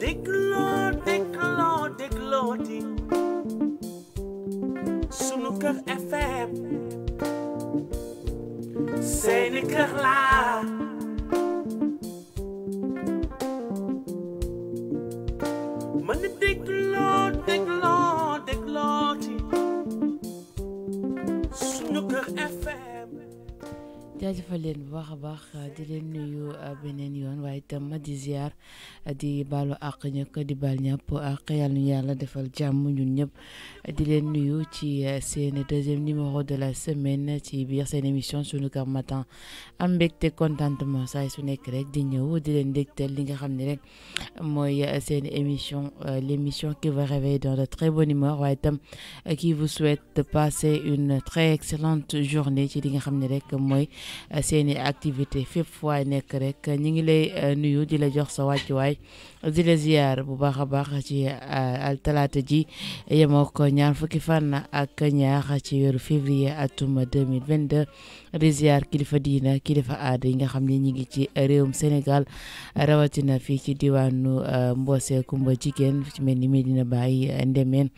dégloo dégloo déglooti sunu kër FM seeni kër laa jaajëfal leen bu baax a baax euh, di leen nuyu euh, beneen yoon waaye itam di ziar euh, di baalu àq ñëpp di baal ñàpp àq yàlla ñu yàlla defal jàmm ñun ñëpp di leen nuyu ci seen deuxième numéro de la semaine ci biir seen émission sunu Car Matin am mbégte contentement saa su nekk rek di ñëw di leen dégtal li nga xam ne rek mooy seen émission l' émission qui va réveiller dans de très bonne humeur waaye itam qui vous souhaite de passer une très excellente journée ci li nga xam ne rek mooy. seen i activité fépp fu waay nekk rek ñi ngi lay euh, nuyu di la jox sa wàccuwaay di la bu baax a baax ci euh, altalaata ji yemoo ko ñaar fukki fan ak ñaar ci weeru février atum 2022 di ziar kilifa diina kilifa aada yi nga xam ne ñi ngi ci réewum Sénégal rawatina fii ci diwaanu euh, Mboose Kumba jigéen ci mel ni Medina Baye euh, Ndemeen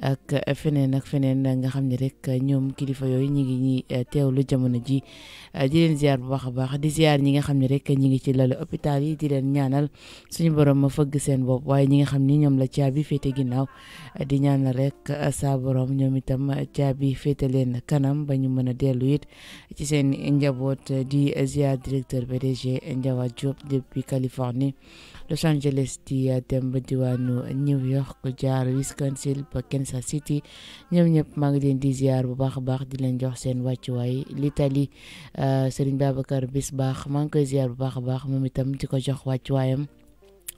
ak feneen ak feneen nga xam ne rek ñoom kilifa yooyu ñi ngi ñi teewlu jamono ji di leen ziar bu baax a baax di ziar ñi nga xam ni rek ñi ngi ci lalu hôpital yi di leen ñaanal suñu borom jéem a fëgg seen bopp waaye ñi nga xam ni ñoom la caabi féete ginnaaw di ñaan rek uh, saa borom ñoom itam uh, caabi féete leen kanam ba ñu mën a dellu ci seen njaboot uh, di ziar directeur PDG Ndiawa Diop depuis Californie Los Angeles di dem ba diwaanu New York jaar Wisconsin ba Kansas City ñoom ñëpp maa ngi leen di ziar bu baax baax di leen jox seen wàccuwaay l'Italie Serigne Babacar bis baax maa koy ziar bu baax a baax moom itam di ko jox wàccuwaayam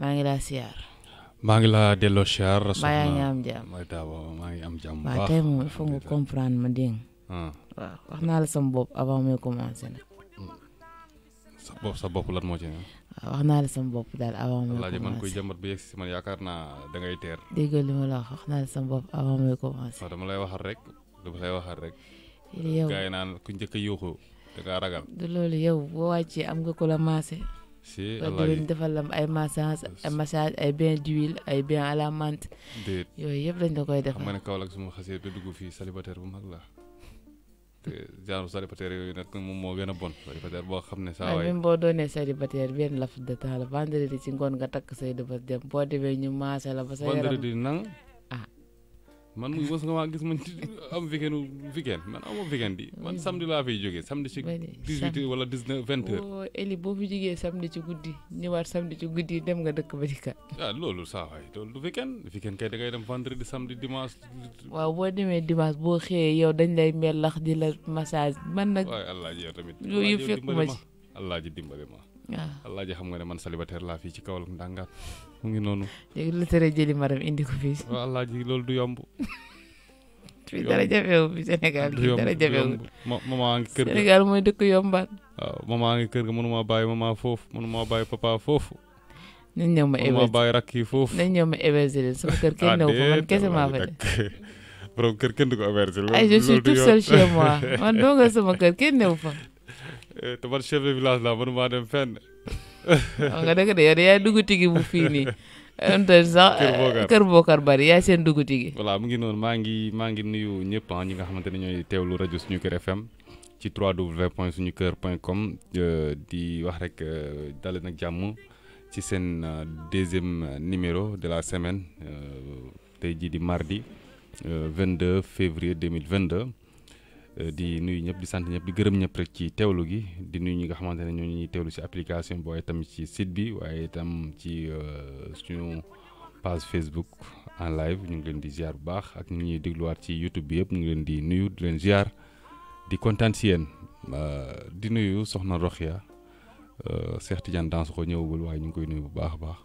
maa ngi laa siyaar. maa ngi laa delloo siyaar. maa yaa ngi am jàmm mooy Daba maa ngi am jàmm. bu baax waaw tey moom il faut nga comprendre ma dégg ah. waaw wax naa la sama bopp avant may commencé nag. Mm. sa bopp sa bopp lan moo ci ne. waaw wax naa la sama bopp daal avant may commencé man koy jëmbat bu yegg si man yaakaar naa da ngay teer. dégg li ma la wax wax naa la sama bopp avant may commencé. waaw dama lay waxal rek dama lay waxal rek. yow gars yi naan ku njëkk a yuuxu da ngaa ragal. du loolu yow boo wàccee am nga ko la maase. si wala di defal lam ay massage ay massage ay bain d'huile ay bain à la menthe. yooyu yëpp dañ da koy defal. xam ne Kaolack su ma xasee ba dugg fii célibataire bu mag la te genre célibataire yooyu nag moom moo gën a bon célibataire boo xam ne. saa waay boo doonee célibataire benn laf de temps la vendredi ci ngoon nga takk say defar dem boo demee ñu maase la ba sa yaram vendredi nang. man mu mos nga maa gis man ci am weekend man amoo weekend bi man samedi laa fay jógee samedi ci dix-huit wala dix-neuf vingt heures oh, eli boo fi jógee samedi ci guddi ñëwaat samedi ci guddi dem ga dëkk ba ci kat waaw loolu saa waay loolu du weekend weekend kay da ngay dem vendredi samedi dimanche waaw boo demee dimanche boo xëyee yow dañ lay melax di la massage man nag waay allah ji yow tamit yooyu yëpp fekk ma ci allah ji Ah. waaw xam nga ne man célibataire laa fii ci Kaolack ndàngaat mu ngi noonu. léegi lu tere jëli maram indi ko fii. waaw alaaji loolu du yomb. fii dara jafewul fii dara a mooy dëkk yombaat. waaw maman a ngi kër ga mënuma bàyyi maman foofu mënuma bàyyi papa foofu. nañ ñëw ma éveillé mënuma bàyyi ma éveillé sama kër kenn newu fa man ah, kese maa fa de. borom kër kenn du ko éveillé. ay je suis tout seul chez man doo nga sama kër kenn newu fa. Eh, te man chef de village laa man maa dem fenn. waaw nga dëgg de yow yaay dugg tigi bu fii nii. Kër Bokar Kër Bokar Bari yaay seen dugg tigi. voilà mu ngi noonu maa ngi maa ngi nuyu ñëpp ñi nga xamante ne ñooy teewlu rajo suñu kër FM. ci suñu www.suñuker.com di wax rek dal nag jàmm ci seen eh, deuxième numéro de la semaine eh, tey jii di mardi 22 vingt 2022 di nuyu ñëpp di sant ñëpp di gërëm ñëpp rek ci teewlu gi di nuyu ñi nga xamante ne ñu ñuy teewlu ci application bi waaye tamit ci site bi waaye itam ci euh, suñu page Facebook en live ñu ngi leen di ziar bu baax ak ñu ñuy dégluwaat ci YouTube bi yëpp ñu ngi leen di nuyu di leen ziar di kontaan ci yéen euh, di nuyu Soxna Roxia euh, Cheikh Tidiane Dansokho ñëwagul waaye ñu ngi koy nuyu bu baax a baax.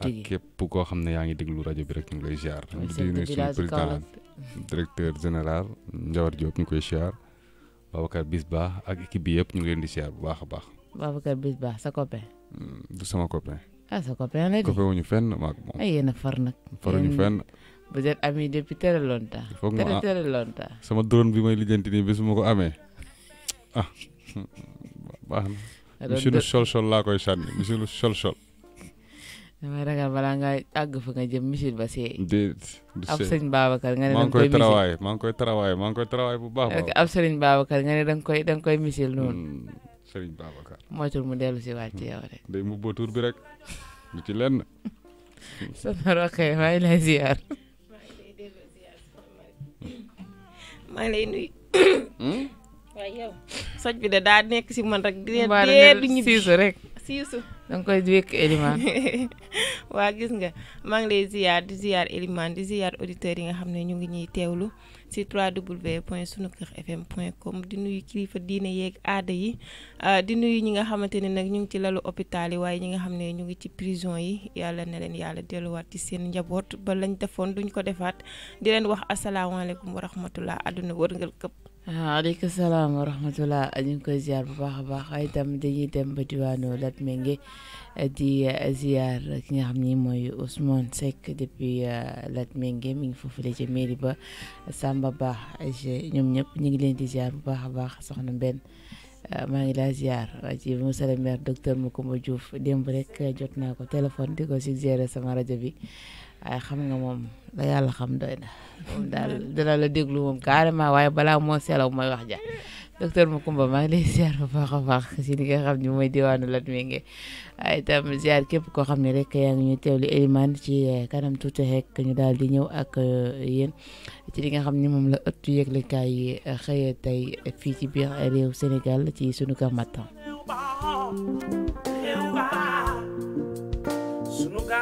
ak képp koo xam ne yaa ngi déglu rajo bi rek ñu ngi lay ziar. di nuyu suñu président directeur général Ndiawar Diop ñu koy siyaar Babacar Bisbah ak équipe bi yëpp ñu ngi leen di siyaar bu baax a baax. Babacar Bisbah sa copain. Mm, du sama copain. ah sa copain la di copain wuñu fenn maak moom. ay ah, yéen a far nag. faruñu fenn. vous êtes amis depuis très longtemps. sama drone bi may lijjanti nii bés ma ko amee ah baax na. monsieur sol sol laa koy sànni monsieur sol sol. damay ragal balaa nga àgg fa nga jëm misil ba see. déet du see ab sëñ Babacar nga ne da koy misil maa ngi koy travaay maa ngi koy travaay bu baax. ab sëriñ Babacar nga ne da nga koy da koy misil noonu. sëriñ Babacar. moytul mu hmm? dellu si waat ci yow rek. day mu bootuur bi rek du ci lenn. soxna Roqe maa ngi lay ziar. maa ngi lay nuyu. waaye yow soj bi de daa nekk si man rek. di leen dee du ñibbi rek. siisu danga koy wékk Elimane waa gis nga maa ngi lay ziar di ziar Elimane di ziar auditeurs yi nga xam ne ñu ngi ñuy teewlu si 3w point sunuker fm point com di nuyu kilifa diine yéeg aada yi ah, di nuyu ñi nga xamante ne nag ñu ngi ci lalu hôpital yi waaye ñi nga xam ne ñu ngi ci prison yi yàlla na leen yàlla delluwaat ci seen njaboot ba lañ defoon duñ ko defaat di leen wax asalaamaaleykum wa rahmatullah àdduna wërngal këpp waaleykum salaam wa rahmatulah ñu koy ziar bu baax a baax ay itam dañuy dem ba diwaanu Latmingué eh, di eh, ziar ki nga xam ni mooy Ousmane Seck depuis eh, Latmingué mi ngi foofule ca mairie ba Samba baax Ba ñoom ñëpp ñu ngi leen di ziar bu baax a baax soxna Mbène maa ngi laa ziar ci monsieur le maire docteur Macoumba Diouf démb rek jot naa ko téléphone di ko suggéré sama rajo bi. ay xam nga moom la yàlla xam doy na moom la déglu moom carrément waaye balaa moo selaw mooy wax ja docteur Macoumba maa ngi lay ziar bu baax a baax si li nga xam ne mooy diwaanu Latmingué waaye itam ziar képp koo xam ne rek yaa ngi ñu teewlu Elimane ci eh, kanam tuuti rek ñu daal di ñëw ak eh, yéen ci li nga xam ne moom la ëttu yëglekaay yi eh, xëyee tey fii ci biir réew Sénégal ci sunu Kër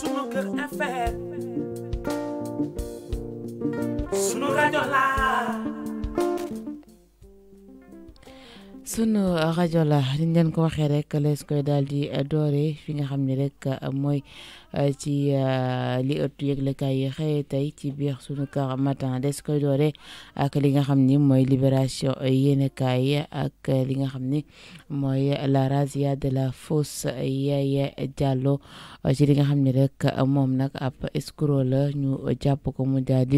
sunu kër FM sunu rajo laa sunu rajo la ko waxee rek lees koy daal di doore fi nga xam ne rek mooy ci li ëttu yëglekaay yi xëye tey ci biir sunu kar matan des koy doore ak li nga xam ni mooy libération yéenekaay ak li nga xam ni mooy la razzia de la fosse Yaya Diallo ci li nga xam ne rek moom nag ab escroc la ñu jàpp ko mu daal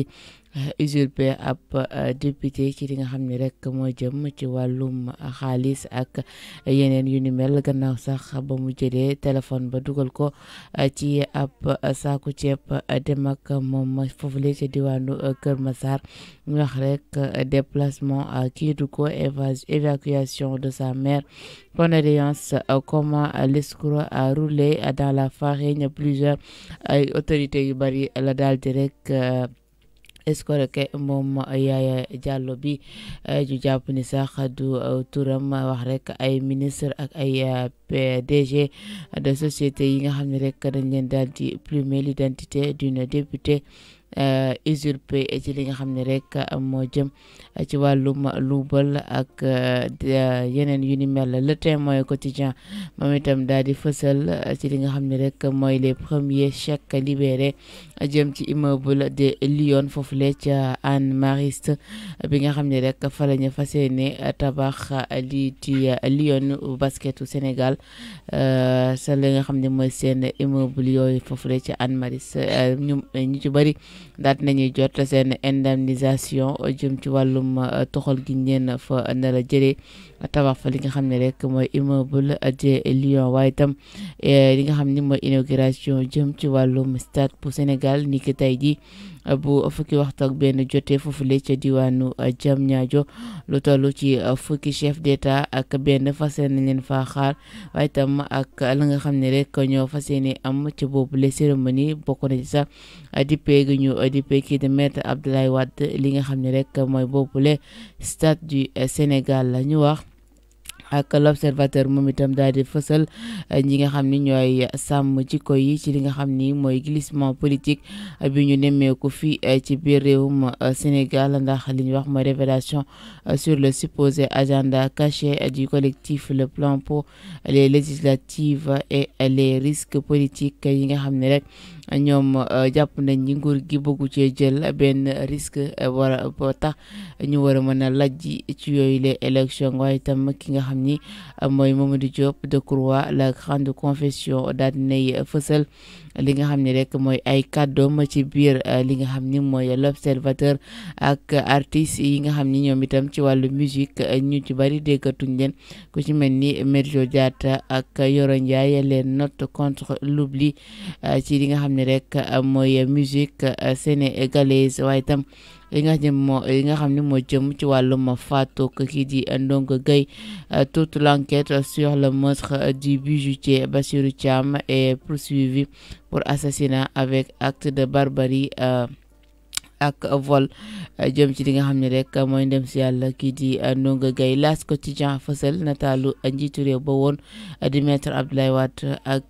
usurpé ab euh, député ci nga xam rek moo jëm ci wàllum xaalis ak yeneen yu ni mel gannaaw sax ba mu jëlee téléphone ba ko ci euh, wax rek euh, déplacement à évacuation de sa mère condoléances comment l'escroc a roulé dans la farine plusieurs autorités yu bari la daal escroquer moom Yaya Diallo bi eh, ñu jàpp ni sax du eh, turam wax rek ay ministre ak ay eh, PDG de société yi nga xam ne rek dañ leen daal di plumer l'identité d'une députée usurpée ci li nga xam ne rek moo jëm ci wàllum luubal ak euh, yeneen yu ni mel le témoin quotidien moom itam daal di fësal euh, ci li nga xam ne rek mooy les premiers chèques libérés euh, jëm ci immeuble de Lyon foofule ca Anne Mariste bi nga xam ne rek fa la ñu fas yéene tabax lii ci Lyon basketu Sénégal sa li nga xam ne mooy seen immeuble yooyu foofule ca Anne Mariste ñu ñu ci bëri daat nañuy jot seen indemnisation jëm ci wàllu ثم تخل جنين فانا لجري tabax fa li nga xam ne rek mooy immeuble de Lyon waaye itam eh, li nga xam ni mooy inauguration jëm ci wàllum stade bu Sénégal ni ki tey jii bu fukki waxtu ak benn jotee foofule ca diwaanu Diamniadio lu toll ci fukki chef d'état ak benn fas yéene leen faa xaar waaye itam ak la nga xam ne rek ñoo fa yéene am ci boobule cérémonie bokk na ci sax dippee gi ñu dippee kii de maître Abdoulaye Wade li nga xam ne rek mooy boobule stade du Sénégal la ñu wax. ak l'observateur moom itam daal di fësal eh, ñi nga xam ni ñooy sàmm ci li nga xam ni glissement politique bi ñu nemmeeku fi eh, ci biir réewum eh, Sénégal ndax li wax mooy révélation sur le supposé agenda caché du collectif le plan pour les législatives et les risques politiques yi nga xam rek ñoom euh, jàpp nañ ñi nguur gi bëggu cee jël benn risque euh, war a ba tax ñu war a mën a lajji ci yooyu les élections waaye itam ki nga xam ni euh, mooy Mamadou Diop Decroix la grande confession daal dinay fësal li nga xam ni rek mooy ay kaddo ma ci biir li nga xam ni mooy l'observateur ak artistes yi nga xam ni ñoom itam ci wàllu musique ñu ci bari déggatuñ leen ku ci mel ni Merjo Diatta ak Yoro Ndiaye leen note contre l'oubli ci li nga xam xam rek euh, musique euh, sénégalaise waaye tam li nga xam homme qui li nga xamni jëm ci ko ki di Ndongo gay euh, toute l'enquête sur le monstre du bijoutier Bassirou Thiam est poursuivie pour assassinat avec acte de barbarie ak vol euh, jëm ci li nga xam ne rek mooy ndem si yàlla kii di euh, Ndongo Gaye L'As quotidien fësal nataalu euh, njiitu réew ba woon di maître Abdoulaye Wade ak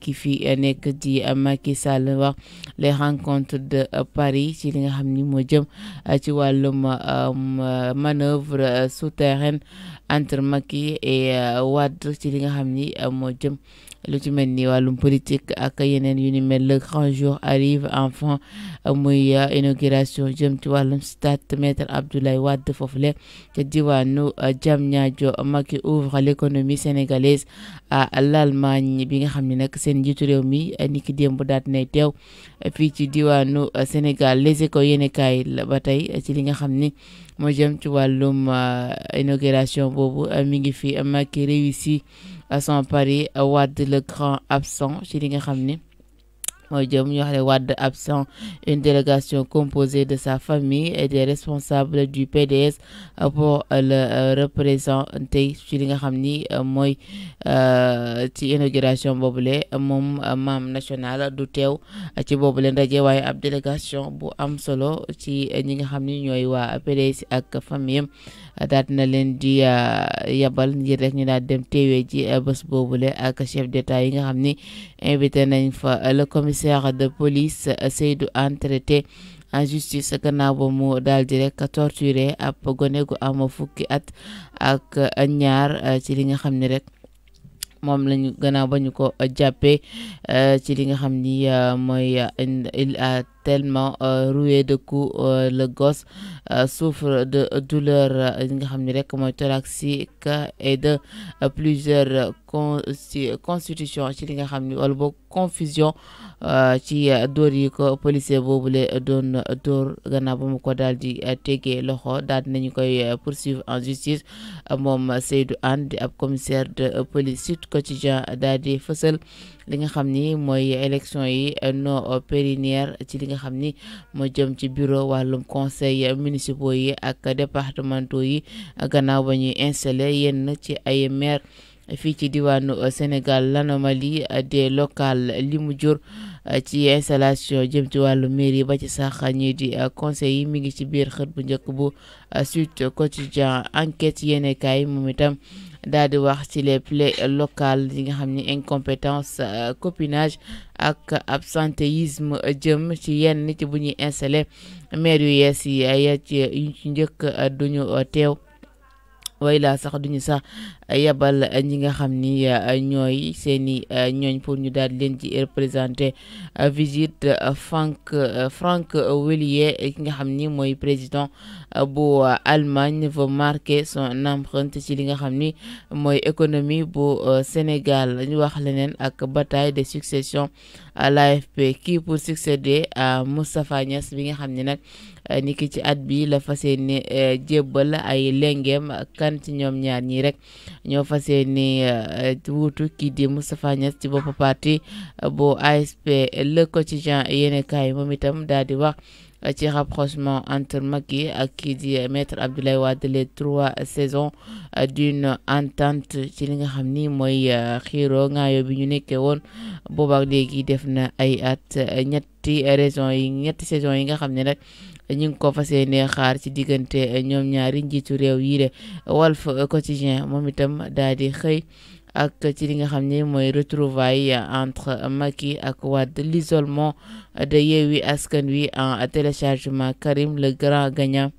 ki fi nekk di Macky Sall wa les rencontres de Paris ci li nga xam ni moo jëm ci wàllum manœuvre souterraine entre Macky et Wade ci li nga ni moo lu ci mel ni wàllum politique ak yeneen yu ni mel le grand jour arrive enfin muy euh, inauguration jëm ci wàllum stade maître Abdoulaye Wade foofule te diwaanu euh, Diamniadio Macky ouvre l'économie sénégalaise à l'Allemagne bi nga xam ne nag seen njiitu réew mi euh, niki démb daat ne teew fii ci diwaanu Sénégal les écoles yéenekaay la ba tey ci li nga xam ni moo jëm ci wàllum inauguration boobu mi ngi fi Macky réussi à son Paris wad le grand absent ci li nga xam ni absent une délégation composée de sa famille et des responsables du PDS pour le euh, représenter ci li nga xam ni euh, euh, ci inauguration boobule moom membre national du teew délégation bu am solo ci ñi nga PDS ak famille daal dina leen di euh, yabal ngir rek ñu daal dem teewee ji euh, bés boobule ak chef d'état yi nga xam ni invité nañ fa euh, le commissaire de police Seydou Entreté en justice gannaaw ba mu daal di rek torturé ab gone gu am fukki at ak ñaar ci li nga xam ni rek moom lañu gannaaw ba ko jàppee ci li nga xam ni mooy il tellement euh, roué de coups euh, le gosse euh, souffre de douleurs yi nga et de plusieurs constitution ci li confusion Euh, ci euh, dóor yi ko policier boobule doon euh, dóor gannaaw ba mu ko daal di tegee loxo daal nañu koy poursuivre en justice moom Seydou Anne di ab commissaire de police Sud Quotidien daal di fësal li nga xam ni mooy élection yi non périnière ci li nga xam ni moo jëm ci bureau wàllum conseil municipaux yi ak départementaux yi gannaaw ba ñuy installé yenn ci ay maire fii ci diwaanu Sénégal l'anomalie des locales li mu jur Euh, ci installation jëm ci wàllu mairie ba ci sax ñii di euh, conseil yi mi ngi ci biir xët bu njëkk bu euh, suite Quotidien enquête yéenekaay moom itam daal di wax ci les plaies locales yi nga xam ni incompétence copinage ak absentéisme jëm ci yenn ci bu ñuy installé maire yu yees yi ay ci yu ci njëkk duñu teew way la sax duñu sax yabal ñi nga xam ni euh, ñooy seeni euh, ñooñ pour ñu daal leen ci représenté euh, visite Franck Franck Wélier ki nga xam ni mooy président bu Allemagne va marquer son empreinte ci li nga xam ni économie bu Sénégal ñu wax leneen ak bataille de succession à l'AFP qui pour succéder à Moustapha Niass bi nga xam ni Eh, niki ci at bi la fas yéene eh, jébbal ay lengeem kan ci ñoom ñaar ñi rek ñoo fas yéene eh, wuutu kii di Moustapha ci bopp parti bo ASP Le Quotidien yéene kaay moom itam daal di wax ci rapprochement entre Macky ak kii di maître Abdoulaye trois saison d'une entente ci li nga xam ni mooy xiiroo ngaayo bi ñu nekkee woon boobaak léegi def na ay at ñetti raison yi ñetti saison yi nga xam ni rek ñu ngi ko fas yéenee xaar ci diggante eh, ñoom ñaari njiitu réew yi de Walf eh, Quotidien moom itam daal di xëy ak ci li nga xam ne mooy retrouvailles entre Macky ak Wade l'isolement de Yewwi Askan Wi en téléchargement Karim le grand gagnant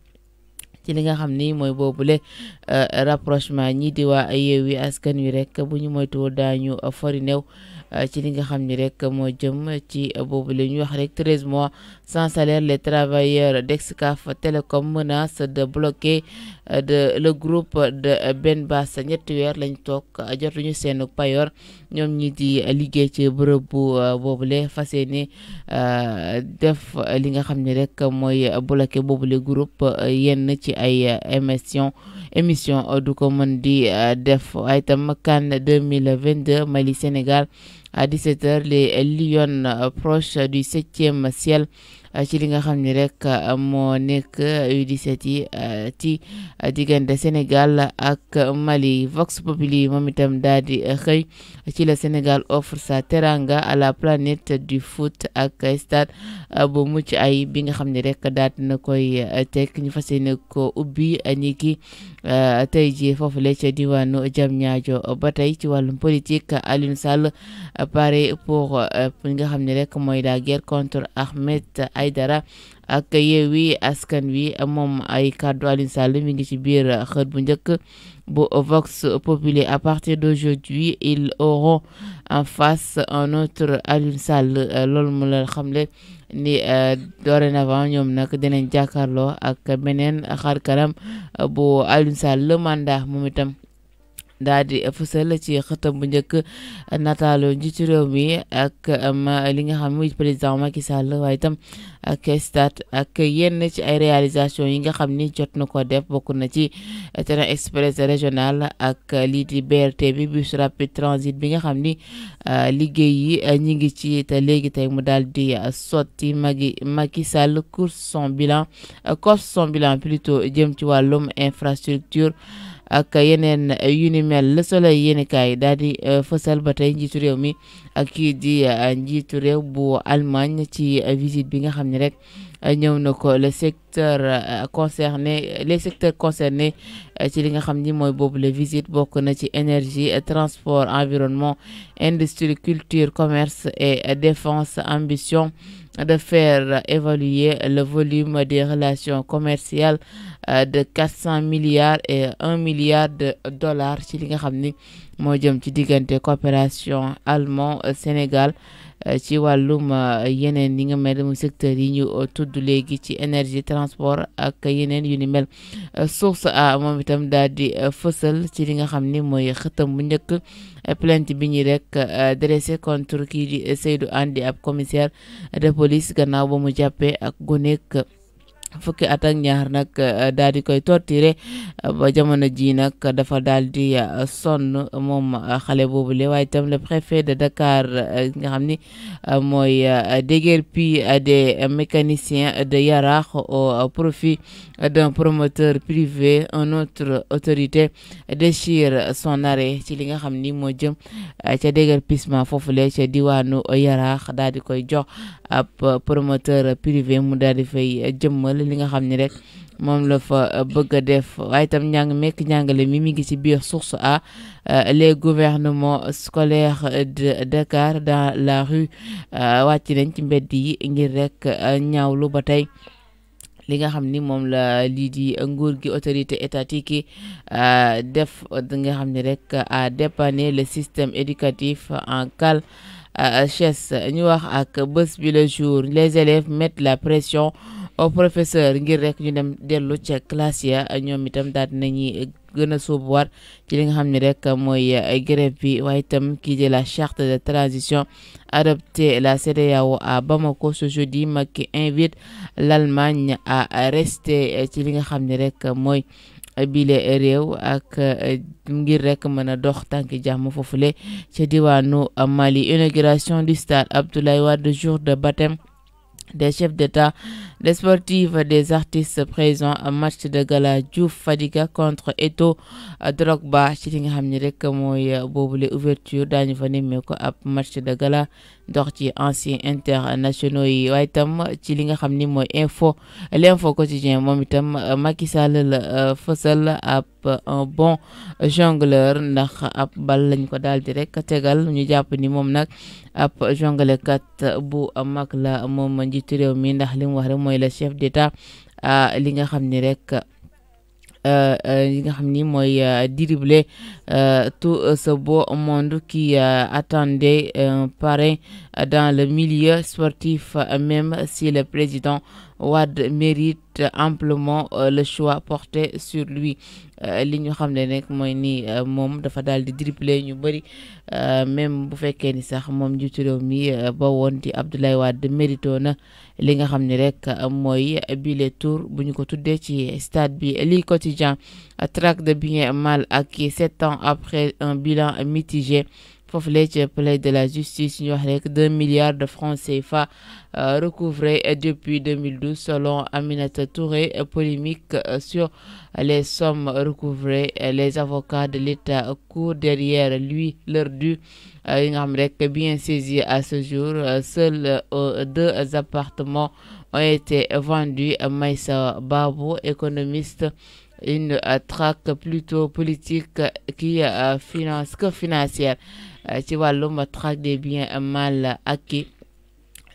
ci li nga xam ni mooy boobule eh, rapprochement ñi di waa Yewwi Askan Wi rek bu ñu moytuwul daañu fori néew Euh, ci li nga xamni rek moo jëm ci bobu la wax rek 13 mois sans salaire les travailleurs d'Excaf Telecom menace de bloquer euh, de le groupe de Ben baas ñett wër lañ toog ñu seen payor ñom ñi di liggé ci bërëb bu euh, boobule fas yéene def li nga xamni rek moy bloquer le groupe yenn ci ay émission émission du comme di def waaye itam kan 2022 Mali Sénégal à 17h les Lions euh, proches du septième euh, ci li nga xam ni rek euh, moo nekk U17 yi ci diggante Sénégal ak Mali Vox Populi moom itam daal di xëy ci la Sénégal offre sa teranga à la planète du foot ak stade bu mucc ay bi nga xam ni rek daal dina koy teg ñu fas yéene ko ubbi ñi ki Euh, tey jii foofule ca diwaanu Diamniadio ba tey ci wàllum politique Alioune Sall pare euh, pour li nga xam ne rek mooy la guerre contre Ahmed Aïdara ak Yewwi Askan Wi moom ay kàddu Alioune Sall mi ngi ci biir euh, bu njëkk. Vox Populi. À partir d'aujourd'hui, ils auront en face un autre Alioune Sall euh, loolu mu la xamle ni euh, dorénavant ñom nak dinañ jakarlo ak benen xar karam euh, bu Alioune Sall le mandat moom daal di fësal ci xëtam bu njëkk nataalu njiitu réew mi ak um, li nga xam muy président Macky Sall waaye itam ak stade ak yenn ci ay réalisation yi nga xam ni jot na ko def bokk na ci train express régional ak lii di BRT bi bus transit bi nga xam ni uh, liggéey yi uh, ñi ngi ci te léegi mu dal di sotti magi Macky Sall course son bilan uh, course son bilan plutôt jëm ci wàllum infrastructure ak yeneen yu ni mel le soleil yéen kaay daal di euh, fësal ba tey njiitu réew mi ak kii di euh, njiitu réew bu Allemagne ci euh, visite bi nga xam ne rek ñëw na ko Euh, concernés les secteurs concernés euh, ci li nga ni les visites bokk na ci énergie transport environnement industrie culture commerce et euh, défense ambition de faire évoluer le volume des relations commerciales de 400 milliards et 1 milliard de dollars ci li nga ni jëm ci coopération allemand Sénégal ci walum yenen ni nga secteur yi ñu de légui ci énergie transport ak yeneen yu ni mel source a moom itam daal di euh, fësal ci li xam ni mooy xëtam bu njëkk plainte bi ñuy rek euh, dressé contre kii di Seydou Anne di ab commissaire de police gannaaw ba mu ak goneek fukki at ak ñaar nag eh, daal di koy torturé eh, ba jamono ji nag dafa daal di eh, sonn moom xale boobule waaye itam le préfet de Dakar nga xam ni mooy déguerpi des mécaniciens de Yarakh au profit d'un promoteur privé une autre autorité déchire son arrêt ci li nga xam ni moo jëm ca déguerpissement foofule diwaanu Yarakh daal di koy jox ab promoteur privé mu daal di fay jëmmal dolli li nga xam ni rek moom la fa euh, bëgg a def waaye tam njàng mekk njàngale mi mi ngi ci biir source a euh, les gouvernements scolaires de Dakar dans la rue euh, wàcc nañ ci mbedd yi ngir rek ñaawlu ba tey li nga xam ni moom la lii di nguur gi autorité étatique def nga xam ni rek à dépanner le système éducatif en cale chaise ñu wax ak bés bi le jour les élèves mettent la pression professeur ngir rek ñu dem delu ci classe ya nous itam une gëna a ci li la charte de transition adopté la CDAO e à Bamako ce jeudi ma invite l'Allemagne à rester ci li nga xamni rek nous bile réew ak ngir rek mën a dox tànk jàmm foofule Mali inauguration du stade Abdoulaye jour de baptême des chefs d'État, des sportifs, des artistes présents à match de gala Diouf Fadiga contre Eto Drogba ci li nga à euh, ouverture d'un fa match de gala dox ci anciens internationaux yi waaye itam ci li nga xam ni mooy info l'info quotidien moom itam euh, Macky Sall la euh, fësal ab un bon jongleur ndax ab bal lañ ko daal di rek tegal ñu jàpp ni moom nag ab jonglekat bu mag la moom njiitu réew mi ndax li mu wax rek chef d'état euh, li nga xam rek li nga xam ni euh, euh, tout euh, ce beau monde qui attendait un parrain dans le milieu sportif même si le président Wad mérite amplement euh, le choix porté sur lui euh, li ñu xam ne nag ni euh, mom dafa di ñu même bu fekkee ni sax mom wad réew mi ba woon di Abdoulaye Wade li nga xam rek moy tour bu ko tuddé ci stade bi li quotidien de bien mal acquis sept ans après un bilan mitigé pour le de la justice 2 milliards de francs CFA euh, recouvrés depuis 2012 selon Aminata Touré polémique euh, sur les sommes recouvrées euh, les avocats de l'État courent derrière lui leur dû y bien saisi à ce jour seuls deux appartements ont été vendus Maïssa Babou économiste une traque plutôt politique qui euh, finance que financière euh, ci wàllum traque des biens mal acquis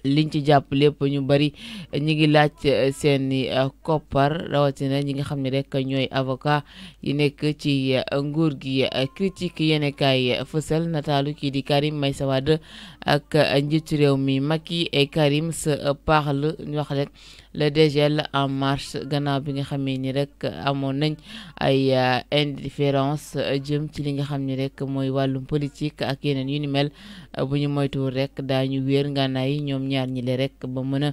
liñ ci japp lepp ñu bari ñi ngi laaj euh, seeni koppar rawatina ñi nga xam ne rek ñooy avocat yi nekk ci nguur gi critique yenekaay fësal nataalu kii di Karim Meïssa Wade ak euh, njiitu réew mi Macky et Karim se euh, parlent ñu wax rek le dégel en marche gannaaw bi nga xamee ni rek amoon nañ ay euh, indifférence jëm ci li nga xam ni rek mooy wàllum politique ak yeneen yu ni mel bu ñu moytuwul rek daañu wéer ngànnaay ñoom ñaar ñi le rek ba mën a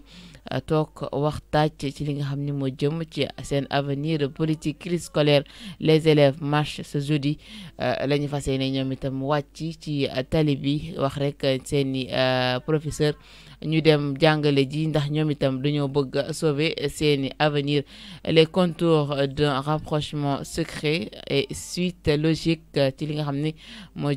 toog wax tàcc ci li nga xam ni moo jëm ci seen avenir politique crise scolaire les élèves marche ce jeudi euh, la ñu fas yéene ñoom itam wàcc ci tali bi wax rek seeni euh, professeur ñu dem jàngale ji ndax ñoom itam sauver avenir les contours d'un rapprochement secret et suite logique ci li nga xam le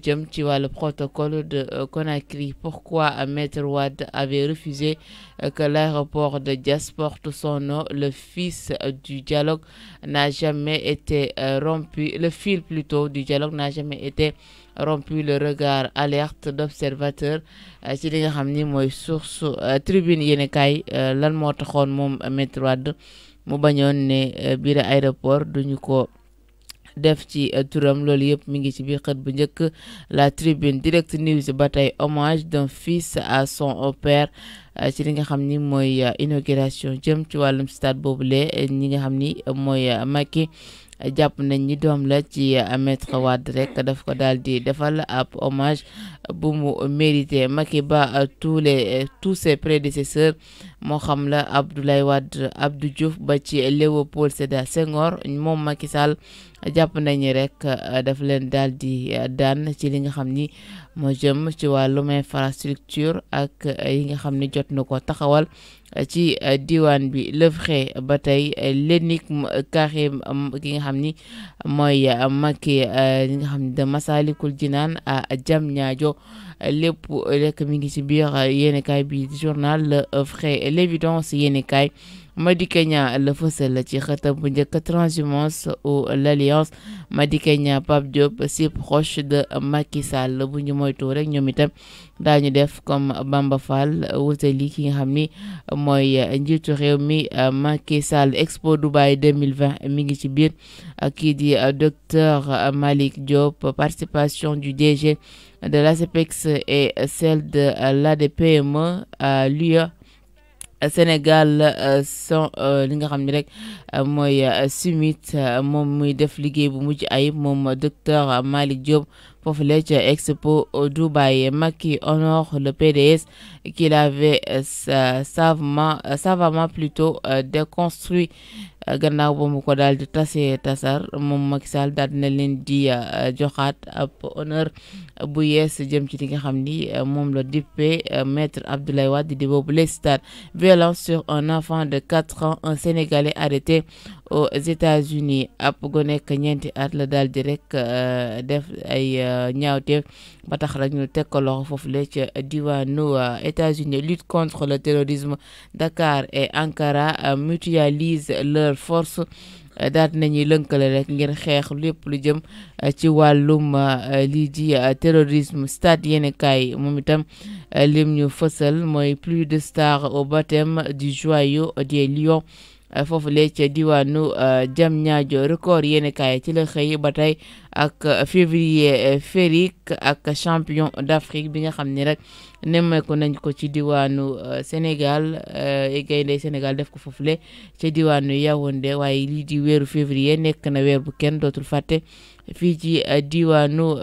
jëm ci protocole de euh, Conakry pourquoi Maître wad avait refusé euh, que l'aéroport de Diass porte son nom le fils du dialogue n'a jamais été euh, rompu le fil plutôt du dialogue n'a jamais été rompu le regard alerte d'observateur euh, ci li nga ni source euh, tribune yéen euh, lan mo taxone mom Maître mu ne biir aéroport duñu ko def ci turam loolu mi ngi ci la tribune direct news bataille hommage d'un fils à son père ci li nga ni inauguration jëm ci walum stade le ñi nga xamni ni jàpp nañ ni doom la ci euh, maître Wade rek daf ko daal di defal ab hommage bu mu mérité Macky Ba euh, tous les euh, tous es prédécesseurs moo xam la Abdoulaye Wade Abdou Diouf ba ci Léopold Sédar Senghor moom Macky Sall jàpp nañu rek daf leen daal di daan ci li nga xam ni moo jëm ci wàllum infrastructure ak yi nga xam ni jot na ko taxawal ci euh, diwaan bi lëfxe ba tey euh, l'énigme Karim ki nga xam ni mooy euh, Macky li nga xam ni de Masalikul Jinaan à Diamniadio lépp lekk mi ngi ci biir yéenekaay bi journal lëfxe l'évidence yéenekaay Madi le le fossé, ci de bu transhumance ou l'alliance Madi Kenya, Pape Diop si proche de Macky Sall bu ñu moytu rek ñoom itam def comme Bamba Fall wutali ki nga xamni moy mooy njiitu mi Macky Sall Expo Dubai 2020 mi ngi ci biir di docteur Malik Diop participation du DG de l'ASEPEX et celle de l'ADPME l'UE euh, Sénégal euh, son euh, li nga xamni rek moy summit mom muy def liggéey bu mujj ayib docteur Malick Diop foofu la au Expo Dubai Macky honore le PDS qu'il avait savamment savamment plutôt déconstruit euh, gannaaw ba mu ko daal di tasee tasar moom Macky daal dina leen di euh, joxaat honneur bu yees jëm ci li nga euh, maître Abdoulaye Wade di boobu violence sur un enfant de 4 ans un Sénégalais arrêté aux États-Unis ab gonekk ñeenti at la daal rek def ay ñaawteef ba tax rek ñu États-Unis lutte contre le terrorisme Dakar et Ankara mutualisent leur force eh, daal nañuy lënkale rek ngir xeex lépp lu jëm eh, ci wàllum eh, lii di terrorisme stade yéenekaay moom itam lim ñu fësal mooy plus de stars au baptême di joyau des lions Euh, foofulee ca diwaanu jam euh, ñaajo record yéen kaay ci la xëy ba tey ak euh, février féerique ak champion d'Afrique bi nga xam ni rek nemmeeku nañ ko ci diwaanu Sénégal gaynde Sénégal def ko foofule ca diwaanu Yaoundé waaye lii di weeru février nekk na weer bu kenn dootul fàtte fii ci diwaanu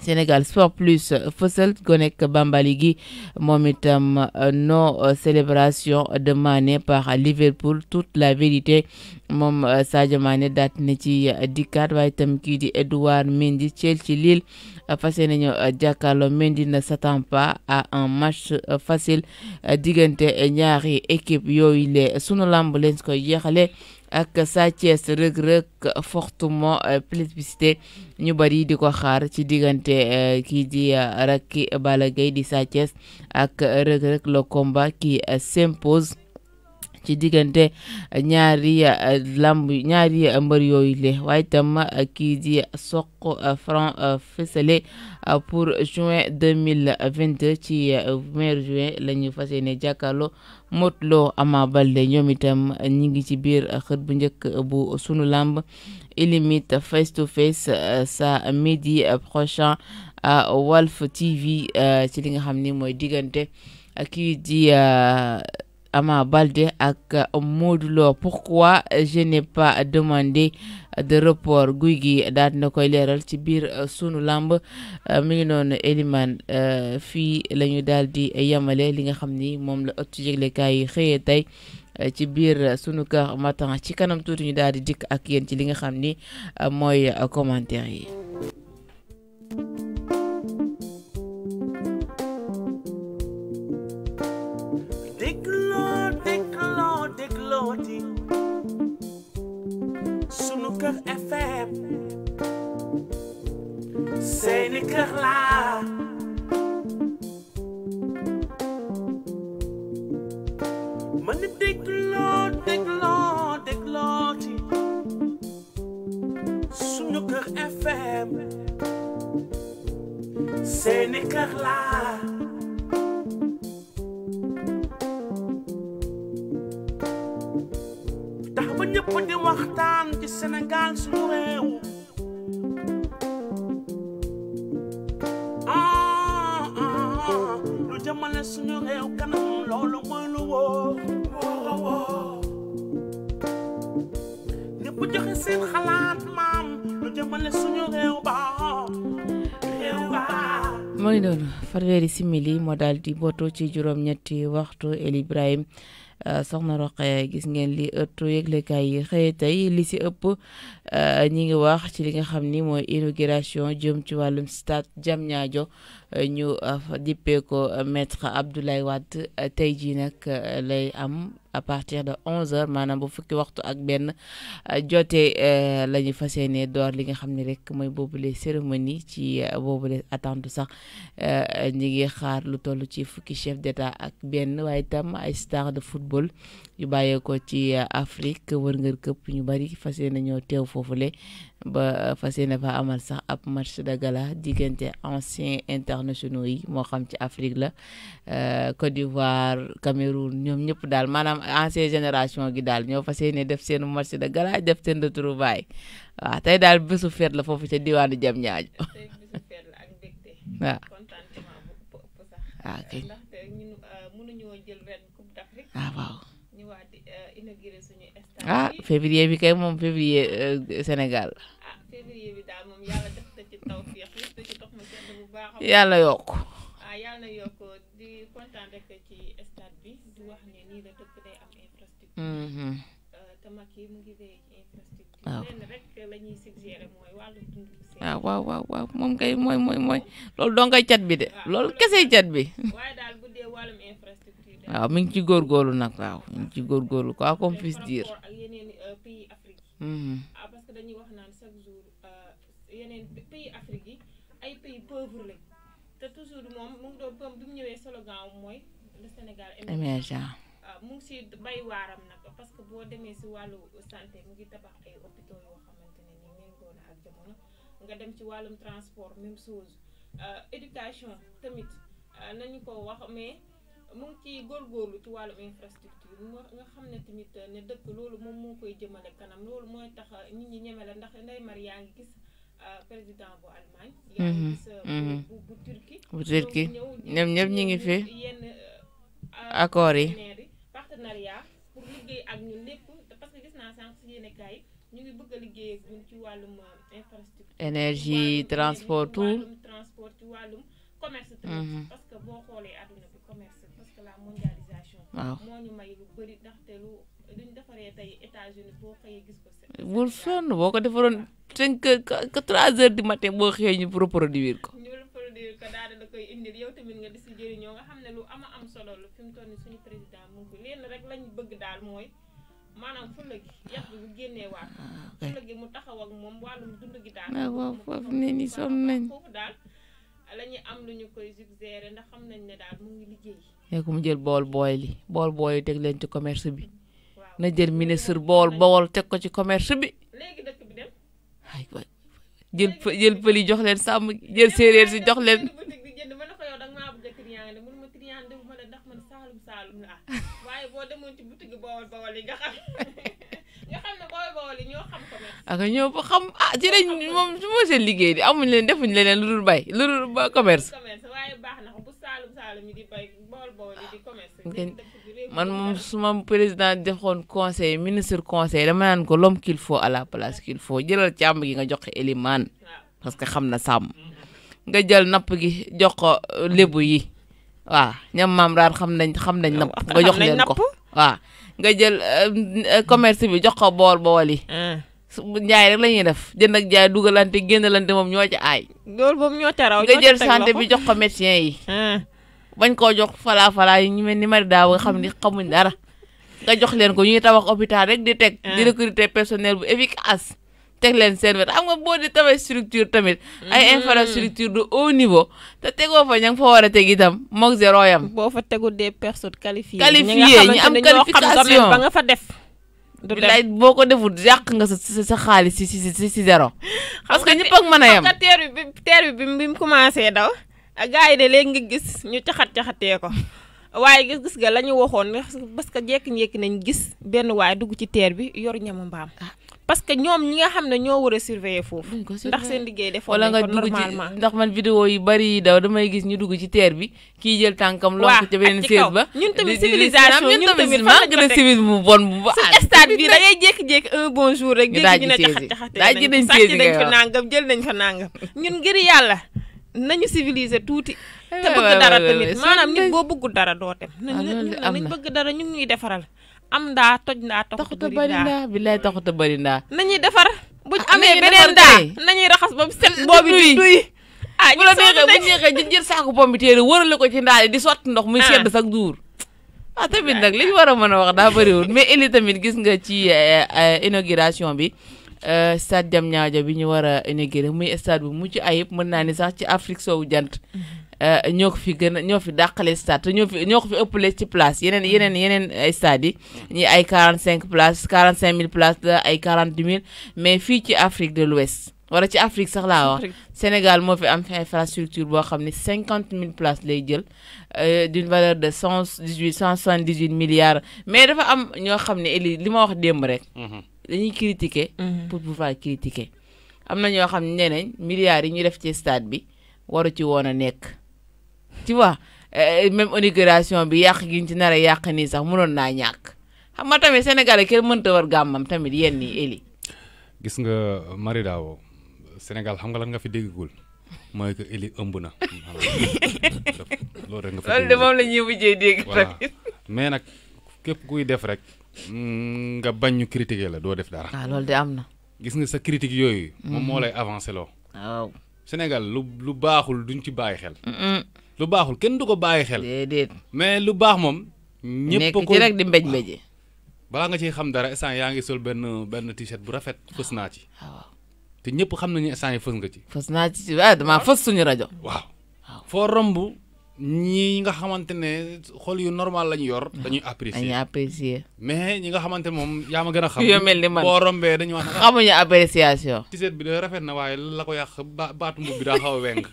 Sénégal Sport Plus euh, Fosselt, gonek Bambaligi Momitam, euh, nos euh, célébrations célébration de Mané par Liverpool toute la vérité Mom, Sadio Mané date na ci dikkaat Edouard Mendy Chelsea Lille fas yéene ne s'attend pas à un match facile Digente, Nyari, équipe Yoile, le sunu lamb ak Sa Thiès Reug Reug fortement euh, plébiscité ñu bari di ko xaar ci diggante euh, kii di euh, rakki Balla Gaye di Sa ak Reug Reug le combat qui s'impose ci diggante ñaari lamb ñaari mbër yooyu le waaye itam kii di soq franc ficelé pour juin 2022 ci weeru juin la ñu fas yéene Modou Lo Ama Baldé ñoom itam ñi ngi ci biir xët bu njëkk bu sunu làmb ilimite face to face euh, sa midi prochain à Walf TV euh, ci li nga xam ni mooy diggante euh, kii di Ama Balde ak euh, Modou Lo pourquoi je n'ai pas demandé de report guy gi daal na koy leeral ci biir euh, sunu làmb euh, mu ngi noonu Eliman fii la ñu daal di yemale li nga xam ni moom la ëttu yëglekaay yi xëyee tey ci biir sunu kër matin ci kanam tuuti ñu daal di dikk ak yéen ci li nga xam ni mooy commentaire yi. moo di FM seeni kër laa mën a dégloo dégloo dégloo FM seeni kër ba ñëpp di waxtaan ci Sénégal suñu réew lu jëmale suñu réew kanam loolu mooy lu ñëpp joxe seen xalaat maam lu jëmale suñu réew noonu simili moo di boto ci juróom ñetti waxtu El Ibrahim Euh, soxna Roqe gis ngeen li ëttu yëglekaay yi xëy tey li si ëpp euh, ñi ngi wax ci li nga xam ni mooy inauguration jëm ci wàllum stade Diamniadio euh, ñu dippeeko ko maître Abdoulaye Wade tey jii nag lay am. à partir de 11h je bu fukki waxtu ak ben euh, joté euh, la li nga cérémonie ci euh, les attentes sax ñi ngi xaar lu ci fukki chef d'état ak ben tam ay star de football yu ko ci Afrique ñu bari de ñoo ba fas yéene fa amal sax ab match de gala diggante anciens internationaux yi moo xam ci Afrique la euh, Côte d'Ivoire Cameroun ñoom ñëpp daal maanaam ancienne génération gi daal ñoo fas yéene def seen marché de gala def seen de retrouvaille waaw tey daal bésu feet la foofu ca diwaanu Diamniadio waaw. Ah, euh, ah waaw. Euh, ah, février bi kay moom février Sénégal yàlla def bu baax yàlla yokk ah, yàlla yokk di bi di wax mhm. euh, te mag yi mu ngi veillé ci infrastructure lenn rek ah, waaw waaw waaw moom kay mooy mooy mooy loolu doo ngay cat bi de ah, loolu kese cat bi waaye waaw mi ngi ci góorlu nag waaw mi ngi ci góorgóorlu quoi comme puisse dire ay pays pauvre lañ te toujours moom mu ngi doon moom bi mu ñëwee slogan mooy le Sénégal émergent waaw ah, mu ngi si bay waaram nag parce que boo demee si wàllu santé mu ngi tabax ay hôpitaux yoo xamante ne nii méngoo ak jamono nga dem ci wàllum transport même chose ah, éducation tamit ah, nañu ko wax mais mu ci góor góorgóorlu ci wàllum infrastructure nga xam ne tamit ne dëkk loolu moom moo koy jëmale kanam loolu mooy tax nit ñi ñeme la ndax nday mar yaa ngi gis Euh, président bu Allemagne. Mhm, yaa ngi euh, mhm. bu Turquie. bu Turquie ñoom ñëpp ñu ngi fi. yenn euh, accords yi. partenariat pour liggéey ak ñun lépp parce que gis naa sànq si yéen kaay ñu ngi bëgg a liggéey ak ñun ci wàllum infrastructure. transport tout. transport ci wàllum commerce. Mhm. parce que boo xoolee àdduna bi commerce parce que la mondialisation. waaw duñ defaree tey États-Unis boo xëyee gis ko. bul sonn boo ko defaroon cinq que trois heures du matin boo xëyee ñu reproduire ko. ñu reproduire ko daal da koy indi yow tamit nga di si jëriñoo nga xam ne lu ama am solo la fi mu toll suñu président mu ngi leen rek lañu bëgg daal mooy. maanaam fële gi yàq bi bu génnee waat. Ah, fële gi mu taxaw ak moom wàllum dund gi daal. Ah, waaw waaw foofu nee ni sonn nañ foofu daal la ñuy am lu ñu koy suggéré ndax xam nañ ne daal mu ngi liggéey. mu jël bool booy li bool booy yi commerce bi. na jël ministre bool bool teg ko ci commerce bi ay waay jël jël pël yi jox leen sàmm jël séeréer si jox leen ak ñoo fa xam ah ci lañ moom su ma seen liggéey di amuñ leen defuñ leneen lu dul bay lu dul ba commerce. man moom su ma président joxoon conseil ministre conseil dama naan ko l'homme qu'il faut à la place qu'il faut jëlal càmm gi nga jox ko parce que xam na sàmm nga jël napp gi jox ko euh, lébu yi waaw ñam maam raar xam nañ xam nañ napp nga jox leen ko waaw nga jël euh, euh, commerce bi jox ko bool bool yi ah. njaay rek la ñuy def jënd ak jaay dugalante génnalante moom ñoo aay loolu moom ñoo ca raw jël santé bi jox ko yi ah. bañ koo jox falaa falaa yi ñu mel ni mari daaw nga xam ni xamuñ dara nga jox leen ko ñu tabax hôpital rek di teg. Ah. di recruter personnel bu efficace. teg leen seen am xam nga boo di tabax structure tamit. ay mm-hmm. infrastructure de au niveau. te tegoo fa ña nga fa war a teg itam moog zéro yam. boo fa tegu des personnes qualifiées. qualifiées ñi am qualification ba nga fa def. du bilaay boo ko deful yàq nga sa sa xaalis si si si si zéro. parce que ñëpp ak mën a yem xam nga teer bi teer bi bi mu commencé daw. gars yi de léegi nga gis ñu caxat caxatee ko waaye gis gis nga la ñu waxoon parce que jékki-jékki nañ gis benn waaye dugg ci teer bi yor ñamu mbaam. parce que ñoom ñi nga xam ne ñoo war a surveiller foofu. ndax seen liggéey defoon nañ ko normalement ndax man vidéo yu bari daw damay gis ñu dugg ci teer bi kii jël tànkam. waaw ci beneen chaise ba ñun tamit ñun tamit fan la gën a civil bu bon bu rek. ñu daaj di séese daaj di nañ séese jël nañ ko nangam ñun ngir yàlla na ñu civiliser tuuti. te bëgg dara tamit maanaam nit boo bëggu dara doo dem. Ah, nañ bëgg dara ñu ngi ñuy defaral. am ndaa toj ndaa taxut a bëri ndaa billaay taxut a bëri ndaa. nañuy defar buñ ah, amee beneen ndaa nañuy raxas ba set boobu duy duy. ah ñu soog a bu neexee bu jël saako pompiteer wërale ko ci ndaa yi di sotti ndox muy ah. sedd sax duur. ah tamit nag li ñu war a mën a wax daa bëriwul mais Elie tamit gis nga ci euh, euh, inauguration bi. Euh, stade Diamniadio bi ñu war a inaugurer muy stade bu mucc ayib mën naa ni sax ci Afrique soowu jant. Euh, ñoo ko fi gën a ñoo fi dàqale stade te ñoo fi ñoo ko fi ëppale ci place yeneen mm-hmm. yeneen yeneen stades yi ñi ay 45 places 45000 places la ay 40000 mais fii ci Afrique de l'Ouest wala ci Afrique sax laa wax Sénégal moo fi am infrastructure boo xam ne cinquante mille place lay jël euh, d'une valeur de cent dix huit cent soixante dix milliards mais dafa am ñoo xam ne li ma wax démb rek. Mm-hmm. dañuy critiquer. Mhm. pour pouvoir critiquer. am na ñoo xam ne nee nañ milliards yi ñu def ci stade bi waru ci woon a nekk tu vois euh, même inauguration bi yàq gi ñu ci nar a yàq nii sax mënoon naa ñàkk xam nga tamit Sénégal kenn mënta war gàmmam tamit yenn nii eli gis nga Marie Dao Sénégal xam nga lan nga fi déggagul mooy que eli ëmb na. loolu rek nga fi loolu de moom la ñuy mujjee dégg tamit. mais nag képp kuy def rek. Mm, nga bañ ñu critiquer la doo def dara. ah loolu de am na. gis nga sa critique yooyu. moom mm-hmm. moo lay avancé loo. waaw Sénégal lu lu baaxul duñ ci bàyyi xel. lu baaxul kenn du ko bàyyi xel. déedéet mais lu baax moom. ñëpp ko rek di mbéj mbéji. balaa nga ciy xam dara instant yaa ngi sol benn benn t-shirt bu rafet fës naa ci. Ah, waaw te ñëpp xam nañu instant yi fës nga ci. fës naa ci waaw damaa fës suñu rajo. waaw foo romb. ñii nga xamante ne xol yu normal la ñu yor. Mm. dañuy apprécier dañuy mais ñi nga xamante moom yaa ma gën a xam. yoo mel ni man boo rombee dañu wax. xamuñu appréciation. tiset bi da rafet na waaye la ko yàq ba baatu mbubb bi daa xaw a weng.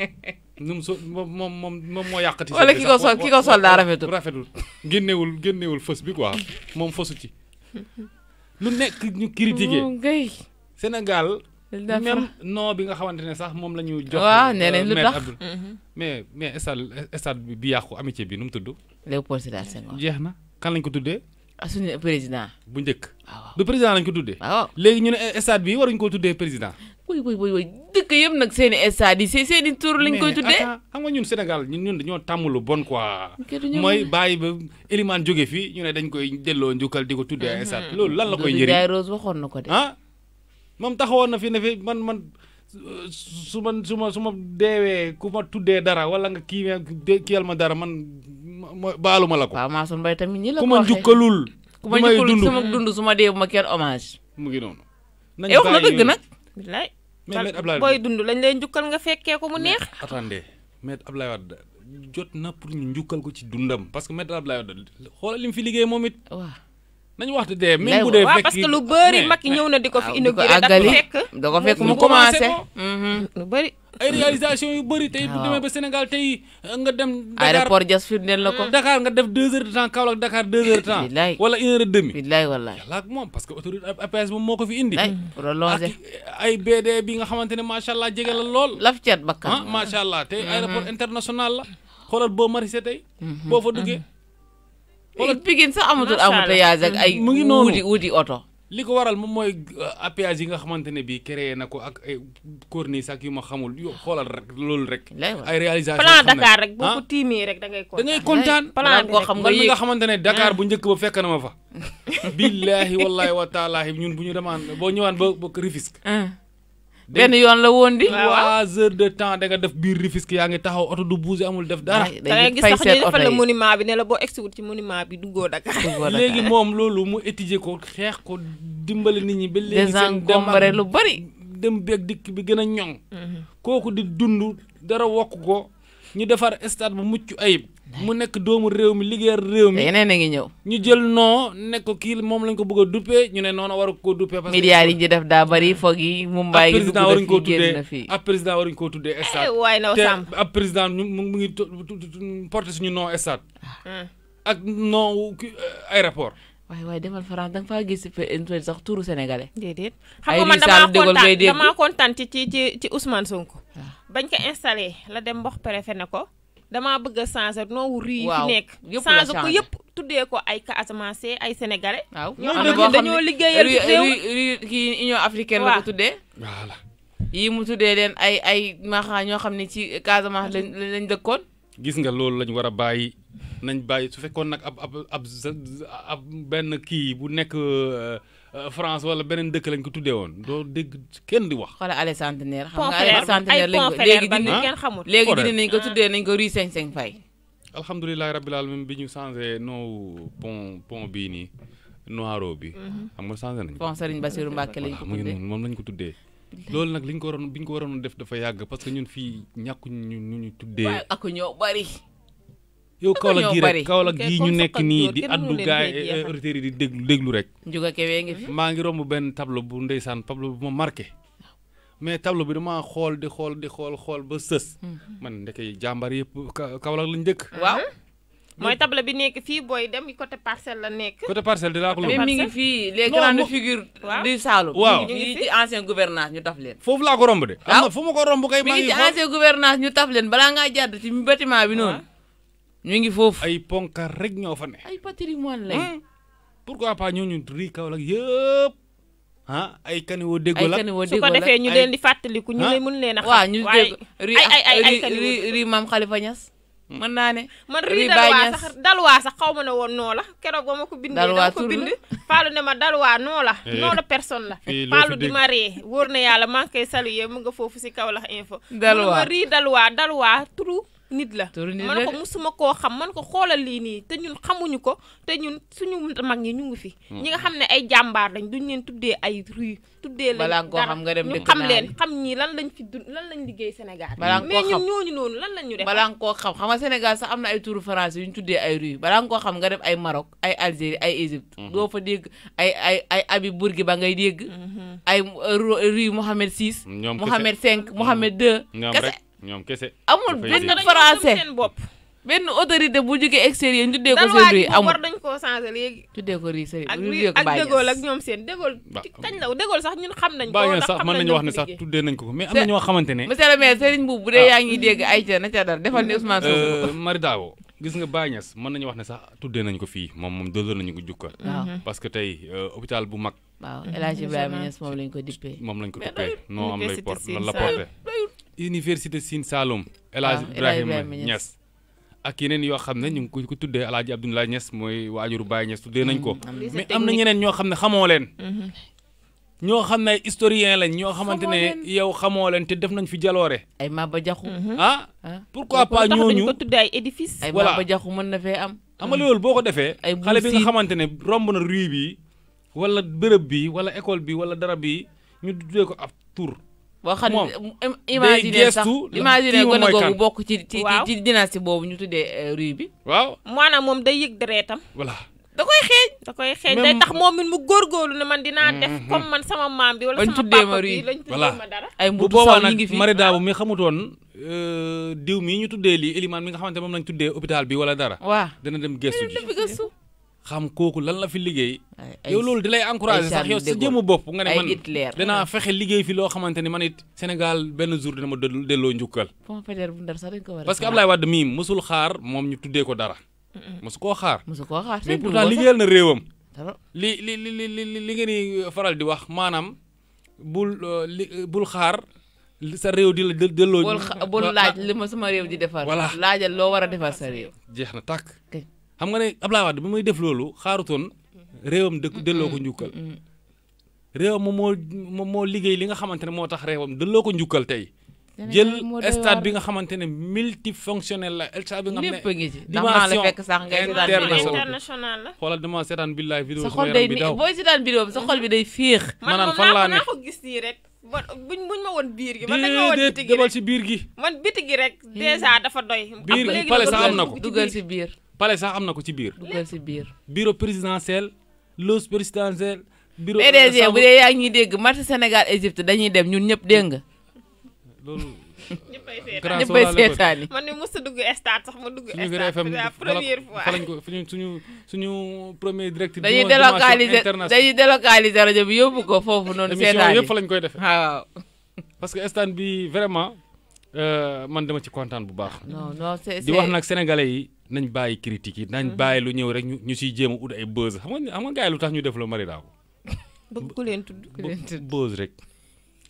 num so moom moom moom moo yàq. tiset wala ki ko sol daa rafetul rafetul. génnewul génnewul fës bi quoi moom fësu ci. lu nekk ñu critiqué Sénégal. même non bi nga xamante ne sax moom la ñu jox waaw nee nañ euh, lu tax Abdoul mhm. mais mais stade stade bi yàqu amitié bi nu mu tudd Léopold Sédar Senghor jeex na kan lañ ko tuddee ah, suñu président bu njëkk ah, du président lañ ko tuddee ah, waaw léegi ñu ne eh, stade bi waruñ koo tuddee président dëkk yëpp nag seen i stade yi seen seen i tur lañ koy tuddee xam nga ñun Sénégal ñun dañoo tàmm lu bon quoi mooy bàyyi ba Elimane jóge fii ñu ne dañ koy delloo njukkal di ko tuddee ay mhm. stade loolu lan la koy njëriñ Rose na ko moom taxawoon na fi ne fi man man su ma su ma su ma deewee ku ma tuddee dara wala nga kii kiyal ma dara man baalu ma la ko. waaw Mansour Mbaye tamit ñi la ko ku ma njukkalul. ku ma njukkalul sama dund su ma dee bu ma kenn hommage. mu ngi noonu. nañu wax na dëgg nag. bilaay. mais Ablaye booy dund lañ lay njukkal nga fekkee ko mu neex. attendez maître Ablaye Wade jot na pour ñu njukkal ko ci dundam parce que maître Ablaye Wade xoolal li mu fi liggéey moom it. waaw. nañu wax dee même bu dee fekk parce que lu bëri Macky ñëw na di ko fi inauguré ko fekk da fekk mu commencé lu bëri ay réalisation yu bëri tey bu demee ba Sénégal tey nga dem aéroport Diass firndeel la ko Dakar nga def de temps Kaolack Dakar deux heures de temps wala une heure et demie billaay wallaay yàllaak moom parce que autorité APS moom moo ko fi indi prolongé ay BD bi nga xamante ne macha allah jege la lool laf cat bakkan macha allah tey aéroport international la xoolal boo marisé tey boo fa duggee wala eh, Pikine sax amatul embouteillage ak ay. mu ngi noonu wuti wuti oto. li ko waral moom mooy euh, péage yi nga xamante ne bii créé na ko ak ay corniche ak yu ma xamul yo xoolal rek loolu rek. ay réalisation plan Dakar rek boo ah ko tiimee rek da ngay kontaan kontaan. plan bi xam nga yéeg nga xamante ne Dakar ah. bu njëkk ba fekk na ma fa. billaahi wallaahi wa taalaahi ñun bu ñu demaan boo ñëwaan ba ba Rufisque. Ah. benn yoon la woon di. waaw trois heures de temps da def biir Rufisque yaa ngi taxaw oto du bouger amul def dara. dañuy da ngay gis sax ñu defal la monument bi ne la boo egsiwut ci monument bi duggoo Dakar. léegi moom loolu mu étudier ko xeex ko dimbali nit ñi. ba léegi seen désencombré lu bari. dem beeg dikk bi gën a ñoŋ. Mhm. kooku di dund dara wokk ko ñu defar stade bu mucc ayib. mu nekk doomu réew mi liggéeyal réew mi. yeneen a ngi ñëw. ñu jël noo nekk ko kii moom lañ ko bugg a duppee ñu ne noonu waru ko duppee. parce que médias yi ñu def daa bari foog yi Mumbaay gi dugg na fii génn fii ab président waruñu koo tuddee estat eh, te ab président ñu mu ngi porté suñu non estat hmm. ak non eh, aéroport. waaye waaye demal France da nga faa gis sax turu sénégalais. déedéet xam nga man damaa kontaan damaa kontaan ci ci ci Ousmane Sonko. Ah. bañ ko installé la dem mbox préfet ne ko. dama bëgg a changer noowu yi fi nekk changer ko yëpp tuddee ko ay Casamance ay sénégalais waaw ñoo xam ne dañoo liggéeyal réew riz kii union africaine la ko tuddee mu tuddee leen ay ay maxa ñoo xam ne ci Casamance lañ dëkkoon gis nga loolu lañ war a bàyyi nañ bàyyi su fekkoon nag ab ab ab benn kii bu nekk euh, Euh, France wala beneen dëkk lañ ko tuddee woon doo dégg kenn di wax. xoolal allée centenaire. xam nga allée centenaire lañ ko léegi léegi nañ ko ah. tuddee nañ ko rue Seng Seng Faye. alhamdulilah laal alamin bi ñu changé noo pont pont bii nii noiro bi. Mhm. xam nga changé nañ ko. pont Serigne Bassirou Mbacké lañ ko tuddee moom lañ ko tuddee. loolu nag liñ ko waroon bi ñu ko waroon def dafa yàgg parce que ñun fii ñàkkuñ ñu ñu ñu tuddee. ak ñoo bari. yow kaw la gi rek kaw la gi ñu nekk nii di addu gaay auditeurs eh, yi di déglu déglu rek juga kewe ngi fi maa ngi romb benn tableau bu ndeysaan tableau bu ma marqué mais tableau bi dama xool di xool di xool xool ba sës mhm. man ndekay jàmbar yëpp kaw la lañ dëkk waaw mooy tableau bi nekk fii booy dem côté parcelle la nekk. côté parcelle dinaa ko mais mi ngi fii les grandes figures du Saloum. waaw ñu ngi ci ancien gouvernance ñu taf leen. foofu laa ko romb de. am na fu ma ko romb kay maa ngi ci ancien gouvernance ñu taf leen balaa ngaa jàdd ci bâtiment bi noonu. ñu ngi foofu ay ponkar rek ñoo fa ne. ay patrimoine lañ. Hmm? pourquoi pas ñooñu rii Kaolack yëpp. ah ay kaniwo déggoo la su ko defee ñu leen di fàttaliku ñu ah? leen mën leen a. waa ñu dégg ri ri maam Khalifa Niass. Hmm. mën naa ne man rii dalwaa sax dalwaa xaw ma ne woon noo la keroog ma ko bindee dama ko ma dalwaa noo eh. noo la personne la Fallou na yàlla maa ngi koy saluer mu nga foofu si Kaolack info ma rii dalwaa dalwaa turu nit la man ko musuma koo xam man ko xoolal lii nii te ñun xamuñu ko te ñun suñu mag ñi ñu ngi fi mm. ñi nga xam ne ay jàmbaar lañ duñ leen tuddee ay rue tuddee lañ dara ñu xam leen xam ñii lan lañ fi lan lañ liggéey Sénégal mais ñun ñooñu noonu lan lañ ñu def balaa koo xam xam nga Sénégal sax am na ay turu français yu tuddee ay rue balaa nga koo xam nga dem ay Maroc ay Algérie ay Égypte mm-hmm. doo fa dégg ay ay ay abi Bourguiba ngay dégg mm-hmm. ay euh, rue Mohamed six Mohamed cinq mm-hmm. Mohamed deux ñoom kese. amul benn français benn autorité bu jógee extérieur ñu tuddee ko seen réew amul war dañ koo changé léegi. tuddee ko riz sëriñ ak sax ñun xam nañ ko. ndax xam nañ ko wax ne sax tuddee nañ ko ko mais am na ñoo xamante ne. monsieur le maire Serigne Mbuub bu dee ah. yaa ngi dégg ay ca na ca dara defal ni Ousmane Sonko. Euh, Mari Daawo gis nga Baye Niass mën nañu wax ne sax tuddee nañ ko fii moom moom dëlloo nañu ko jukka mhm. parce que tey euh, hôpital bu mag. waaw El Hadj Ibrahima Niass moom lañ ko dippee. moom lañ ko dippee non am la porte université Sine Saloum ah, El Hadj Ibrahima Niass ak yeneen yoo xam ne ñu ngi ko tuddee El Hadj Abdoulaye Niass mooy waajuru Baye Niass tuddee nañ ko mais mm, am na ñeneen ñoo xam ne xamoo leen mm-hmm. ñoo xam ne ay historien lañ ñoo xamante ne yow xamoo leen te def nañ fi jaloore ay Maba Jaxu mm-hmm. ah? ah pourquoi pas ñooñu ko tuddee ay édifice ay Maba Jaxu na fee am ama loolu boo ko defee xale bi nga xamante ne romb na bi wala bërëb bi wala école bi wala dara bi ñu tuddee ko ab tur boo xam ne imaginer sax imaginer gone googu bokk ci ci ci dynastie boobu ñu tuddee euh, rue bi. waaw maanaam moom day yëg deretam. voilà da koy xeeñ. da koy xeeñ day ndax moom it góor góorlu ne man dinaa mm-hmm. def comme man sama maam bi. wala sama papa bi lañ tuddee ma dara. ay mbuutu saw ñu ngi fi bu boobaa nag Mari Dabo mi xamutoon euh, diw mii ñu tuddee lii Elimane mi nga xamante moom nañ tuddee hôpital bi wala dara. waaw dana dem gëstu ji xam kooku lan la fi liggéey. yow loolu di lay encouragé sax yow sa jëmu bopp nga ne man dinaa fexe liggéey fi loo xamante ni man it Sénégal benn jour dina ma delloo njukkal. parce que Ablaye Wade mii mosul xaar moom ñu tuddee ko dara. mosu koo xaar. mosu koo xaar mais li liggéeyal na réewam. li li li li li ngeen faral di wax maanaam bul euh, li bul xaar. sa réew di la delloo. bul laaj li ma sama réew di defar. voilà laajal loo war a defar sa réew. jeex na tàkk. xam nga ne Ablaye Wade bi muy def loolu xaarutoon réewam dëkk delloo ko njukkal. Mm, mm, mm. réewam moom moo moo liggéey li nga xamante ne moo tax réewam dëlloo ko njukkal tey. jël stade bi nga xamante ne multifonctionnel la stade bi nga xam ne dimension international la xoolal dama seetaan billaay vidéo sa xol day booy seetaan bi sa xol bi day féex maanaam fan laa ne ko gis nii rek man buñ buñ ma woon biir gi man dañ ma woon biir gi demal si biir gi man biti gi rek hmm. dèjà dafa doy biir gi pale na ko dugal si biir palais sax am na ko ci biir. dugal ci biir. bureau présidentiel loge présidentielle. bureau PDG bu dee yaa ngi dégg marché Sénégal Égypte dañuy dem ñun ñëpp dégg nga. loolu. ñëppay seetaani man ni mosut dugg stade sax ma dugg. stade la première fois suñu ko suñu suñu premier directeur. dañuy délocaliser dañuy délocaliser rajo bi yóbbu ko foofu noonu. seetaani émission yëpp fa lañ koy defee waaw. parce que stade bi vraiment euh, man dama ci kontaan bu baax. non non c'est di wax nag sénégalais yi. nañ bàyyi critiques yi nañ mhm. bàyyi lu ñëw rek ñu ñu siy jéem a ut ay buzz xam nga xam nga gars lu tax ñu def la mari daaw bëgg ku tudd ku rek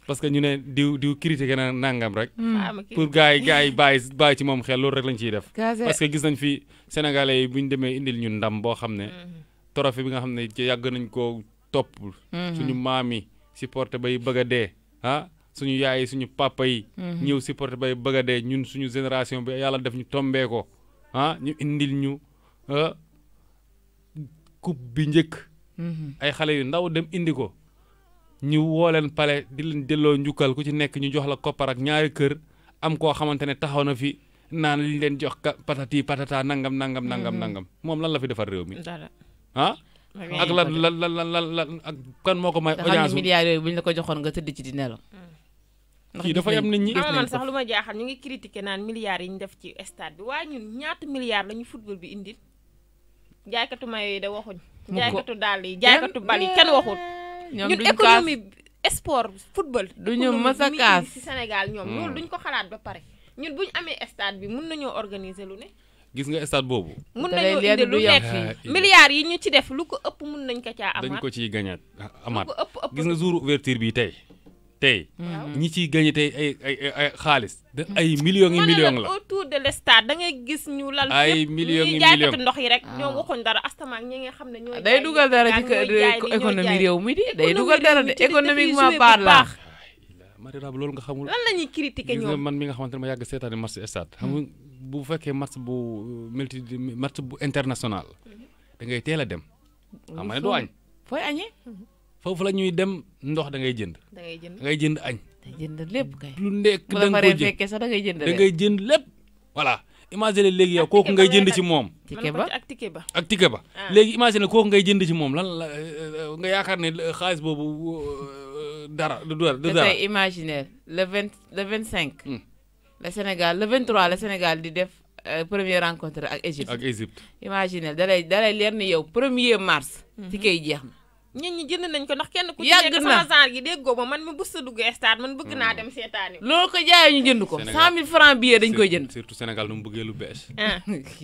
parce que ñu ne diw diw critiqué na nangam rek hmm. pour gars yi gars yi bàyyi bàyyi ci moom xel loolu rek lañ ciy def parce que gis nañ fi sénégalais yi bu ñu demee indil ñu ndam boo xam ne hmm. trophée bi nga xam ne yàgg nañ koo topp hmm. suñu maam yi supporté bay bëgg a dee ah suñu yaay yi suñu papa yi ñëw supporté bay bëgg a dee ñun suñu génération bi yàlla def ñu tombee ah ñu indil ñu ah, coupe bi njëkk mm-hmm. ay xale yu ndaw dem indi ko ñu woo leen pale di leen delloo njukkal ku ci nekk ñu jox la koppar ak ñaari kër am koo xamante ne taxaw na fi naan li ñu leen jox patati patata nangam nangam nangam mm-hmm. nangam moom lan la fi defar réew mi ah ak lan lan lan lan lan ak kan moo ko may audience milliards yooyu bu ñu la ko joxoon nga tëdd ci di nelaw kii dafa yem nit ñi xam man sax lu ma jaaxal ñu ngi critiqué naan milliards yi ñu def ci stade bi waaye ñun ñaata milliards la ñu football bi indil jaaykatu mayo yi da waxuñ jaaykatu dàll yi jaaykatu bal yi kenn waxul ñun économie sport football duñu mës a kaas ci senegal ñoom hmm. loolu duñ ko xalaat ba pare ñun buñ amee stade bi mun nañoo organiser lu ne gis nga stade boobu. mun nañoo indi lu nekk milliards yi ñu ci def lu ko ëpp mun nañ ko caa amaat dañ ko ciy gañaat amaat gis nga jour ouverture bi tey tey mm-hmm. ñi ciy gagné tey ay xaalis da ay millions yi millions la autour da ngay gis ñu lal ay millions yi millions ndox yi rek ah. ñoom waxuñ dara astama ñi nga xam ne ñooy day dugal dara ci économie réew mi di day dugal dara de économiquement parlant Marie Rab loolu nga xamul lan la ñuy critiquer man mi nga xamante ne ma yàgg seetaani match stade xam mm-hmm. bu fekkee match bu euh, multi match bu international mm-hmm. dangay ngay teel a dem xam ne doo añ foofu la ñuy dem ndox da ngay jënd. da ngay jënd da ngay añ. lépp kay. lu nekk da nga ko sax da ngay jënd ngay jënd lépp voilà. imagine léegi yow kooku ngay jënd ci moom. ticket ba ak ticket ba ak ticket ba. Ah. léegi imagine kooku ngay jënd ci moom lan la euh, euh, nga yaakaar ne euh, xaalis boobu dara du dara. dafay imaginaire le vingt le vingt cinq. Hmm. le Sénégal le vingt trois le Sénégal di def premier rencontre ak Égypte. ak Égypte imaginaire dalay dalay leer ni yow premier mars. Mhm. ticket yi jeex na. ñun ñi jënd nañ ko ndax kenn ku ci nekk sama genre gi déggoo ma man mi bu sa dugg stade man bëgg naa hmm. dem seetaani loo ko jaayee ñu jënd ko cent mille francs billet dañ koy jënd surtout Sénégal nu mu bëggee lu bees ah,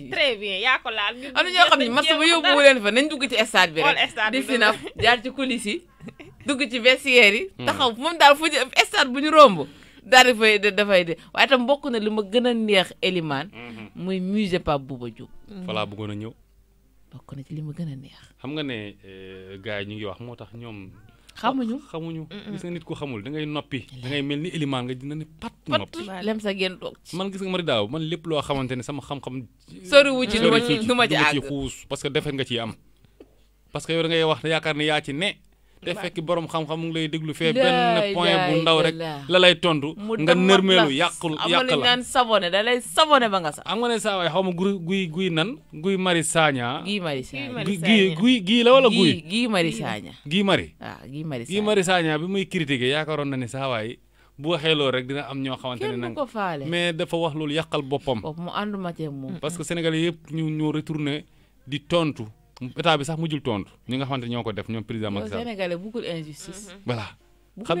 très yaa ko laal am na ñoo xam ne match ba yóbbu fa nañ dugg ci stade bi rek di si naf jaar ci coulisses yi dugg ci vestiaire yi hmm. taxaw moom daal fu ñu stade bu ñu romb daal di fay dafay de waaye itam bokk na li ma gën a neex Elimane hmm. muy musée Pape Bouba Diop voilà bëggoon a ñëw bokk na li ma gën a neex. xam nga ne euh, gars yi ñu ngi wax moo tax ñoom. xamuñu xamuñu. gis nga nit ku xamul da ngay noppi. da ngay mel ni élément nga dina ne pat. noppi lem sa génn toog ci. man gis nga Marie Daaw man lépp loo xamante ne sama xam-xam. soriwu ci du ma ci àgg parce que defet nga ciy am. parce que yow da wax yaakaar ne yaa ci ne. te fekk boroom xam-xam mu ngi lay déglu fee benn point bu ndaw rek la lay tontu nga nërmeelu yàqul yàq la naan sabone da am nga ne saa guy guy nan guy mari sagna guy mari sagna guy guy la wala guy guy mari sagna guy mari waaw ah, guy mari guy mari sagna bi muy critiquer yaakaaroon na ne saa waay bu waxee loolu rek dina am ñoo xamante ne nag mais dafa wax loolu yàqal boppam mu ànduma ci moom parce que sénégalais yëpp ñu ñoo retourné di tontu état bi sax mujjul tontu ñi nga xamante ñoo ko def ñoom président Macky Sall. Sénégalais bëggul injustice. Mhm. xam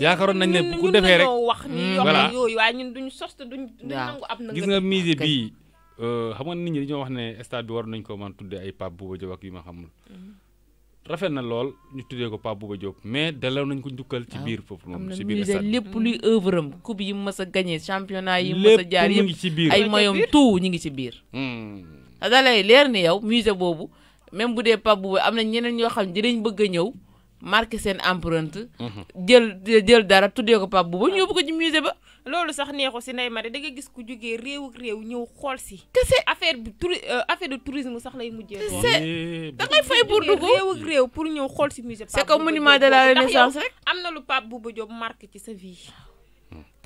yaakaaroon nañ ne bu ko defee rek wax ni wax mm, yooyu waaye ñun duñu sos te na gis nga musée ah, bii euh, xam nga nit wax ne stade bi war nañ ko man tuddee ay Pape Bouba Diop ak yu ma xamul mm-hmm. rafet na lool ñu tuddee ko Pape Bouba Diop mais delloo nañ ko njukkal ci biir foofu moom ci biir stade lépp luy œuvre am coupe yi mës a gagné championnat yi mës a jaar yëpp ay moyom tout ñu ngi ci biir hmm. da leer ni yow musée boobu même bu dee Pape Bouba am na ñeneen ñoo xam ne dinañ bëgg a ñëw marqué seen empreinte. Mhm. jël jël dara tuddee ko Pape Bouba ñëw bu ko ci musée ba. loolu sax neexu si Ndeye Marie da nga gis ku jugee réew réew ñëw xool si. kese affaire bi tour euh, affaire de tourisme sax lay mujjee. kese da ngay fay pour dugg réew réew pour ñëw xool si musée. Pape Bouba Diop c'est comme monument de la renaissance rek. am na lu Pape Bouba Diop marqué ci sa vie.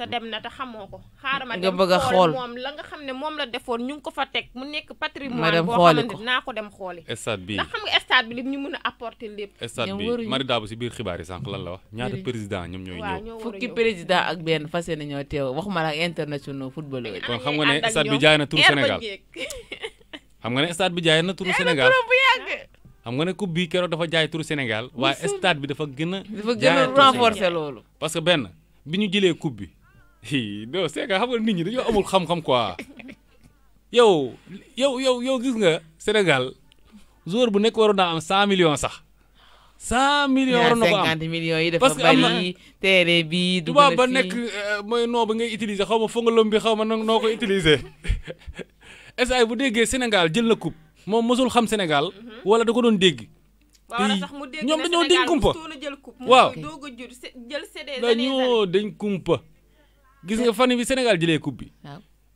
te dem na te xamoo ko. xaaral xool moom la nga xam ne moom la defoon ñu ngi ko fa teg mu nekk patrimoine boo xam ne naa ko dem xooli. stade bi ndax xam nga ñu mën a apporter lépp. stade bi Mari Dabo si biir xibaar yi sànq lan la wax ñaata président ñoom ñooy ñëw. fukki président ak benn fas yéene ñoo teew waxuma la ak international football yooyu. kon xam nga ne stade bi jaay na turu Sénégal xam nga ne stade bi jaay na turu Sénégal. xam nga ne coupe bi keroog dafa jaay turu Sénégal waaye stade bi dafa gën a. dafa gën a renforcer parce que benn bi ñu jëlee coupe bi non c'est xam nga nit ñi dañoo amul xam-xam quoi yow yow yow yow gis nga Sénégal joueur bu nekk waroon naa am cent millions sax. cent millions waroon na ko am cinquante millions yi dafa bari ba nekk euh, ngay utiliser xaw ma fongalom bi xaw ma noo ko utiliser SA bu déggee jël na coupe moom mosul xam Sénégal mhm. wala da ko doon dégg. ñoom dañoo dañ kumpa waaw dañoo dañ kumpa. gis nga fan bi Sénégal jëlee coupe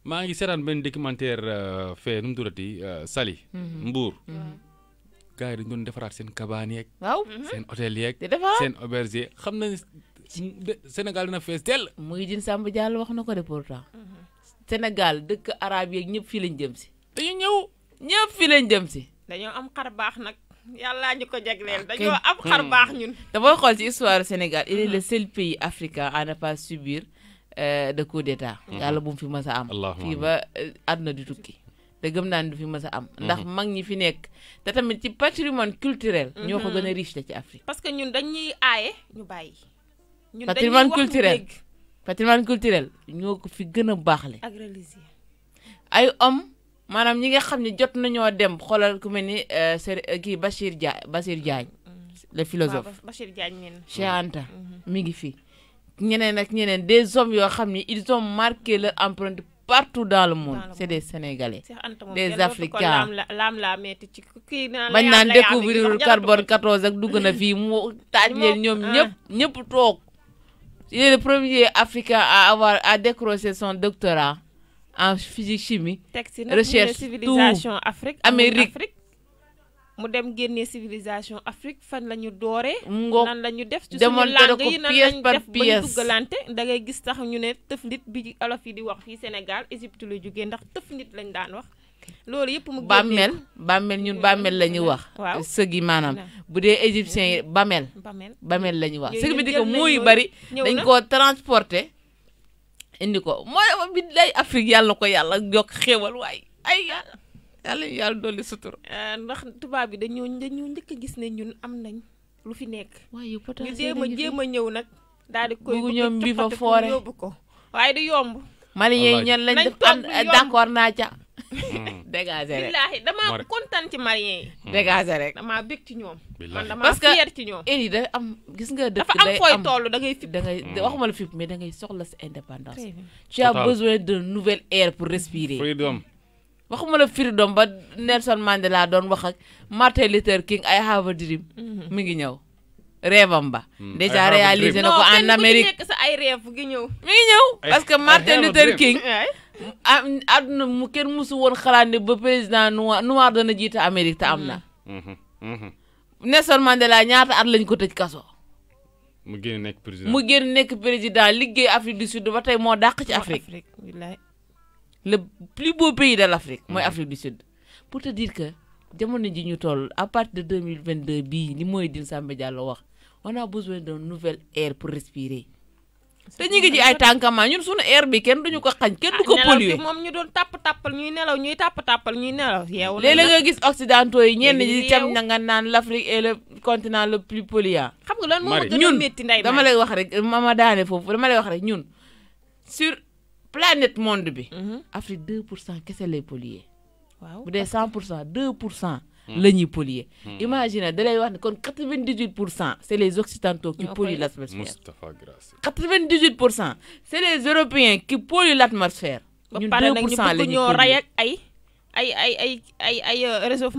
maa ngi seetaan benn documentaire euh, fee nu mu tuddati euh, Saly. Mhm. Mbour. Mhm. gars yi dañu defaraat seen kabaan yeeg. waaw mhm. seen hôtel yeeg. seen auberge xam na senegal dina fees teel. muy Dine Samba Diallo wax na ko de pourtant. Sénégal dëkk arab yeeg ñëpp fii lañ jëm si. dañu ñëw. ñëpp fii lañ jëm si. dañoo am xar baax nag. yàllaa ñu ko jagleel ah, dañoo am xar hmm. baax ñun. dafay xool ci histoire Sénégal il est hmm. pays africain à ne pas Euh, de coup d'état mhm. yàlla bu mu fi mës a am fii ba euh, àdduna di tukki te gëm naa ni du fi mës a am mhm. ndax mag ñi fi nekk te tamit ci patrimoine culturel mhm. ñoo ko gën a riche la ci Afrique parce que ñun dañuy aaye ñu bàyyi ñun patrimoine culturel patrimoine culturel ñoo ko fi gën a baaxle ak religieux ay om maanaam ñi nga xam ne jot nañoo dem xoolal ku mel ni euh, kii Bachir Dia Bachir Diagne mm. le philosophe Bachir Diagne Cheikh Anta mm-hmm. mi ngi fii ñeneen ak des hommes yoo xam ils ont marqué leur empreinte partout dans le monde c'est des sénégalais des africains bañ naan découvrir carbone 14 ak dugg na fii mu taaj ñoom ah. ñëpp ñëpp toog il est le premier africain à avoir à décrocher son doctorat en physique chimie recherche tout Amérique mu dem génnee civilisation Afrique fan lañu doore dooree. nan la ñu def ci suñu langue yi nan la ñu def ba duggalante da ngay gis tax ñu ne tëflit bi olof yi di wax fii Sénégal Égypte la jógee ndax tëflit lañu daan wax. loolu yëpp mu bàmmeel bàmmeel ñun bàmmeel la ñuy wax. waaw sëg yi bu dee égyptiens yi bàmmeel. bàmmeel la ñuy wax sëg bi di ko mooy bari. dañ koo transporté. indi ko mooy bi lay Afrique yàlla ko yàlla yokk xéewal waaye ay yàlla. yàlla ñu yàlla dolli sutur. Eh, ndax tubaab bi dañoo dañoo njëkk gis ne ñun am nañ lu fi nekk. waaye potaas ñu jéem a jéem a ñëw nag. daal di koy ñoom bi fa foore yóbbu ko waaye di yomb. Malien yi ñan lañ def am d'accord naa ca. Hmm. dégagé rek billaahi damaa kontaan ci Malien yi. Hmm. dégagé rek damaa bég ci ñoom. man damaa fier ci ñoom. parce que am gis nga dëkk dafa am fooy toll da ngay. da ngay hmm. waxuma la fii mais da ngay soxla si indépendance. tu as besoin de nouvelle air pour respirer. waxuma la freedom ba Nelson Mandela doon wax ak Martin Luther King I have a dream. Mhm. mi ngi ñëw rêvam ba. Hmm. déjà réalisé na ko en Amérique sa ay rêve gi ngi ñëw parce que Martin Luther a àdduna mu kenn musu woon xalaat ne ba président noir noir dana jiite Amérique te am la mm-hmm. mm-hmm. mm-hmm. Nelson Mandela ñaata at lañ ko tëj kaso. mu génn nekk président liggéey Afrique du Sud ba tey moo dàq ci Afrique. le plus beau pays de l'Afrique, Afrique mooy mm. Afrique du Sud pour te dire que jamono ji ñu toll à partir de 2022, mille vingt deux on a besoin d'un nouvel air pour respirer. te ñu ngi ji ay tànkama ñun suñu air bi kenn duñu ko xañ kenn du ko ah, polluer moom ñu doon tàpp tàppal ñuy nelaw ñuy tàpp tàppal ñuy nelaw yeewu léeg-léeg nga gis occidentaux yi ñenn ñi tam na nga naan est le continent le plus polluant xam nga lan moo gën a dama lay wax rek mama daane dama lay wax rek ñun sur planète monde bi. Mhm. Afrique 2 kessé les lay polluer. waaw bu 100 2 lañuy polluer. Hmm. imagine wax kon 98 c'est les occidentaux qui polluent l'atmosphère 98 c'est les européens qui polluent l'atmosphère on ñun 2 pour cent la ñuy ay. ay ay ay ay euh,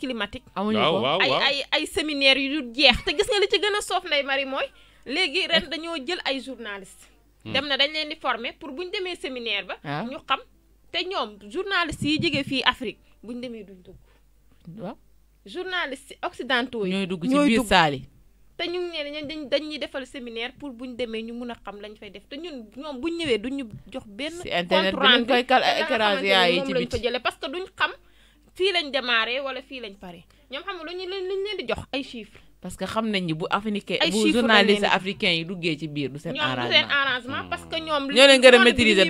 climatique. amuñu ko ay ay ay séminaires yu jeex te gis nga li ci gëna a soof mari moy légui ren dañoo jël ay journalistes. Hmm. dem na dañ leen di former pour bu demee séminaire ba. Ah. ñu xam te ñoom journaliste yi jóge fii Afrique bu ñu demee duñ dugg. waaw journaliste occidentaux yi. ñooy dugg ci biir saali te ñu ngi dañ dañ dañ ñuy defal séminaire pour bu demee ñu mun a xam lañ fay def te ñun ñoom bu ñu ñëwee duñ ñu jox benn. si internet bi lañ koy écrasé yi ci biti jëlee parce que duñ xam fii lañ démarré wala fii lañ pare ñoom xam nga lu ñu leen di jox ay chiffres. parce que xam nañ ni bu africain bu journaliste africain yi duggee ci biir du seen. arrangement ñoom du seen arrangement parce que ñoom. ñoo leen gën a maîtriser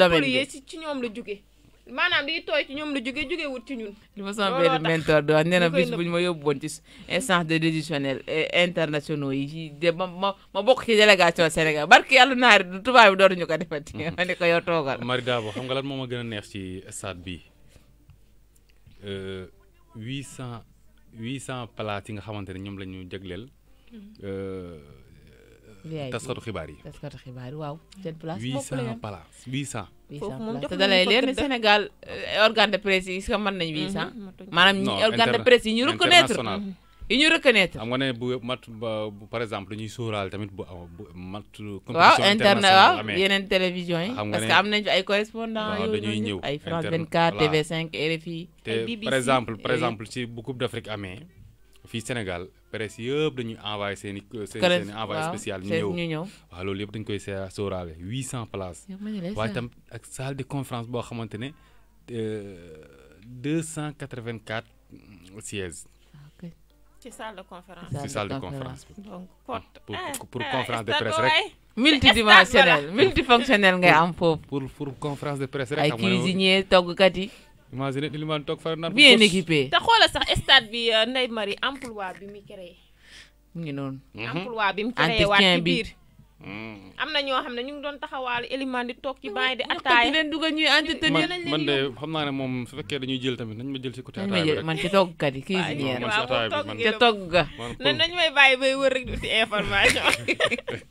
ñoom la jóge maanaam liy tooy ci ñoom la jóge jóge wut ci ñun. li ma sama benn mentor di wax nee na bis ma yóbbuwoon ci instance de décisionnel internationaux yi ci de ma bokk ci délégation Sénégal barki yàlla naar du tubaab bi dootuñu ko defati. Mm-hmm. ma ne ko yow toogal. Marie Dabo xam nga lan moo ma gën a neex ci stade bi euh, huit cent places yi nga xamante ne ñoom la ñu jagleel. Mm-hmm. Euh, taskatu xibaar yi taskatu xibaar yi waaw. seen place bopp la huit cent places huit cent. foofu moom te dalay leer ni Sénégal euh, organe de presse yi est-ce que huit cent. Mm-hmm, maanaam organe de presse yi ñu reconnaître Ils nous reconnaître par exemple dañuy sommes tamit bu ah, mat. télévision parce que y a fi correspondants. dañuy ñëw France 24 TV5 RFI. par exemple par exemple ci beaucoup Coupe d'Afrique amé, Sénégal presse yëpp dañuy envoyé euh, spécial. Nous avons envoyé spécial nous ñëw 800 places. Dans tam salle de conférence boo xamante 284 euh, sièges. ci salle de conférence ci salle de conférence bi ah, pour am foofu. pour pour conférence de presse rek. ay cuisinier toggkat yi. bien équipé. te xoola sax stade bi euh, Ndeye Marie emploi bi mu créé. mu ngi noonu. emploi bi mu créé waat biir. Mm. am na ñoo xam ne ñu ngi doon taxawaalu élément di toog ci bàyyi di attaaya leen dugal ñuy entretenir man de xam naa ne moom su fekkee dañuy jël tamit nañ ma jël si côté attaaya man ci toog yi cuisinière ca togg na nañ may bàyyi bay wër rek di information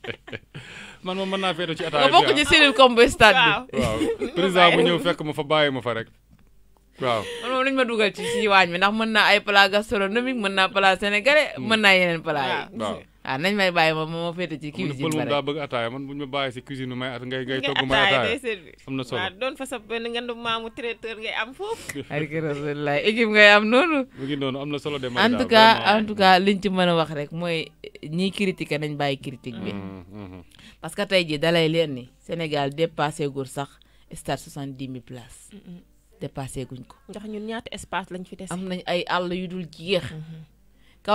man moom mën naa feetu ci attaaya bokk ci ah. cellule combo stade bi waaw président ñëw fekk ma fa bàyyi ma fa rek waaw man moom nañu ma dugal ci si waañ mi ndax mën naa ay plat gastronomique mën naa plat sénégalais mm. mën naa yeneen plat ah nañ may bàyyi moom moo féete ci cuisine ba moom daa bëgg ataaya man bu ñu ma bàyyi si may at ngay ngay togg may ataaya doon fa sa benn nga maamu traiteur ngay am foofu barke am na solo de en tout cas en tout cas liñ ci mën a wax rek mooy ñiy critiquer nañ bàyyi critique bi mm, mm, mm. parce que tey jii dalay leen ni Sénégal dépassé gul sax stade soixante-dix mille places dépassé guñ ko ndax ñun ñaata espace lañ fi des am nañ ay àll yu dul jeex mm-hmm.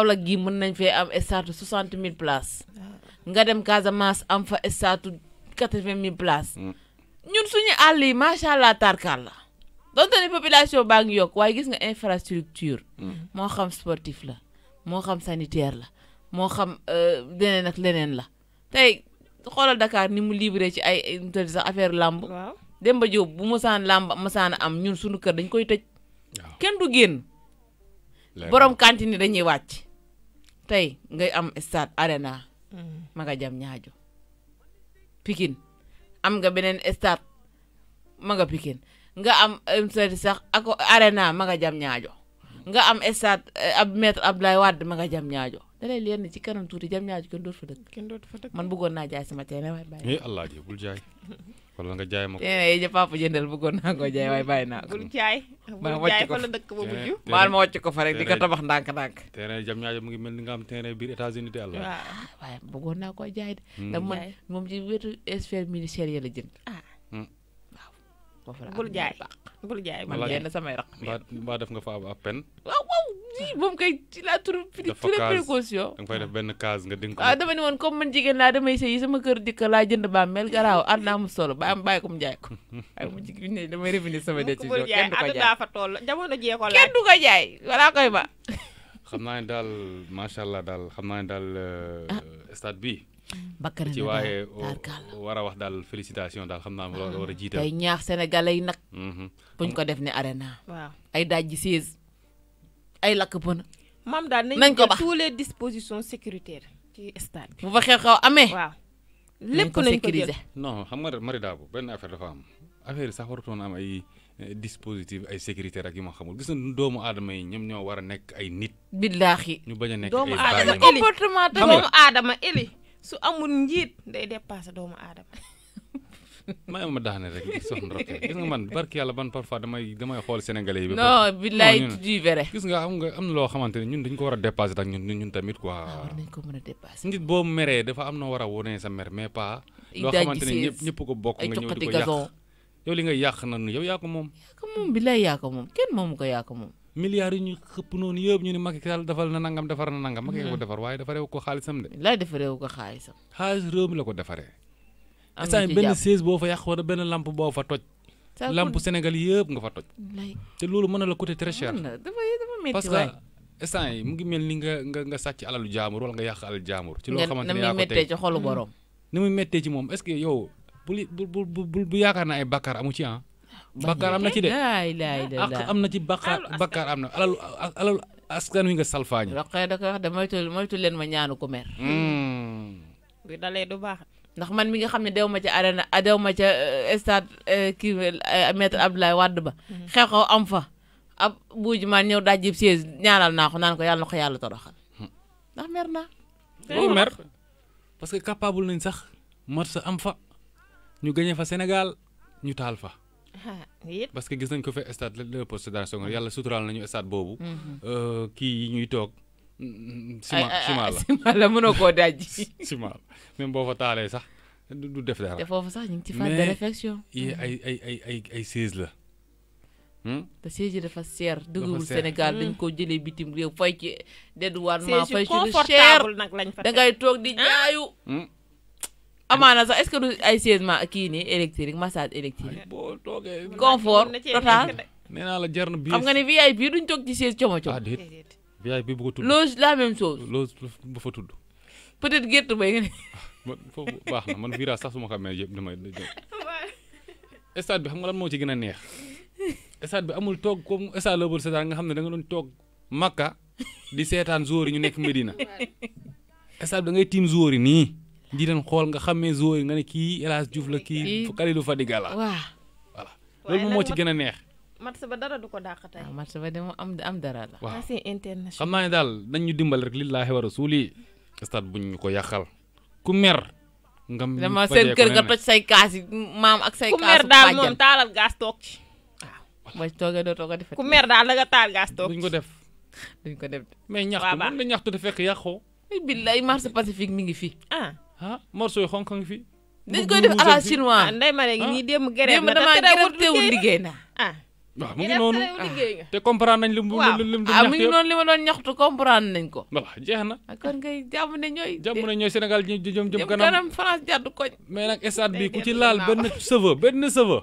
la gi mën nañ fee am stade soixante mille places ah. nga dem Casamance am fa stade quatre vingt mille place hmm. ñun suñu àll yi macha allah tarkal la donte ne population baa yokk waaye gis nga infrastructure hmm. moo xam sportif la moo xam sanitaire la moo xam leneen euh, ak leneen la tey xoolal dakaar ni mu libre ci ay sax affaire làmb Demba Diop bu mosaan làmb mosaan am ñun suñu kër dañ koy tëj kenn du génn borom cantine dañuy wàcc tey nga am stade arena mm. mag a jam ñaajo Pikine am nga beneen stade ma nga Pikine nga am um, stade sax ak arena ma nga jam ñaajo nga am stade eh, ab maître Abdoulaye Wade ma nga jam ñaajo da lay leen ci kanam tuuti jam ñaajo kenn dootu fa dëkk man bëggoon naa jaay sama teene waaye bàyyi eh, allah ji bul jaay xoolal nga jaay ma ko. yéen papa jëndal bëggoon naa koo jaay waaye bàyyi naa ko. bul jaay bul jaay fa la dëkk ba mujj. baal ma wàcc ko fa rek di ko tabax ndànk-ndànk. terrain jam ñaajo mu ngi mel ni nga am biir États-Unis de àll. waaw waaye bëggoon jaay de. ndax man moom ci wetu sphère ministériel la jënd. bul jaay bul jaay man yenn samay raq mbaa def nga fa ab pen waaw waaw moom kay ci laa tur tous les précautions da nga fay def benn case nga dénk ko ah, dama ne woon comme man jigéen laa damay sëy sama kër dikk laa jënd baam mel garaaw ànd naa mu solo ba am bàyyi ko mu jaay ko ay mu jigéen ne damay revenir sama décision kenn du ko jaay fa toll jamono jee ko laaj kenn du ko koy ba xam naa ne daal macha allah daal xam naa ne daal euh, ah. stade bi bakkan ci waaye uh, war a wax daal félicitation daal xam naa war a jiital tey ñaax sénégalais yi nag mm-hmm. buñ ko def ni arena waaw ay dajji siis ay lakk pëna maam daal nañ ko bax tous les dispositions sécuritaires ci stade bi bu fa xew xew amee waaw lépp nañ ko sécuriser non xam nga mari daa bu benn affaire dafa am affaire yi sax warutoon am ay eh, dispositif ay sécuritaire ak yu ma xamul gis na doomu aadama yi ñoom ñoo war a nekk ay nit billaahi ñu bañ a nekk doomu aadama doomu su amul njiit day dépassé doomu aadama. maa ma daane rek soxna Roque gis nga man barki yàlla ban parfois damay damay xool sénégalais yi. non billaay du vrai gis nga xam nga am na loo xamante ne ñun dañ ko war a dépassé tak ñun ñun tamit quoi. Ah, war nañ ko mën a dépassé. nit boo meree dafa am na war a wone sa mer mais pas. loo xamante ne ñëpp ñëpp ko bokk nga ñëw di ko yàq yow li nga yàq na nu yow yaa ko moom. yaa ko moom billaay yaa ko moom kenn moomu ko yaa milliards yi ñu xëpp noonu yëpp ñu ne Macky Sall defal na nangam defar na nangam. Macky ko hmm. defar waaye defaree ko xaalisam de. lay defaree ko xaalisam. xaalis réew la ko defaree. am benn siège boo fa yàq wala benn lampe boo fa toj. lampe Sénégal yëpp nga fa toj. te loolu mën na la coûter très cher. parce que instant yi mu ngi mel ni nga nga nga sàcc alalu jaamur wala nga yàq alalu jaamur. ci loo xamante ne yaa ko tey hmm. ni muy méttee ci moom est-ce que yow bu bu bu yaakaar na ay bàkkaar amu ci ah bakkaar am na ci de ak am na ci bakkaar bakkaar am na alalu askan wi nga salfaañi roqee da ko wax de moytu moytu leen ma ñaanu ko mer hmm. bi dalee du baax ndax man mi nga xam ne dew ma ci arena dew ma ca eh, stade eh, kii eh, ba hmm. xew xew am fa ab buuj maa ñëw daaj jib siis ñaanal naa ko naan ko yàlla na ko hmm. ndax mer naa loolu mer parce que capable nañ sax mat sa am fa ñu gañe fa Sénégal ñu taal fa parce que gis nañ ko fa stade Léopold Sédar Senghor mm-hmm. yàlla suturaal nañu stade boobu. Mm-hmm. Euh, kii yi ñuy toog. ciment ciment la ciment a mënoo koo daj. ciment même boo fa taalee sax du def dara. te foofu sax ñu ci phase de réflexion. Mm-hmm. ay ay ay ay ay la. Hmm? te siège yi dafa seer dëggul Sénégal dañ hmm. ko jëlee bitim réew fay ci dédouanement fay ci lu cher da ngay toog di ah? jaayu hmm? amaana sax est-ce que du ay siège ma kii nii électrique massage électrique. boo la jar na bii xam nga ne VIP duñ toog ci siège como como. ah déedéet VIP bu ko tudd. loge la même chose. loge bu fa tudd. peut-être gerte bay nga ne. man foofu baax na man virage su ma xamee yëpp damay stade bi xam nga moo ci gën a neex stade bi amul toog comme stade la nga xam ne da doon toog Makka di seetaan joueur ñu nekk Medina stade bi da ngay tiim joueur yi nii. di leen xol nga xamé zoo nga ne kii El Hadj Diouf la kii Kalilou Fadiga la waaw voilà loolu moo ci gëna neex mat sa ba dara du ko tay mat sa ba dem am am dara la c'est international xamna ni dal nañ ñu dimbal rek lillahi wa rasuli stade buñ ko yàqal ku mer ngam dama seen keur nga toj say kaas yi maam ak say kaas ku mer dal mom talal gas tok ci waaw ah, boo toogee doo toog a ku mer dal da nga tal gas tok duñ ko def duñ ko def mais ñaxtu mën nga ñaxtu def fekk yàqoo billahi marché pacifique mi ngi fi ah ah morceau yu xonk fi. dañ koy def à la chinois ah, ndey ma léegi nii démb gërëm na te terewul teewul liggéey na ah. waaw mu ngi noonu te comprendre nañ ah, li mu li mu mu ñaxtu comprendre nañ ko. jeex na. Ah, kon ngay jàmm ne ñooy. jàmm ne ñooy Sénégal ñu jëm jëm kanam France jàddu koñ. mais nag stade bi ku ci laal benn cheveu benn cheveu.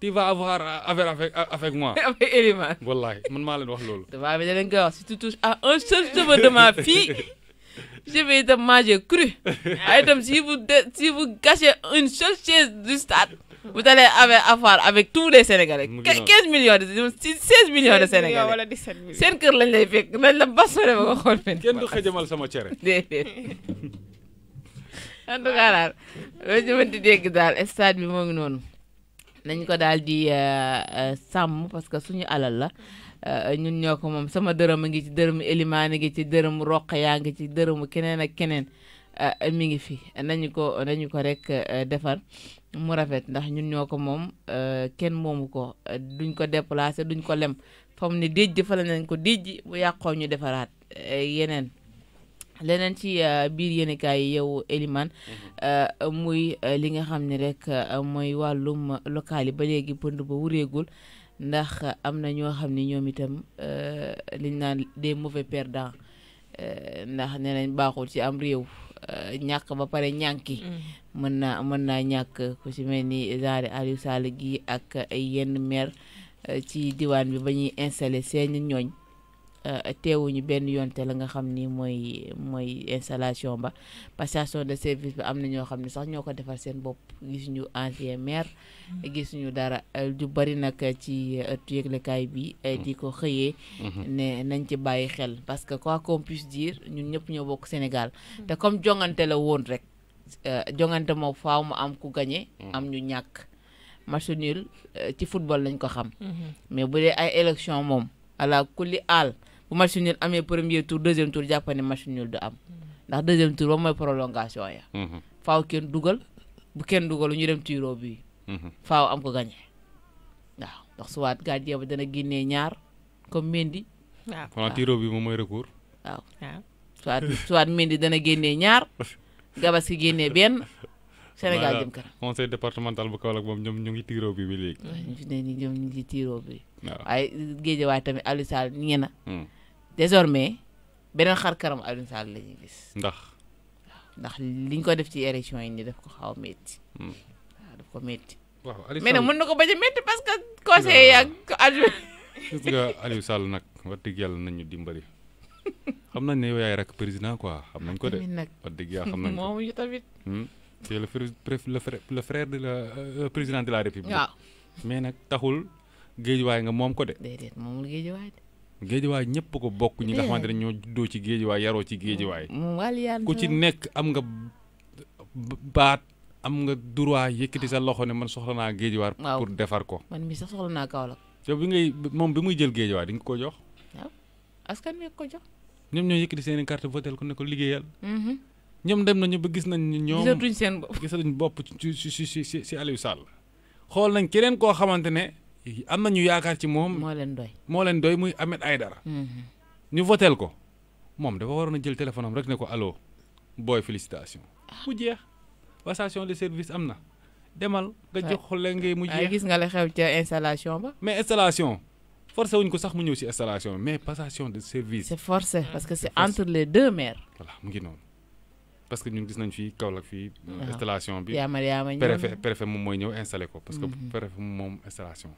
tu vas avoir affaire avec avec moi. avec Elimane. wallaahi man maa leen wax loolu. damaa bi danañ koy wax si tu touches un seul cheveu de ma Je vais te manger cru. Item, si vous, si vous gâchez une seule chaise du stade, vous allez avoir avec tous les Sénégalais. 15 millions, de, 16 millions de Sénégalais. wala 17 millions seen kër lañ lay fekk nañ la ba nga xool fenn. kenn du xëjamal sama cere. déedéet en tout cas daal loolu bi moo ngi noonu nañ ko daal di euh, euh, sàmm parce que suñu alal la. Euh, ñun ñoo ko moom sama dërëm a ngi ci dërëmu Elimaan a ngi ci dërëmu roq yaa ngi ci dërëmu keneen ak keneen euh, mi ngi fi nañu ko nañu ko rek euh, defar mu rafet ndax ñun ñoo ko moom kenn moomu ko duñ ko déplacé duñ ko lem fa mu ne déjj fa la nañ ko déjj bu yàqoo ñu defaraat yeneen leneen ci biir yéenekaay yi yow Elimane mm-hmm. muy li nga xam ne rek mooy wàllum local yi ba léegi pënd ba wureegul ndax am na ñoo xam ni ñoom itam euh, liñ naan des mauvais perdants euh, ndax ne nañ baaxul ci am réew euh, ñàkk ba pare ñànki mm. mën naa mën naa ñàkk ku ci mel ni genre Aliou Sall gi ak yenn maire ci diwaan bi ba ñuy installé seeni ñooñ Euh, teewuñu benn yoon te la nga xam ni mooy mooy installation ba passation de service bi am na ñoo xam ne sax ñoo ko defar seen bopp gisuñu ancien maire gisuñu dara euh, ju bari nag ci euh, ëttu yëglekaay bi di ko xëyee mm-hmm. ne nañ ci bàyyi xel parce que quoi qu'on diir dire ñun ñëpp ñoo bokk Sénégal te comme jongante la woon rek jongante moom faaw mu am ku gañe mm. am ñu ñàkk match ci football lañ ko xam mm-hmm. mais bu dee ay élection moom ala kulli aal bu match nul amee premier tour deuxième tour jàpp ne match nul du am ndax deuxième tour ba mooy prolongation ya mhm. faaw kenn dugal bu kenn dugalu ñu dem tiro bi mhm. faaw am ko gagné waaw ndax suwaat gardien ya ba dana génnee ñaar comme Mendy waaw kon tiro bi moom mooy recours waaw soit soit mendi dana génnee ñaar Gabaski génnee benn Sénégal jëm kanam conseil départemental bu Kaolack moom ñoom ñu ngi tiro bi bi léegi ñu fi ne ni ñoom ñu ngi tiro bi waaye géejawaay tamit Aliou Sall ñi nge désormais beneen xar kanam Aliou Sall la ñuy gis. ndax. ndax liñ ko def ci élection yi nii daf ko xaw a hmm. waaw daf ko métti. waaw Aliou nag mën na ko bañ a métti nag wax dëgg yàlla nañu dimbali. xam nañ ne yow yaay rek président quoi xam nañ ko de. wax dëgg yàlla xam nañ ko moomu hmm? le frère le frère de la euh, euh, de la république. waaw mais nag taxul géej waay nga moom moomul géej waay de. géejiwaay ñëpp ko bokk ñi nga eh. xamante ne ñoo juddoo ci géejiwaay yaroo ci géejiwaay mm, mm, ku ci nekk am nga baat am nga droit yëkkati sa loxo ne man soxla naa géejiwaay pour defar ko man mi sax soxla naa Kaolack te bi ngay moom bi muy jël géejiwaay di nga ko jox waaw askan nekk ko jox ñoom ñoo yëkkati seen carte votel ku ne ko liggéeyal mm-hmm. ñoom dem nañu ba gis nañ ñoom gisatuñ seen bopp gisatuñ bopp ci ci ci ci Aliou Sall xool nañ keneen koo xamante ne am nañu yaakaar ci moom. moo leen doy moo leen doy muy Ahmed Aïdara. Mhm. ñu voteel ko moom dafa waroon a jël téléphone am rek ne ko allo booy félicitation. Ah. mu jeex passation de service am na. demal nga ah. jox la ngay mu ah, jeex gis nga la xew ca installation ba. mais installation forcé wuñ ko sax mu ñëw si installation mais passation de service. c'est forcé parce que c'est entre les deux maires. voilà mu ngi noonu. parce que ñun gis nañ fi Kaolack fi installation bi préfet préfet moom mooy ñëw installé ko. parce que mhm. préfet moom installation.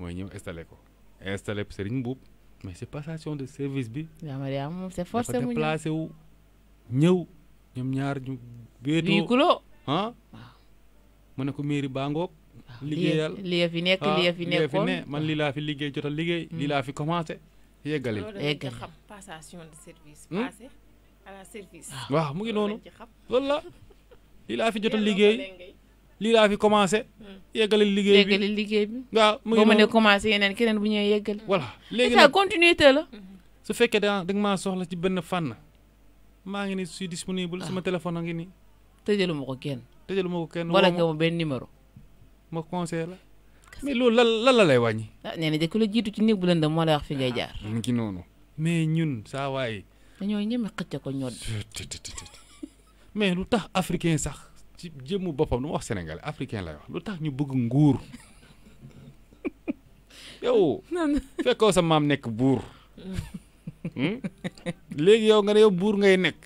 mooy ñëw installé ko installé Serigne Mbuub mais c'est passation de service bi. yaa Mariama moom c'est forcé mu ñëw ñëw ñoom ñaar ñu. béetoo bii kuloo ah. mu ne ko mairie Bangoog. liggéeyal lii fi nekk lii fi nekkoon man lii laa fi liggéey jot a liggéey. lii laa fi commencé yeggali. yeggali de service. passé lii laa fi jot a liggéey. lii laa fi commencé. Hmm. yeggali liggéey bi yeggali liggéey bi. nga mu ngi noonu commencé yeneen keneen bu ñëwee yeggali. voilà léegi nag continuité la. Hmm. su fekkee da nga maa soxla ci benn fànn maa ngi ni suis disponible ah. sama téléphone a ngi nii. tëjalu ma ko kenn. tëjalu ma ko kenn wala nga ma benn numéro. ma conseil la. mais loolu lan lan la lay wàññi. ah nee na de ku la jiitu ci néeg bu lëndëm moo lay wax fi ngay ah, jaar. mu ngi noonu. mais ñun saa waay. dañoo ñeme xëcc ko ñodd. mais lu tax africain sax ci jëmmu boppam lu wax Sénégal africain lay wax lu tax ñu bëgg nguur yow. fekkoo sa maam nekk buur. Hmm? léegi yow nga ne yow buur ngay nekk.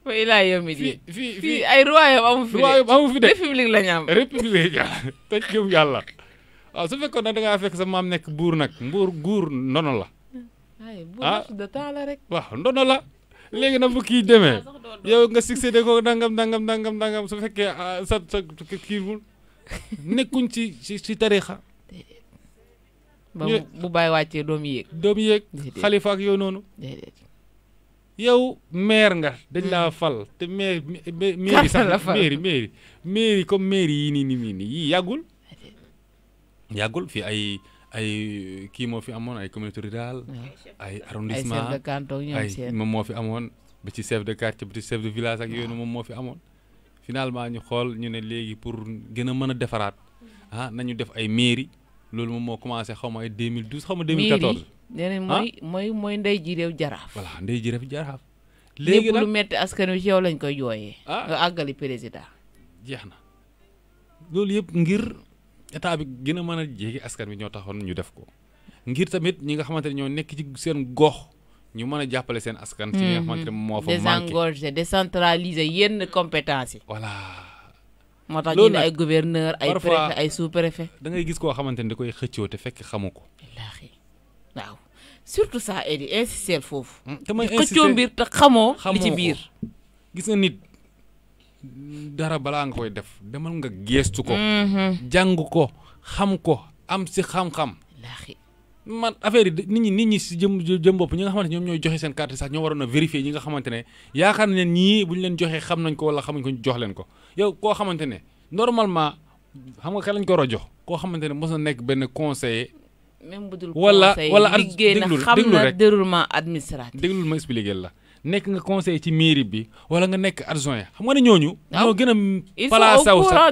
wa ila yow mi di. fi fi ay royaume amu fi de. royaume amu fi de république la ñam république la te gëm yalla waaw su fekkoon nag da nga fekk sa mam nek bour nak bour gour nono la. ay bour ah. de temps la rek. wa nono la. léegi nag bu kii demee yow nga succédé ko nangam nangam nangam nangam su fekkee ah, sa sa kiiwul nekkuñ ci ci ci tarixa ba bu bàyyi wàccee doom yéeg doom yéeg xalifa ak yow noonu yow maire nga dañ laa hmm. fal te maire mairie sax mairie mairie mairie comme yi nii nii nii yàggul yàggul fii ay ay kii moo fi amoon ay communauté rurale. ay arrondissement ay chef de seen moom moo fi amoon ba ci chef de quartier ba ci chef de village ak yooyu moom moo fi amoon. finalement ñu xool ñu ne léegi pour gën a mën a defaraat ah nañu def ay mairie loolu moom moo commencé xaw ma ay 2012 xaw ma 2014. mairie mooy ah? mooy mooy ndey ji réew jaraaf. voilà ndey ji réew jaraaf. léegi nag lépp lu metti askan wi ci yow lañ koy jooyee. ah nga àggali président. jeex na loolu yëpp ngir. état bi gën a mën a jege askan bi ñoo taxoon ñu def ko ngir tamit ñi nga xamante ne ñoo nekk ci seen gox ñu mën a jàppale seen askan. ci nga mhm. xamante ne moo fa manqué yenn compétence yi. voilà. moo tax ñu ne ay gouverneur ay préfet ay sous préfet. da ngay gis koo xamante ne da koy xëccoo te fekk xamu ko. wallaahi waaw surtout ça et di insister foofu. Hmm, te may insister xëccoo te xamoo. li ci biir gis nga nit. dara balaa nga koy def demal nga geestu ko. Mm-hmm. jàng ko xam ko am si xam-xam. man affaire yi nit ñi nit ñi si jëm jëm bopp ñi nga xamante ñoom ñooy joxe seen carte sax ñoo waroon a vérifier ñi nga xamante ne yaakaar ne ñii bu ñu leen joxee xam nañ ko wala xamuñ ko jox leen ko yow koo xamante ne normalement xam nga kan lañ ko war jox koo xamante ne mos na nekk benn conseil même bu dul conseiller liggéey na xam na déroulement administratif wala wala déglul ma expliquer la. nekk nga conseil ci mairie bi wala nga nekk adjoint xam nga ne ñooñu. ñoo gën a. placé wu sax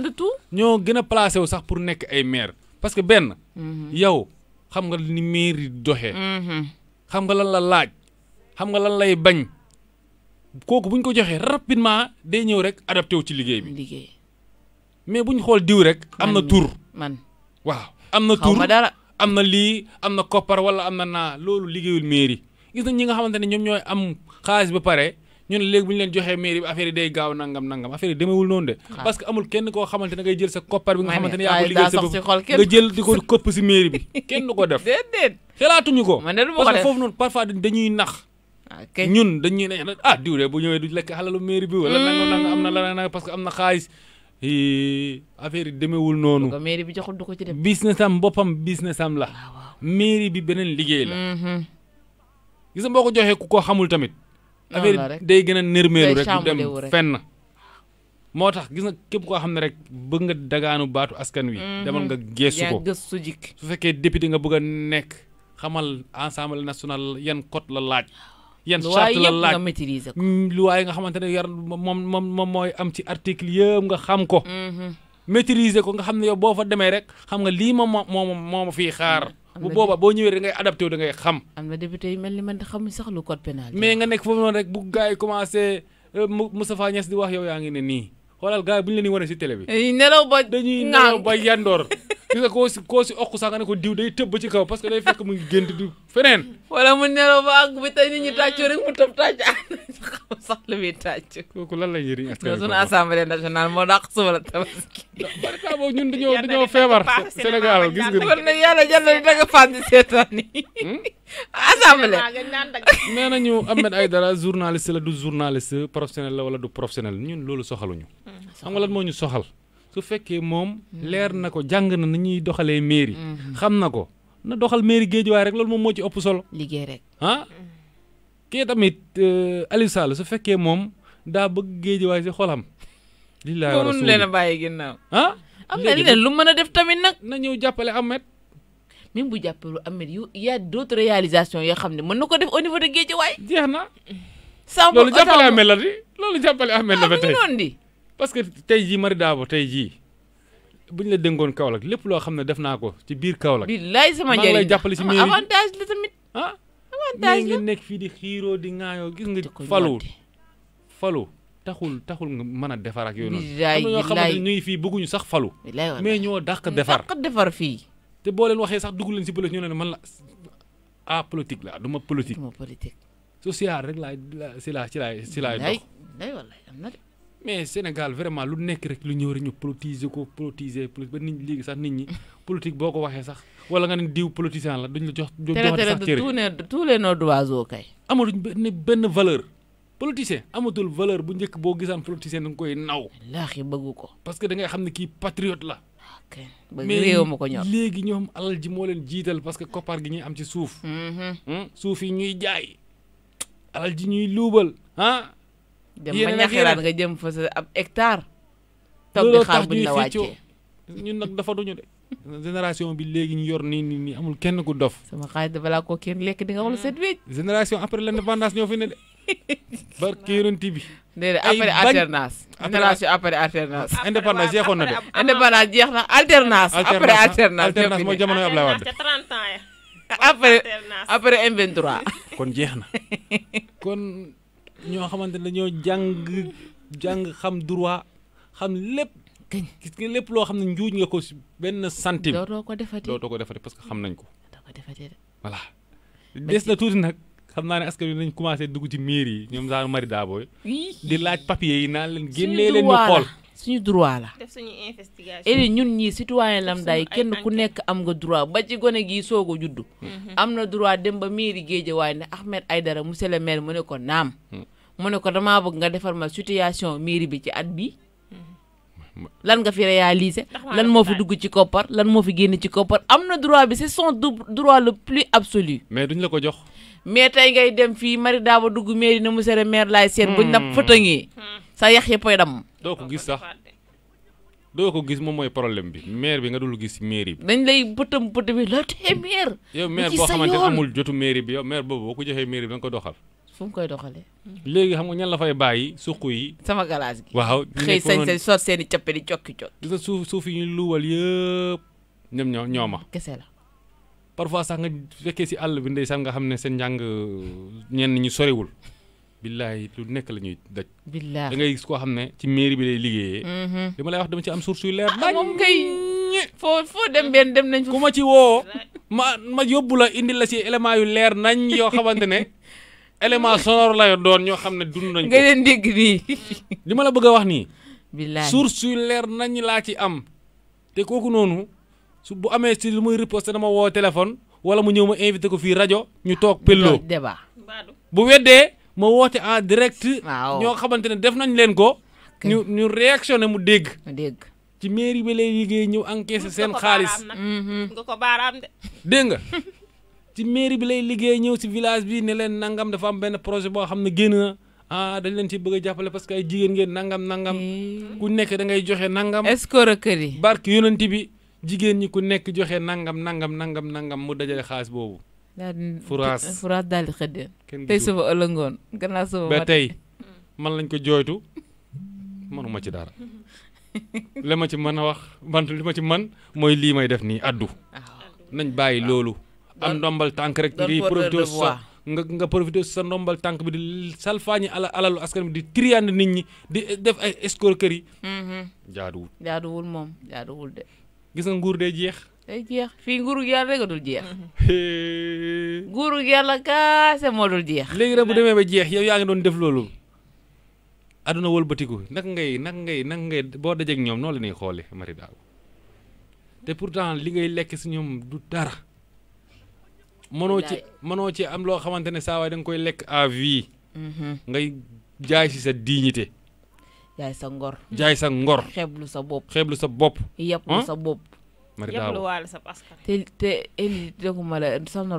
ñoo gën a placé wu sax pour nekk ay maire parce que benn. Mhm. yow xam nga ni mairie doxee. Mhm. xam nga lan la laaj. xam nga lan lay bañ. kooku bu ñu ko joxee rapidement day ñëw rek adapté wu ci liggéey bi. liggéey mais bu ñu xool diw rek. am na tur waaw am na tur am na lii am na koppar wala am na naa loolu liggéeyul mairie. gis nañ ñi nga xamante ne ñoom ñooy am xaalis ba pare ñun léegi bu ñu leen joxee mairie bi affaire yi day gaaw nangam nangam affaire yi demeewul noonu de parce que amul kenn koo xamante ne ngay jël sa koppar bi ko liggéey sa bopp nga jël di ko këpp si mairie bi kenn du ko def déedéet xelaatuñu ko parce que foofu noonu parfois dañuy nax ah, ñun dañuy ne ah diw de bu ñëwee du la nangam yi demeewul noonu mairie bi joxul ko ci def business am boppam business am la ah, mairie bi beneen liggéey la mm-hmm. gis nga boo ko joxee ku ko xamul tamit. affaire day gën a nërmeelu rek du dem fenn. moo tax gis nga képp koo xam ne rek bëgg nga dagaanu baatu askan wi. Mhm. demal nga geesu ko su fekkee député nga bëgg a nekk xamal ensemble national yan code la laaj. yan charte la laaj mm, lu waaye nga xamante ne yar moom moom moom mooy am ci article nga xam ko. Mhm. maîtriser ko nga xam ne yow boo fa demee rek xam nga lii moom moo moo ma fii xaar. Mhm. bu boba bo ñëwee da ngay adapté wu da ngay xam. am na député yu melni man man xamuñ sax lu code pénal mais nga nek fofu noonu rek bu gaay commencé euh, Moustapha Niass di wax yow yaa ngi ne nii xoolal gars yi bu leen di wane si télé bi. nelaw ba dañuy nelaw ba yandor gis nga koo si koo si ko diw day tëbb ci kaw parce que day fekk mu ngi gént di feneen. wala mu nelaw ba àgg bi tey nit ñi tàccoo rek mu tëb tàcc ànd sax lu muy tàcc. kooku lan la yëriñ askan wi. sunu assemblée nationale moo dàq suba la tabaski. barka boobu ñun dañoo dañoo feebar. Sénégal gis nga. kon nag yàlla jàll ni danga fànn seetaan yi. assemblée. nee nañu Ahmed Aïdara journaliste la du journaliste professionnel la wala du professionnel ñun loolu soxaluñu. Hmm. xam nga lan moo ñu soxal. su fekkee moom mm. leer na ko jàng na na ñuy doxalee mairie. Mm. xam na ko na doxal mairie Guédiawaye rek loolu moom moo ci ëpp solo. liggéey rek ah. tamit euh, Aliou Sall su fekkee moom daa bëgg Guédiawaye si xolam. li laa war a leen a bàyyi ginnaaw. ah am na lu mën a def tamit nag. na ñëw jàppale Ahmed. même bu jàppale Ahmed yu y a d'autres réalisations yoo xam ne mën na ko def au niveau de Guédiawaye. jeex na. sàmm loolu jàppale Ahmed la di loolu jàppale Ahmed la ba ah, tey. parce que tey jii Marie Dabo tey jii bu ñu la dénkoon Kaolack lépp loo xam ne def naa ko ci biir Kaolack. billaay sama njëriñ la lay jàppale si mairie avantage nekk fii di xiiroo di ŋaayoo gis nga. falu falu taxul taxul nga mën a defar ak yooyu noonu. billaay billaay xam nga fii bëgguñu sax falu. mais ñoo daq defar dàq defar fii. te boo leen waxee sax dugg leen si politique ñu ne man la ah politique la du ma politique. du ma politique. social rek laay ci laay ci laay dox. mais sénégal vraiment lu nekk rek lu ñëw rek ñu politiser ko politiser ba nit léegi sax nit ñi politique boo ko waxee sax wala nga ne diw politicien la duñ la jox jox sax tout cëre tous les nos noms au kay amul benn benn valeur politicien amatul valeur bu njëkk boo gisaan politicien da nga koy naw laaxi bëggu ko parce que da ngay xam ne kii patriote la mais réew ma ko ñor léegi ñoom alal ji moo leen jiital parce que koppar gi ñuy am ci suuf mm-hmm. hmm? suuf yi ñuy jaay alal ji ñuy luubal ah yéen nag yéen nga jëm fa sa ab hectare. toog di la wàccee ñun dafa duñu de. génération bi léegi ñu yor nii nii nii amul kenn ku dof. sama xaalis balaa koo kenn lekk di nga wala set hmm. wécc. génération après l'indépendance ñoo fi ne de. barke yonent bi. déedéet après alternance. génération après alternance. indépendance jeexoon na de. indépendance jeex na alternance. après ah, alternance alternance mooy jamono Ablaye Wade. après après M23. kon jeex na ñoo xamante ne dañoo jàng jàng xam droit xam lépp. gis nga lépp loo xam ne njuuj nga ko si benn centime. dootoo ko defati dootoo ko defati parce que xam nañ ko. dootoo des na tuuti nag. xam naa ne askan wi nañ commencé dugg ci mairie yi ñoom sax mari daa booy. di laaj papier yi naan leen génnee leen ñu xool. suñu droit la. def suñu investigation ñun ñii citoyen lambda yi kenn ku nekk am nga droit ba ci gone gii soog a juddu. Mm-hmm. am na droit dem ba mairie Guédiawaye ne Ahmed dara monsieur le maire mu ne ko naam. Mm. mu ne ko damaa bëgg nga defar ma situation mairie bi ci at bi mm-hmm. lan nga fi réaliser lan moo fi dugg ci koppar lan moo fi génn ci koppar am na droit bi c'est son droit le plus absolu. mais duñ la ko jox. mais tey ngay dem fii mari daaba dugg mairie na monsieur le maire laay seen buñ na hmm. fëtëngee sa yax yëppay damm doo ko gis sax doo ko gis moom mooy problème bi maire bi nga dul gis mairie bi dañ lay bëtam bëtam bi la tee maire yow maire amul jotu mairie bi yow maire boobu boo ko joxee mairie bi da nga ko doxal fu mu koy doxalee léegi xam nga ñan la fay bàyyi suq yi sama galaas gi waaw xëy sañ sañ seeni seen i cappe di cokki cokki gis nga suuf suuf yi ñu luwal yëpp ñoom ñoo ñoo ma kese la parfois sax nga fekkee si àll bi ndeysaan nga xam ne seen njàng ñenn ñi sorewul billaay lu nekk la ñuy daj. billaay ngay gis koo xam ne ci mairie bi lay liggéeyee. Mm-hmm. li ma lay wax dama ci am source yu leer. ah moom kay foo foo dem benn dem nañ. ku ma ci woo ma ma yóbbu la indi la si élément yu leer nañ yoo xamante ne élément sonore la doon ñoo xam ne dund nañ nga leen dégg li ma la bëgg a wax nii. billaay source yu leer nañ laa ci am te kooku noonu. su bu amee si lu muy riposte dama woo téléphone wala mu ñëw ma invité ko fii rajo ñu toog pelloo débat bu weddee ma woote en direct ñoo xamante ne def nañ leen ko ñu ñu réactionné mu dégg ci mairie ba lay liggéey ñëw encaissé seen xaalis nga ko baaraam dégg nga ci mairie bi lay liggéey ñëw si mhm. village bi ne leen nangam dafa am benn projet boo xam ne génn ah, dañ leen ci bëgg a jàppale parce que ay jigéen ngeen nangam nangam ku nekk da ngay joxe nangam est-ce que kër yi barke yonent bi jigen ñi ku nekk joxe nangam nangam nangam nangam mu dajale xaalis boobu. Furas furas dal di xëddeen. kenn suba ëllëgoon gannaaw suba. ba tay hmm. man lañ ko jooytu manuma ci dara li ci mën wax man li ma ci man moy li may def ni addu. Ah. nañ bayyi lolu am ndombal tank rek. sa nga nga profité sa ndombal tank bi di salfañi ala lu askan bi di triand nit ñi di def ay escroquerie hmm, hmm. jaadu wul mom jaadu wul de. gis nga nguur day jeex. day jeex fii nguuru yàlla rek a dul jeex. nguuru yàlla kaase moo dul jeex. léegi nag bu demee ba jeex yow yaa ngi doon def loolu. aduna wëlbatiku nag ngay nag ngay nag ngay boo dajeek ñoom noonu la ñuy xoolee mari daal te pourtant li ngay lekk si ñoom du dara. mënoo ci mënoo ci am loo xamante ne saa waay da nga koy lekk à vie. Mhm. ngay jaay si sa dignité jaay sa ngor. jaay sa ngor. xeeblu sa bopp. xeeblu sa bopp. yëpp sa bopp. mari daaw te te Elie déguma la soxna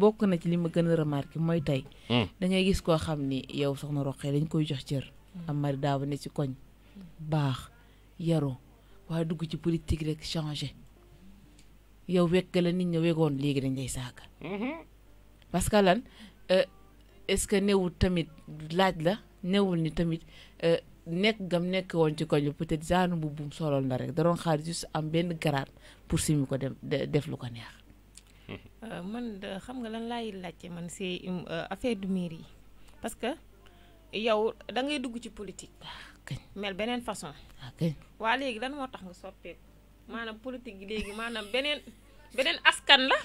bokk na ci li ma gën a remarqué mooy tey. Hmm. da ngay gis koo xam ni yow soxna Roqee dañ koy jox cër. Hmm. am mari daaw ne ci koñ. Hmm. baax yaru waaye dugg ci politique rek changé yow wekk la nit ña wegoon léegi dañ lay mm-hmm. lan euh, est-ce que newul tamit laaj la newul ni tamit. Euh, nek gam nek won ci koñu peut-être genre bu buum solo la rek da ron xaar juste am ben grade pour simi ko dem def lu ko neex. Euh, man xam nga lan lay laajte man c'est um, euh, affaire du mairie parce que yow da ngay dugg ci politique. Ah, mel benen façon. Ah, kañ waa léegi lan moo tax nga soppeeku manam politique benen manam benen benen askan la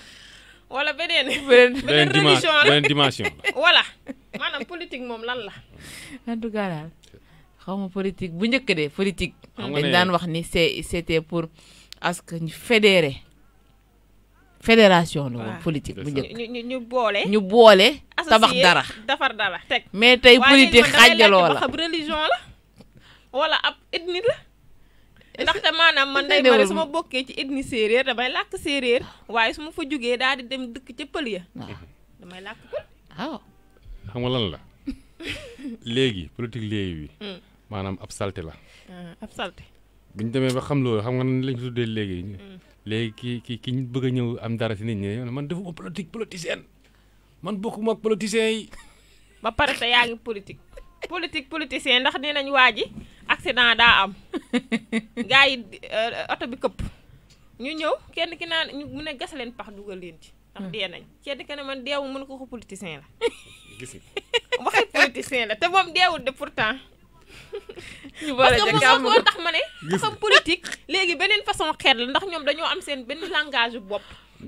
wala benen benen benen religion benen dimension. voilà manam politique mom lan la. en tout cas xaw ma politique bu njëkk de politique. dañ daan wax ni c'est c'était pour parce que ñu fédéré fédération. la ah. politique bu njëkk ñu ñu boole. ñu boole tabax dara defar dara teg. mais tey politique xaajaloo la waaye religion la wala ab ethnie la. ndaxte maanaam man day mari su ma bokkee ci ethnie séeréer damay làkk séeréer waaye su ma fa jógee daal di dem dëkk ca pël ya ah. damay làkk pël waaw ah. xam nga lan la léegi politique léegi bi hmm. maanaam ab salte la. Ah, ab salte. bu ñu demee ba xam loolu xam nga nan lañ ko tuddee léegi. Mm. léegi ki ki ki ñu bëgg a ñëw am dara si nit ñi man defuma politique politicienne man bokkuma ak politicien yi. ba pare te yaa ngi politique. politique politicien ndax nee nañ waa ji accident daa am gars yi euh, oto bi këpp ñu ñëw kenn ki naan ñu mun a gas leen pax dugal leen ci. ndax mm. dee nañ kenn ki ne man deewu mën ko ko politicien la. gis nga waxi politicien la te moom deewul de pourtant. ñu boole parce que moom moo tax ma ne. xam politique léegi beneen façon xeet la ndax ñoom dañoo am seen benn langage bopp.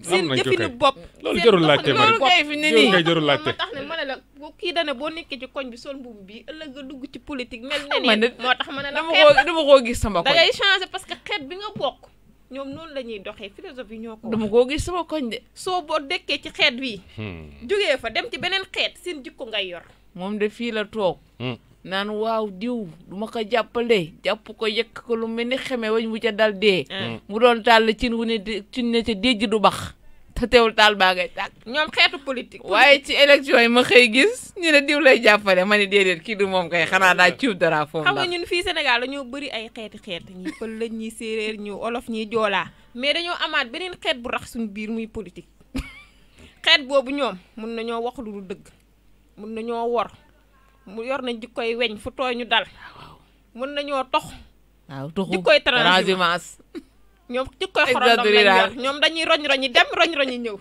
seen jëfinu bopp loolu jarul laajte ma loolu kay fi ne nii moo tax ne ma ne la kii dane boo nekkee ci koñ bi sol mbubb bii ëllëg nga dugg ci politique mel ne nii moo tax ma ne la xeet dama koo gis sama koñ da parce que xeet bi nga bokk ñoom noonu la ñuy doxee philosophie ñoo ko dama koo gis sama koñ de soo boo dekkee ci xeet bii hmm. jógee fa dem ci beneen xeet seen jikko ngay yor moom de fii la toog hmm. naan waaw diw du ma ko jàppale jàpp ko yekk ko lu mel ni xeme wañ bu ca dal dee. Mm. Mm. mu doon tàll cin wu ne cin ne ca déjj du bax te teewul taal baa ngay tàkk. ñoom xeetu politique. waaye ci élection yi ma xëy gis ñu ne diw lay jàppale ma ni déedéet kii du moom kay xanaa daal ciw dara foofu xam nga ñun fii Sénégal dañoo bari ay xeeti xeet ñi pël lañ ñi séeréer ñu olof ñi joolaa mais dañoo amaat beneen xeet bu rax suñu biir muy politique xeet boobu ñoom mun nañoo wax lu dëgg mun nañoo wor mu yor nañ koy weñ fu tooy ñu dal. mën nañoo tox. waaw toxu jikkoy transhumance. ñoom jikkoy xorondom lañ yor ñoom dañuy roñ roñi dem roñ roñi ñëw.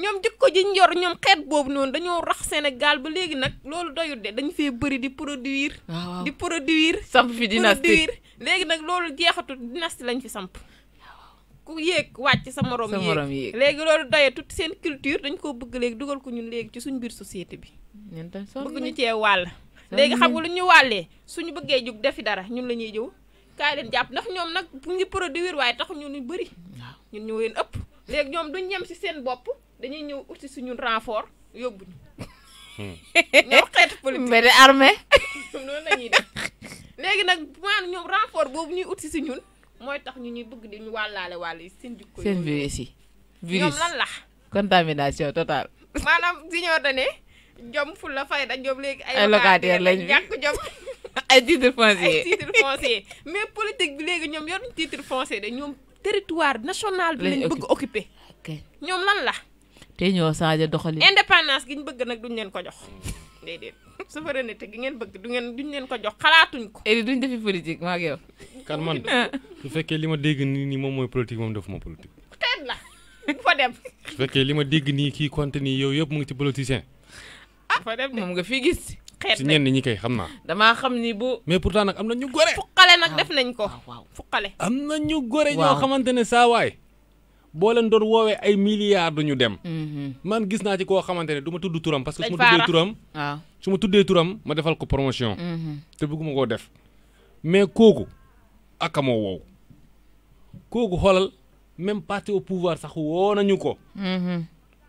ñoom jikko ji ñu yor ñoom xeet boobu noonu dañoo rax Sénégal ba léegi nag loolu doyut de dañu fee bëri di produire. di produire. samp fi dynastie léegi nag loolu jeexatul dynastie lañ fi samp. ku yek wacc sa morom yek legui loolu daye tout sen culture dañ ko bëgg legui dugal ko ñun legui ci suñu bir société bi bëgg ñu ci wal legui xam nga lu ñu walé suñu bëggee juk defi dara ñun lañuy jëw kay leen japp ndax ñom nak bu ngi produire way tax ñu ñu bëri ñun ñu wëen ëpp legui ñom duñ ñem ci sen bop dañuy ñëw uti suñu renfort yobbu ñu hmm. ñoo xet politique mbedd armée noonu lañuy def legui nak maanaam ñom renfort bobu ñuy uti si ñun mooy tax ñu ñuy bëgg di ñu wàllaale wàll yi seen jikko seen virus yi virus lan la contamination totale maanaam si ñoo ne jom fu la fay fayda jom léegi ay locataire lañ ñàkk jom ay titre foncier ay titre foncier mais politique bi léegi ñoom yoruñ titre foncier de ñoom territoire national bi lañ bëgg occupé ñoom lan la te ñoo changé doxalin indépendance gi ñu bëgg nag duñ leen ko jox déedéet souveraineté gi ngeen bëgg du ngeen ñu leen ko jox xalaatuñ ko. et duñ defi politique maa ngi yow. kan man ah. su fekkee li ma dégg nii moom mooy politique moom defuma politique. xeet la fa dem. su li ma dégg nii kii compte nii yow yëpp mu ngi ci politicien. ah fa dem moom nga fi gis. xeet si ñenn ñi koy xam naa. damaa xam ni bu. mais pour pourtant nag am na ñu gore. fuqale nag def nañ ko. Ah, waaw fuqale. am na ñu gore ñoo xamante ne saa boo leen doon woowee ay milliards du ñu dem. Mhm. man gis naa ci koo xamante ne duma tudd turam. parce que su ma tuddee turam. su ma tuddee turam ma defal ko promotion. Mhm. te bëgguma koo def. mais kooku ak moo wow kooku xoolal même parti au pouvoir sax woo nañu ko. Mhm.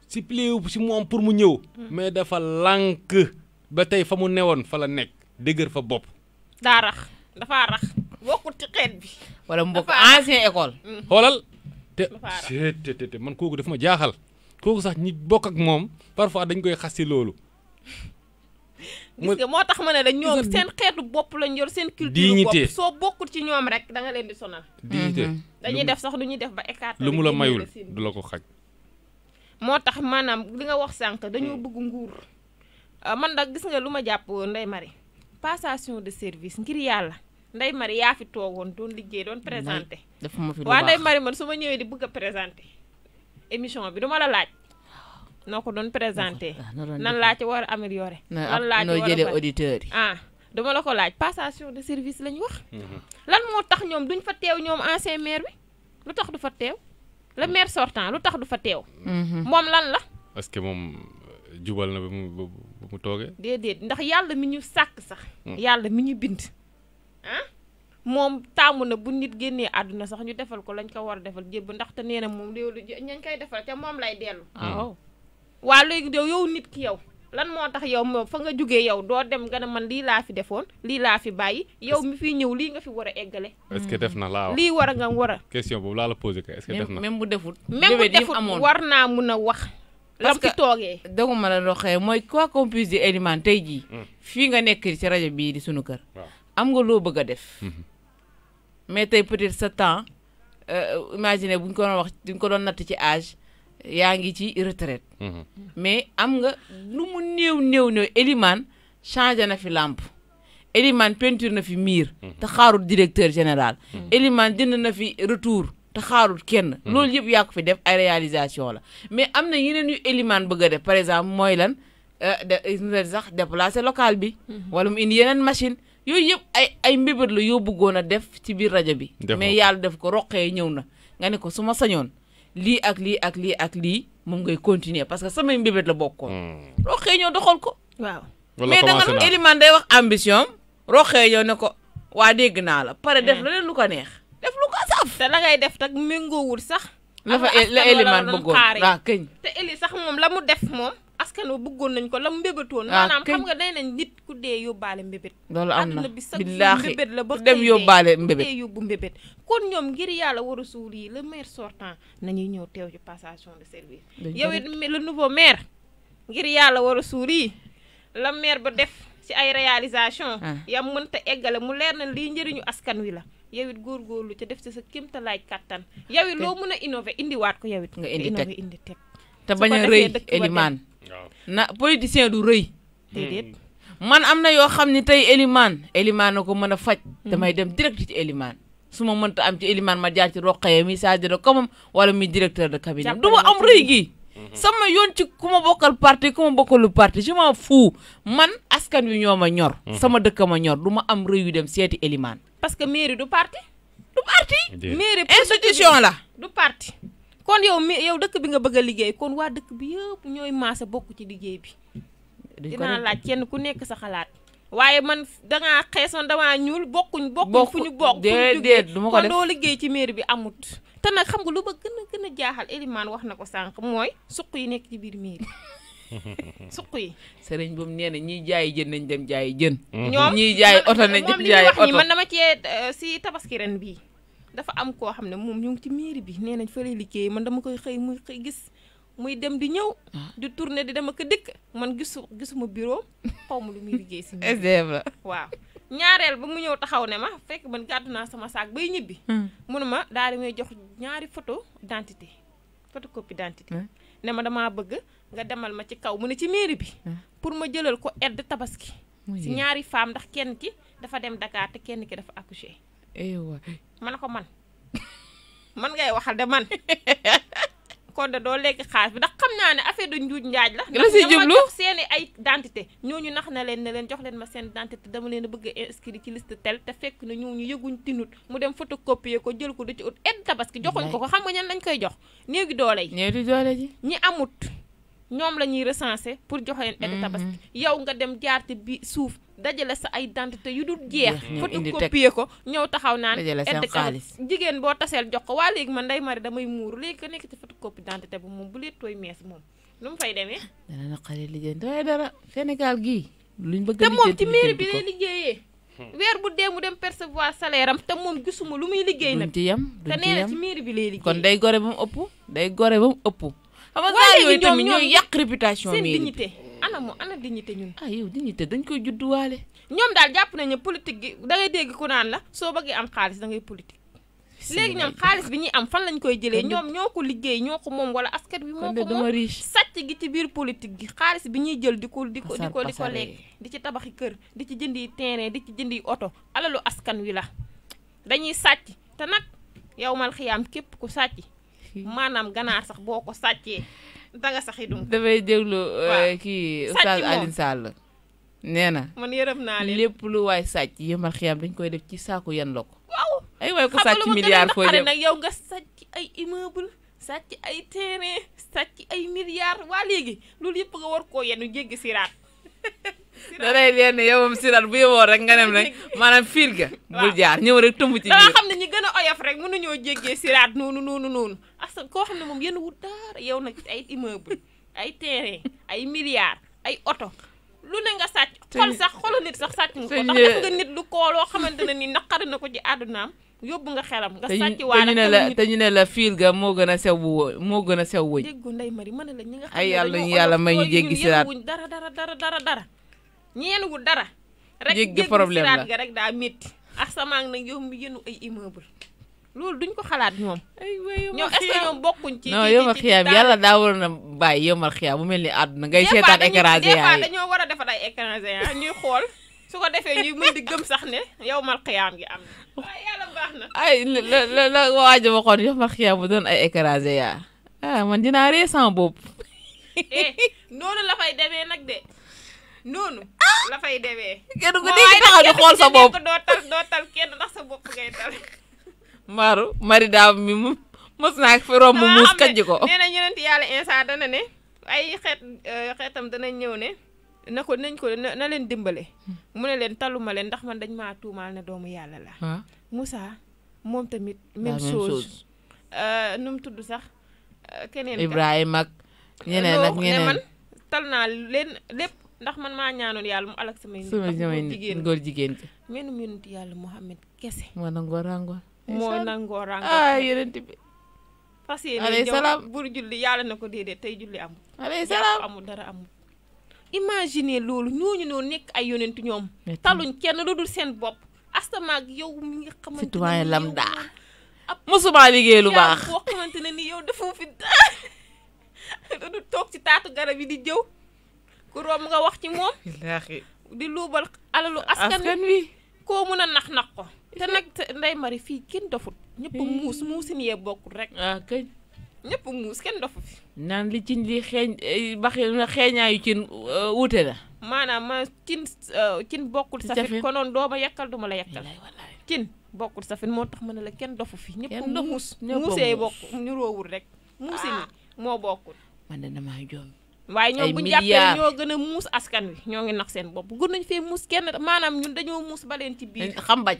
si pli si moom pour mu ñëw. mais defal lànk ba tey fa mu newoon fa la nekk dëgër fa bopp. daa rax dafa rax bokkul ci xeet bi. wala mbokk ancien école. xoolal. te te man kooku daf ma jaaxal kooku sax ñi bokk ak moom parfois dañ koy xas si loolu. gis nga moo tax ma ne dañ ñoom seen xeetu bopp lañ yor seen. culture bopp soo bokkul ci ñoom rek da nga leen di sonal. dignité mhm. dañuy def sax lu ñuy def ba écarté. lu mu la mayul du la ko xaj. moo tax maanaam li nga wax sànq dañoo mm. bëgg nguur ah, man nag gis nga lu ma jàpp Ndeye Marie passation de service ngir yàlla. Ndeye Marie yaa fi toogoon doon liggéey doon présenté. dafa ma fi lu baax waaw Ndeye Marie man su ma ñëwee di bëgg a présenté émission bi du ma la laaj. noo ko doon présenté. nan laa ci war a améliorer. nan laa ci war a noo jëlee yi. ah dama la ko laaj passation de service la ñu wax. lan moo tax ñoom duñ fa teew ñoom ancien maire bi lu tax du fa teew. le mm. maire sortant lu tax du fa teew. Mhm. moom lan la. parce que moom euh, jubal na ba mu ba mu toogee. déedéet ndax yàlla mi ñu sàkk sax. Mm. yàlla mi ñu bind. moom tàmm na bu nit génnee àdduna sax ñu defal ko lañ ko war a defal jébb ndaxte nee na moom loolu ñañ koy defal te moom lay dellu. Hmm. waaw hmm. waa léegi yow nit ki yow. lan moo tax yow moom fa nga jógee yow doo dem nga ne man lii laa fi defoon lii laa fi bàyyi yow mi fi ñëw lii nga fi war a eggale. est-ce que def na laa wax lii war a nga war a. question boobu laa la posé kay est-ce que def na même bu defut. même bu defut war naa mun a wax. lam ci toogee. dëggu ma la doxee mooy quoi qu'on puisse dire Elimane tey jii. Hmm. fii nga nekk ci rajo bii di sunu kër. am nga loo bëgg a def. Mhm. mais tey peut-être sa temps euh, imagine bu ñu ko doon wax bu ñu ko doon natt ci âge yaa ngi ci retraite. Mhm. mais am nga lu mu néew néew néew Elimane changé na fi làmp Elimane peinture na fi miir. Mhm. te xaarul directeur général. Elimane jënd na fi retour. te xaarul kenn loolu yëpp yaa ko fi def ay réalisation la mais am na yeneen yu Elimane bëgg a def par exemple mooy lan euh, de euh, sax déplacer local bi wala mu indi yeneen machine yooyu yëpp ay ay mbébét la yoo buggoon a def ci biir rajo bi. mais yàlla def ko roqee ñëw na nga ne ko su ma sañoon lii ak lii ak lii ak lii moom ngay continuer parce que samay mbébét la bokkoon. Hmm. roqee ñëw doxal ko. waaw mais wax ambition roqee ne ko waa dégg naa la. pare def la hmm. leen lu ko neex. def lu ko saf. te la ngay def nag méngoowul sax. la fa la Elimane bëggoon këñ. te Eli sax moom la mu def moom. askan wa bëggoon nañ ko la mu mbébétoon ah, maanaam xam nga day nañ nit ku dee yóbbaale mbébét loolu am na bi sax mbébét la ba dem yóbbaale mbébét yóbbu kon ñoom ngir yàlla war a suur yi le maire sortant nañuy ñëw teew ci passation de service yow it le nouveau maire ngir yàlla war a suur yi la maire ba def ci ay réalisation ah. yam mënta eggale mu leer na lii njëriñu askan wi la yow it góorgóorlu ca def ci sa kéemtalaay kattan yow it loo mën a innové indiwaat ko yow it nga indi teg te bañ a rëy Elimane na politicien du rëy. Hmm. man am na yoo xam ne tey Elimaan Elimaan na ko mën a faj. Hmm. damay dem direct ci Elimaan. su ma mënta am ci Elimaan ma jaar ci Roqaya mi Sadio de Kamam wala mi directeur de cabinet du ma am rëy gi. Hmm. sama yoon ci ku ma bokkal parti ku ma bokkalu parti je m'en fous man askan wi ñoo ma ñor. sama dëkka ma ñor du ma am rëy yu dem seeti Elimaan. parce que mairie du parti. du parti. mairie institution la du parti. kon yow mi yow dëkk bi nga bëgg a liggéey kon waa dëkk bi yëpp ñooy maase bokk ci liggéey bi. dinaa laaj kenn ku nekk sa xalaat. waaye man dangaa xeesoon damaa ñuul bokkuñ. bokkuñ fu ñu bokk déedéet du ma ko def liggéey ci mairie bi amut. te nag lu ma jaaxal Elimane wax na ko sànq mooy suq yi nekk ci biir mairie suq yi. sëriñ bu mu na ñiy jaay jën nañ dem jaayi jën. ñoom ñiy jaay oto nañ dem jaayi oto moom cee euh, si tabaski ren bii. dafa am ko xamne mom ñu ngi ci mairie bi nee nañ fa lay liggéey man dama koy xey muy xey gis muy dem di ñew ah. di tourner di dama ko dëkk man gisu gisuma bureau xawmu lu muy liggéey ci SDF la waaw. ñaarel ba mu ñew taxaw ne ma fekk man gàddu sama saak bay ñibbi. Hmm. mun ma daal di may jox ñaari photo d'identité photocopie d'identité. Hmm. ne ma dama bëgg nga demal ma ci kaw mu ne ci mairie bi. Hmm. pour ma jëlal ko aide tabaski. ci ñaari femme ndax kenn ki dafa dem Dakar te kenn ki dafa accoucher man waay ko man man ngay waxal de man kon de doo lekk xaalis bi ndax xam naa ne affaire de njuuj njaaj la. la si jublu jox seen ay ñoo ñu nax na leen ne leen jox leen ma seen identité dama leen bëgg a inscrire ci liste tel te fekk na ñu yëguñ tinut mu dem photocopier ko jël ko du ci ut aide tabaski joxuñ ko ko xam nga ñan lañ koy jox néegi doole yi. néegi doole ji ñi amut. ñoom la ñuy recenser pour joxe leen aide mhm. tabaski yow nga dem jaar ci bi suuf dajale sa ay identité yu dul jeex photocopier ko ñëw taxaw naan aide xaalis jigéen boo taseel jox ko waa léegi man Ndeye mari damay muuru léegi ko nekk ci photocopie identité bu moom bu leen tooy mees moom nu mu fay demee dana naqari lijjanti dara Sénégal gii luñ bëgg te moom ci mairie bi lay liggéeyee weer bu dee mu dem percevoir salaire am te moom gisuma lu muy liggéey nag te nee na ci mairie bi lay liggéey kon day gore ba ëpp day gore ba ëpp xam nga gars yooyu tamit ñooy yàq réputation seen dignité ana moo ana dignité ñun ah yow dignité dañ koy judduwaale ñoom daal jàpp nañu politique gi da ngay dégg ku naan la soo bëggee am xaalis da ngay politique léegi ñoom xaalis bi ñuy am fan lañu koy jëlee ñoom ñoo ko liggéey ñoo ko moom wala askan bi moo ko moom sàcc gi ci biir politique gi xaalis bi ñuy jël di ko di ko di ko di ko lekk di ci tabaxi kër di ci jëndi terrain di ci jëndi oto alalu askan wi la dañuy sàcc te nag yow mal xiyaam képp ku sàcc maanaam ganaar sax boo ko sàccee danga saxi dum dafay déglu euh, kii Oustaz Alioune Sall nee na man yërëm naa leen lépp lu waay sàcc yëmal xiyam dañ koy def ci saaku yan la ko waaw ay waay ko sàcc milliard foo jëm yow nga sàcc ay immeuble sàcc ay terrain sàcc ay milliard waa léegi loolu yëpp nga war koo yenu jéggi siraat da lay leen ne yow moom Siral bu yowoo rek nga dem rek maanaam fiir ga bul jaar ñëw rek tëmb ci biir. da xam ne ñi gën a oyof rek mënuñoo jéggee Siral noonu noonu noonu asa koo xam ne moom yéen wut dara yow nag ay immeuble ay terrain ay milliards ay oto lu ne nga sàcc. xol sax xolu nit sax sàcc nga ko ndax def nga nit lu koo loo xamante ne nii naqari na ko ci àddunaam yóbbu nga xelam. nga sàcc waale te la te ñu ne la fiir ga moo gën a sew wu moo gën a sew wuñ. déggu ndey mari mën na la ñi nga xam ay yàlla ñu yàlla may ñu jéggi siraat dara dara dara dara ñeenuwul dara. rek jéggi problème la siraat ga daa métti. ak samaang nag yow mu yënu ay immeuble loolu duñ ko xalaat ñoom. aywa ñoom est-ce que ñoom bokkuñ ci. ci ci non yomal xiyaam yàlla daa waroon a bàyyi yomal xiyaam mu mel ni àdduna ngay seetaan écrans géants yi dañoo war a defar ay écrans géants ah, ñuy xool. su ko defee ñuy mën di gëm sax ne yow mal gi am na na. ay la la la waa ji waxoon yow mal xiyaam bu doon ay écrasé yaa ah, man dinaa ree sama bopp. Eh, la fay demee nag de. noonu. Ah! lafay fay demee. kenn ku nekk taxaw di xool sa bopp doo tal doo kenn ndax sa bopp ngay tal. Maru mari daam mi mu mos naa fi romb muus kajj ko. nee na yonent yàlla Iisaa dana ne ay xeet euh, xeetam dana ñëw ne na ko nañ ko na leen dimbale. Hmm. mu ne leen taluma leen ndax man dañ ma tuumaal ne doomu yàlla la. Ah. musa moom tamit. Ah, même chose euh, nu mu tudd sax. Euh, keneen Ibrahima ak ñeneen ak ñeneen man tal naa leen lépp. ndax man maa ñaanoon yàlla mu alak samay nit jigéen góor jigéen ci menum yonent yàlla Muhammad kese moo nangoo ràngoor moo nangoo ràngoor ah yonent bi fas yéene jaw julli yàlla na ko déedéet tey julli amul alayhi salaam amul dara amul imagine loolu ñooñu noonu nekk ay yonent ñoom taluñ kenn lu dul seen bopp astamaak yow mi nga xamante ne daa lambda musuma liggéey lu baax boo xamante ne ni yow defoo fi dara du toog ci taatu garab yi di jëw ku romb nga wax ci moom. di luubal alalu askan wi koo mun a nax nax ko. te nag Ndeye mari fii kenn dofut. ñëpp muus muusin bokkul rek. ah kañ. kenn dofu fi. naan li cin li xeeñ eh, bax na xeeñaayu cin eh, wuute na. maanaam ma cin eh, cin bokkul safin konoon doo ma yàkkal du la yàkkal. cin bokkul safin moo tax ma ne la kenn dofu fi. ñëpp muus muusee bokk ñu roowul rek. muusin ah. moo bokkul. man de damaa jom waaye ñoom bu ñu jàppee ñoo gën a muus askan wi ñoo ngi nax seen bopp gën nañ fee muus kenn maanaam ñun dañoo muus ba leen ci biir. Eh, xam ba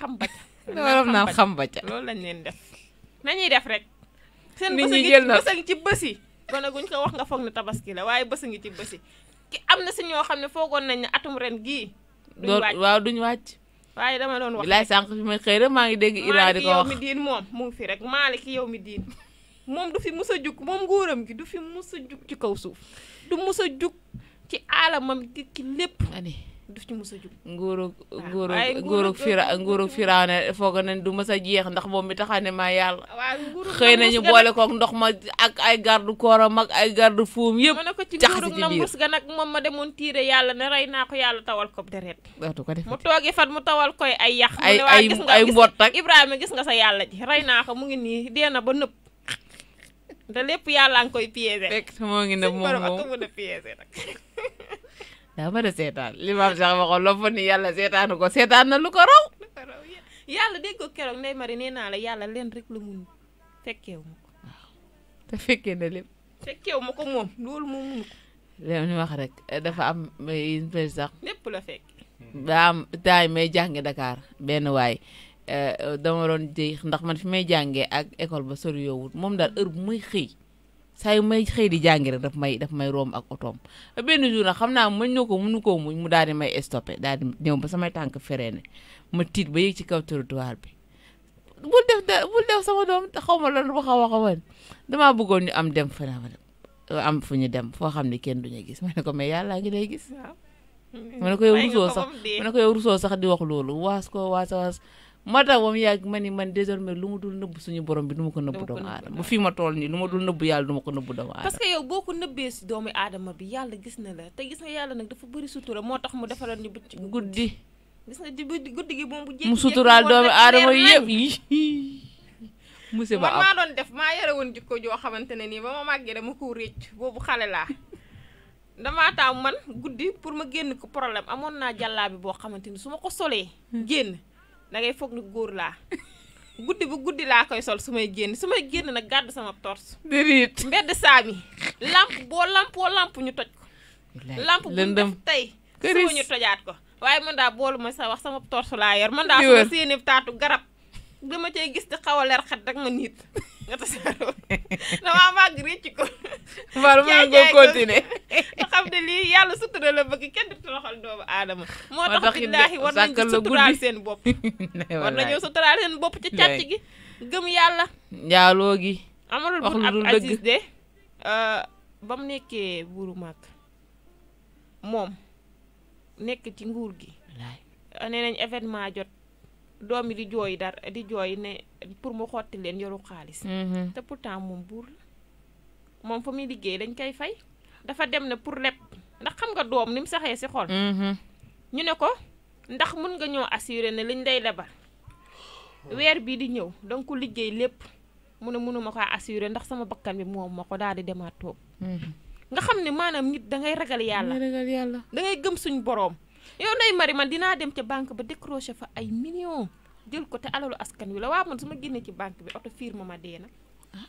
xam ba ca. loolu xam ba loolu lañ leen def. nañuy def rek. seen bës ngi ci bës yi gone guñ ko wax nga foog ne tabaski la waaye bës ngi ci bës ki am na si ñoo xam ne foogoon nañ ne atum ren gii. duñ wàcc waaw duñ wàcc. waaye dama doon wax. bilaay sànq fi may xëy rek maa ngi dégg Iran di ko wax Malick yow mi diin moom mu ngi fi rek Malick yow mi diin moom du fi mus a jug moom nguuram gi du fi mus a jug ci kaw suuf du mus a jug ci aalamam gi ci lépp. du ci mus a jug. nguuru nguuru nguuru fira nguuru firaane foog nañ du mës a jeex ndax moom mi taxaw ne maa yàlla. xëy nañu boole kook ndox ma ak ay garde kooram ak ay garde fuum yëpp. jaxase ci biir ma ne ko ci nguuru ga nag moom ma demoon tiire yàlla ne rey naa ko yàlla tawal ko deret. dootu ko def mu toogee fan mu tawal koy ay yàq. ay ay ay mbott ak Ibrahima gis nga sa yàlla ji rey naa ko mu ngi nii dee ba nëpp. te lépp yàlla ngi koy piégé. fekk moo ngi ne moom moom suñu mën a piégé nag. daa mën a seetaan li ma am sax waxoon loppa ni yàlla seetaanu ko seetaan na lu ko raw. lu ko raw yàlla dégg ko keroog Ndeye Marie nee naa la yàlla leen rek la mun fekkee wu ma te fekkee na lépp. fekkee wu ma ko moom loolu moo munu ko. léegi ñu wax rek dafa am may sax. lépp la fekk. daa am temps may jàngi Dakar benn waay. Euh, dama doon jéex ndax man fi may jàngee ak école ba sori yoowut moom daal heure bu muy xëy saa yu may xëy di jàngi rek daf may daf may room ak otoom benn jour nag xam naa muñ na ko mënu koo muñ mu daal di may stoppé daal di ñëw ba samay tànk freiné ma tiit ba yéeg ci kaw trottoir bi bul def da bul doom xaw ma lan wax a wax damaa bëggoon ñu am dem fana am fu ñu dem foo xam ne kenn duñu gis ma ne ko mais yàlla ngi lay gis. waaw ne ko yow rusoo sax ma ne ko yow rusoo sax di wax moo tax yàgg ma ni man désormais lu ma dul nëbb suñu borom bi du ma ko nëbb doomu aadama bu fii ma tool nii lu ma dul du ma ko nëbb doomu aadama parce que yow boo ko nëbbee si bi yàlla gis na la te gis nga yàlla nag dafa bëri sutura moo tax mu defaral ñu bëcc guddi gis nga di guddi gi moom bu jékki mu suturaal doomu aadama yëpp musiba doon def maa yore woon jikko joo xamante ne nii ba ma màggee dama koo récc boobu xale laa damaa taaw man guddi pour ma génn ko problème amoon naa jàllaa bi boo xamante ni su ma ko solee génn da ngay foog ni góor laa guddi bu guddi laa koy sol su may génn su may génn nag gàddu sama torse. déedéet mbedd saami. làmp boo lampoo lamp ñu toj ko. lamp bu ñu tey tey. këris ñu tojaat ko. waaye man daa boolu ma sa wax sama torse laa yor. man daa sama séenib taatu garab. dama cey gis di xawa a leer xet rek ma nit nga tasaaroo ma gri ci ko. war ma go continuer xam de li yalla sutura la bëgg kenn du taxal doom adam mo tax billahi war nañu sutura sen bop war nañu sutura sen bop ci càcc gi. gëm yalla ndialo gi. amul bu ab Aziz de euh bam nekké buru mak mom nekk ci nguur gi. nee nañ événement jot. doom yi di jooy dar di jooy ne pour mu xotti leen yoru xaalis. Mm-hmm. te pourtant moom buur la moom fa muy liggéey dañ koy fay. dafa dem ne pour leb ndax xam nga doom ni mu saxee si xol. Mm-hmm. ñu ne ko ndax mun nga ñoo assuré ne liñ day lebal. weer bii di ñëw danga ko liggéey lépp mu ne mënuma ko assuré ndax sama bakkan bi moom ma ko daal di demaat toog. Mm-hmm. nga xam ne maanaam nit da ngay ragal yàlla. dangay gëm suñu boroom. yow Ndeye Marie man dinaa dem ca banque ba décroché fa ay million jël ko te alalu askan wi la waa man su ma génnee ci banque bi oto fiir ma dee nag ah,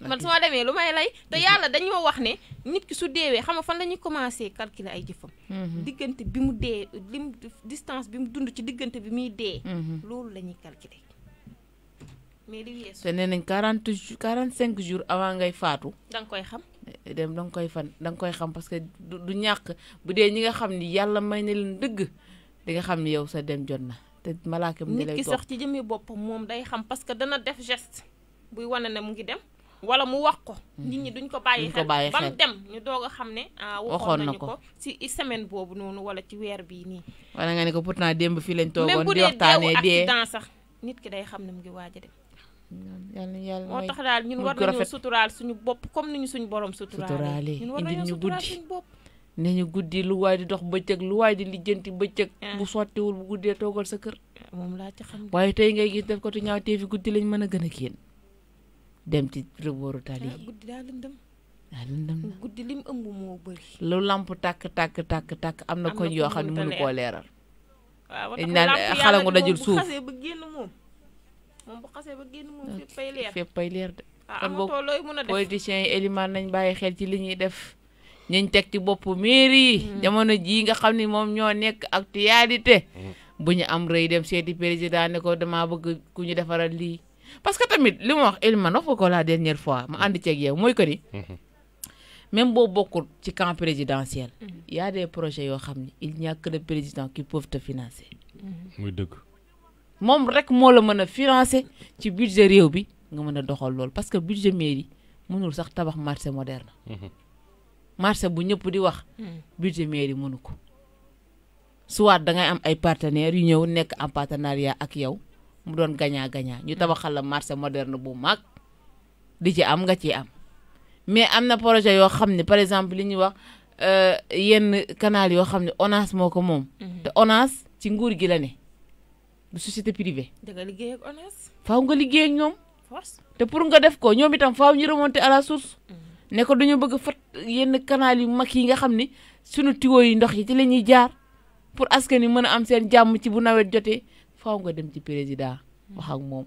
man su ma demee lu may lay te yàlla dañoo wax ne nit ki su deewee xam nga fan la ñuy commencé calculer ay jëfam mhm. diggante bi mu dee lim distance bi mu dund ci diggante bi muy dee mhm. loolu la ñuy calculer mais li weesu te nee nañ quarante quarante cinq jours avant ngay faatu danga koy xam dem da nga koy fan da nga koy xam parce que du ñàkk bu dee ñi nga xam ni yàlla may na leen dëgg di nga xam ni yow sa dem jot na te malaaka mu ngi lay nit sax ci jëmmi boppam moom day xam parce que dana def geste buy wane ne mu ngi dem wala mu wax ko mhm. nit ñi duñ ko bàyyi xel ba mu dem ñu doog a xam ne ah, waxoon nañu ko si semaine boobu noonu wala ci weer bii nii wala nga ne ko pourtant démb fii lañ toogoon di waxtaanee dee même bu dee accident sax nit ki day xam ne mu ngi waaj a dem yàlla moo tax daal ñun war nañoo suturaal suñu bopp comme ni ñu suñu borom suturaal yi ñun war nañoo suturaal suñu bopp ne ñu guddi lu waay di dox bëccëg lu waay di lijjanti bëccëg ah. bu sottiwul bu guddee toogal sa kër ah, moom laa ci xam waaye tey ngay gis def ko tu ñaaw teefi guddi lañ mën a gën a génn dem ci rëbooru tali ah, guddi daa lëndëm daa lëndëm na guddi lim ëmb moo bëri lu lamp tàkk tàkk tàkk tàkk am na koñ yoo xam ne mënu koo leeral dañ naan dajul suuf moom bu xasee ba génn moom féppay leer féppay leer de. Ah, kon boobu politiciens yi élimaan nañ bàyyi xel ci li ñuy def. ñañ teg ci boppu mairie yi. Hmm. jamono jii nga xam ni moom ñoo nekk actualité. Hmm. bu ñu am rëy dem seeti président ne ko damaa bëgg ku ñu defaral lii. parce que tamit li ma wax élimaan wax ko la dernière fois ma ànd ceeg mooy que ni. Hmm. même boo bokkul ci camp présidentiel. y a des projets yoo xam ni il n'y a président qui peut te financer. moom rek moo la mën a financer ci budget réew bi nga mën a doxal lool parce que budget mairie mënul sax tabax marché moderne. Mhm. marché bu ñëpp di wax. Mhm. budget mairie mënu ko. soit dangay am ay partenaires yu ñëw nekk en partenariat ak yow mu doon gagnant gagnant ñu tabaxal la marché moderne bu mag di ci am nga ci am. mais am na projet yoo xam ne par exemple li ñuy wax euh, yenn canal yoo xam ne ONAS moo ko moom. Mhm. te ONAS ci nguur gi la ne. bu société privée. da nga liggéey ak ONAS. faaw nga liggéey ak ñoom. force te pour nga def ko ñoom itam faaw ñu remonter à la source. Mm. ne ko dañoo bëgg fat yenn canal yu mag yi nga xam ni sunu tuyaux yi ndox yi ci la ñuy jaar pour askan wi mën a am seen jàmm ci bu nawet jotee faaw nga dem ci président. Mm. wax ak moom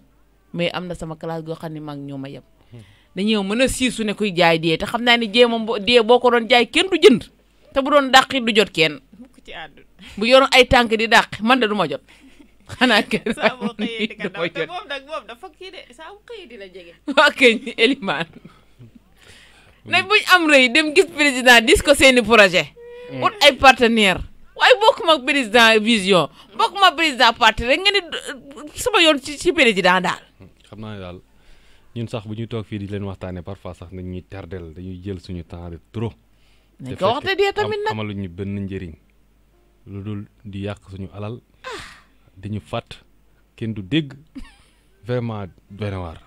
mais am na sama classe goo xam ne mag ñoo ma yem. Mm. dañoo mën a siisu ne jaay dee te xam naa ne jee moom dee boo ko doon jaay kenn du jënd te bu doon dàqi du jot kenn. bu yoroon ay tànk di dàq man da du ma jot xanaa kay saabu xëyee di nga daw te moom nag moom dafa kii de saabu xëyee di la jege. wa kay eliman nay buñ am reuy dem gis président dis ko seeni projet ut ay partenaire way bokuma président vision bokuma président parti rek nga sama yon ci ci président dal xamna dal ñun sax bu ñuy toog fii di leen waxtaane parfois sax nañ ñuy terdel dañuy jël suñu temps de trop nañ ko waxte dee tamit nag amaluñu ben njëriñ lu dul di yak suñu alal ah. dañu fàtt kenn du dégg vraiment doy waar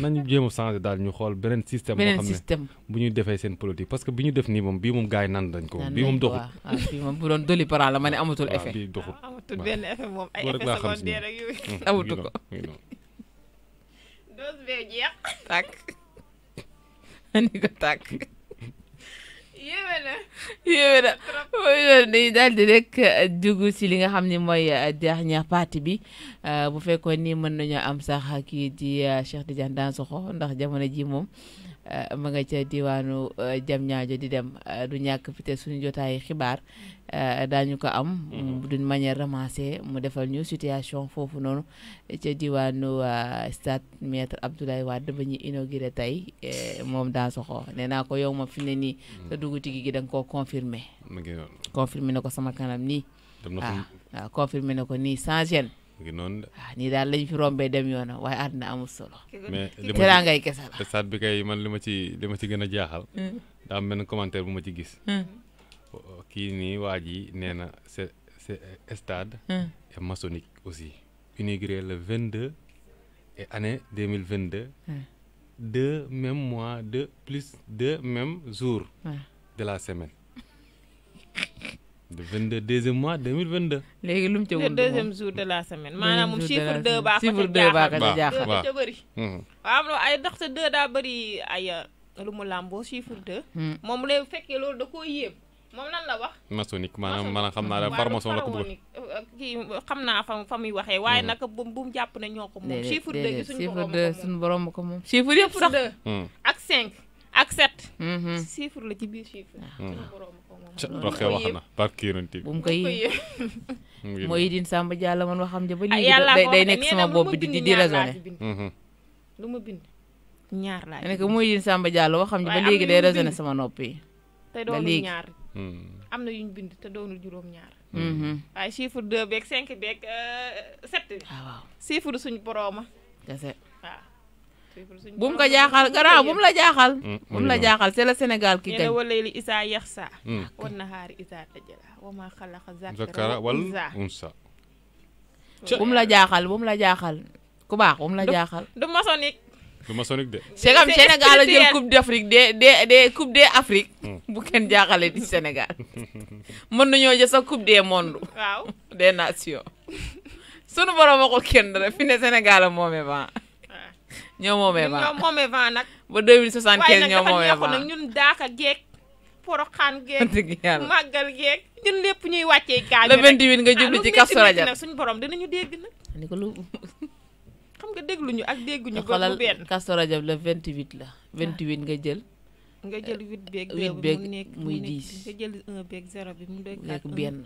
nañu jéem a changé daal ñu xool beneen système boo xam bu ñu defee seen politique parce que bi ñu def nii moom bii moom gars yi naan dañ ko bii moom doxut waaw bii bu doon doli para la ma ne amatul ah, effet bii doxut ah, amatul benn effet moom ay effet secondaire ak yooyu ko tàkk yéeme na dañuy daal di rek euh, dugg si li nga xam ne mooy euh, dernière partie bi euh, bu fekkoon ni mën nañoo am sax kii di Cheikh Tidiane Dansokho ndax jamono ji moom Eh, mu nga ca diwaanu jam eh, ñaajo di dem eh, du ñàkk fite suñu jotaayu xibaar daañu ko am mm-hmm. mm, du manière ramassée mu defal ñu situation foofu noonu ca diwaanu stade maître Abdoulaye Wade ba ñu inauguré tey moom daa soxoo nee naa ko yow ma fi ne nii mm. sa dugg gi da nga koo confirmé confirmé ko sama kanam nii waaw ah, waaw confirmé na ko nii sans ngi noonu de. Ah, nii daal lañ fi rombee dem yoonam waaye àddina amul solo. mais li ma teraangay kese la. stade bi kay man li ma ci li ma ci gën a jaaxal. Hmm. daa am benn commentaire bu ma ci gis. Hmm. kii nii waa ji nee na c'est c'est stade. et hmm. maçonnique aussi. inauguré le 22 et année 2022. deux mêmes mois de plus deux mêmes jours. de la semaine. le 22 deuxième mois 2022. léegi lu mu ca wund deuxième jour de la semaine. maanaam moom chiffre 2 baa ko ci jaaxal waaw ca bëri. waaw ay ndaxte 2 daa bëri ay euh, lu mu làmboo chiffre 2. Hmm. moom bu dee fekkee loolu da koo yéem moom lan la wax. maçonnique maanaam maanaam xam naa la formation la ko bëgg. kii xam naa fa fa muy waxee waaye hmm. nag bu bu mu jàpp ne ñoo ko moom. chiffre 2 gi suñu borom ko moom chiffre 2 suñu borom ko moom. chiffre yëpp sax hmm. ak 5. ak set. Mm-hmm. chiffre la ci biir chiffre. waaw ah. wax na par kii bu mu koy yéen mooy Idine Samba Diallo man ah, di di raisonné. Mm-hmm. lu ma bind ñaar laa nekk mooy Idine Samba Diallo waxam ja ba léegi day sama nopp mm. am na yuñ bind te doonul juróom ñaar. Mm-hmm. waaye chiffre 2 beeg 5 euh, ah, borooma. kese waaw. bu mu ko jaaxal garaaw la jaaxal. Mm, bu la mm. jaaxal c'est le Sénégal ki kañ. wala li Isa yaxsa. Mm. wan na xaari Isa tajala wa ma la jaaxal bu la jaaxal ku baax bu mu la jaaxal. du maçonnique. du maçonnique de. Ségam Sénégal a jël coupe d'Afrique des des des coupe des Afrique. bu kenn di Sénégal. mën nañoo jël sa coupe des mondes. waaw des nations. sunu borom waxul kenn dara fi ne Sénégal a ah. ñoo moomee vent ñoo moomee vent nag. ba 2075 ñoo moomee vent waaye nag ñun daaka geeg. poroxaan geeg màggal geeg. ñun lépp ñuy wàccee gaañ rek le 28 nga jublu ah, ci Kazu Rajab nag suñu borom dinañu dégg nag. ni ko lu xam nga dégluñu ak dégguñu. ba bu benn Kazu Rajab le 28 la. 28 nga jël. nga jël 8 beeg 2 eh, bi mu nekk 8 muy 10. nga jël 1 beeg 0 bi mu nekk benn.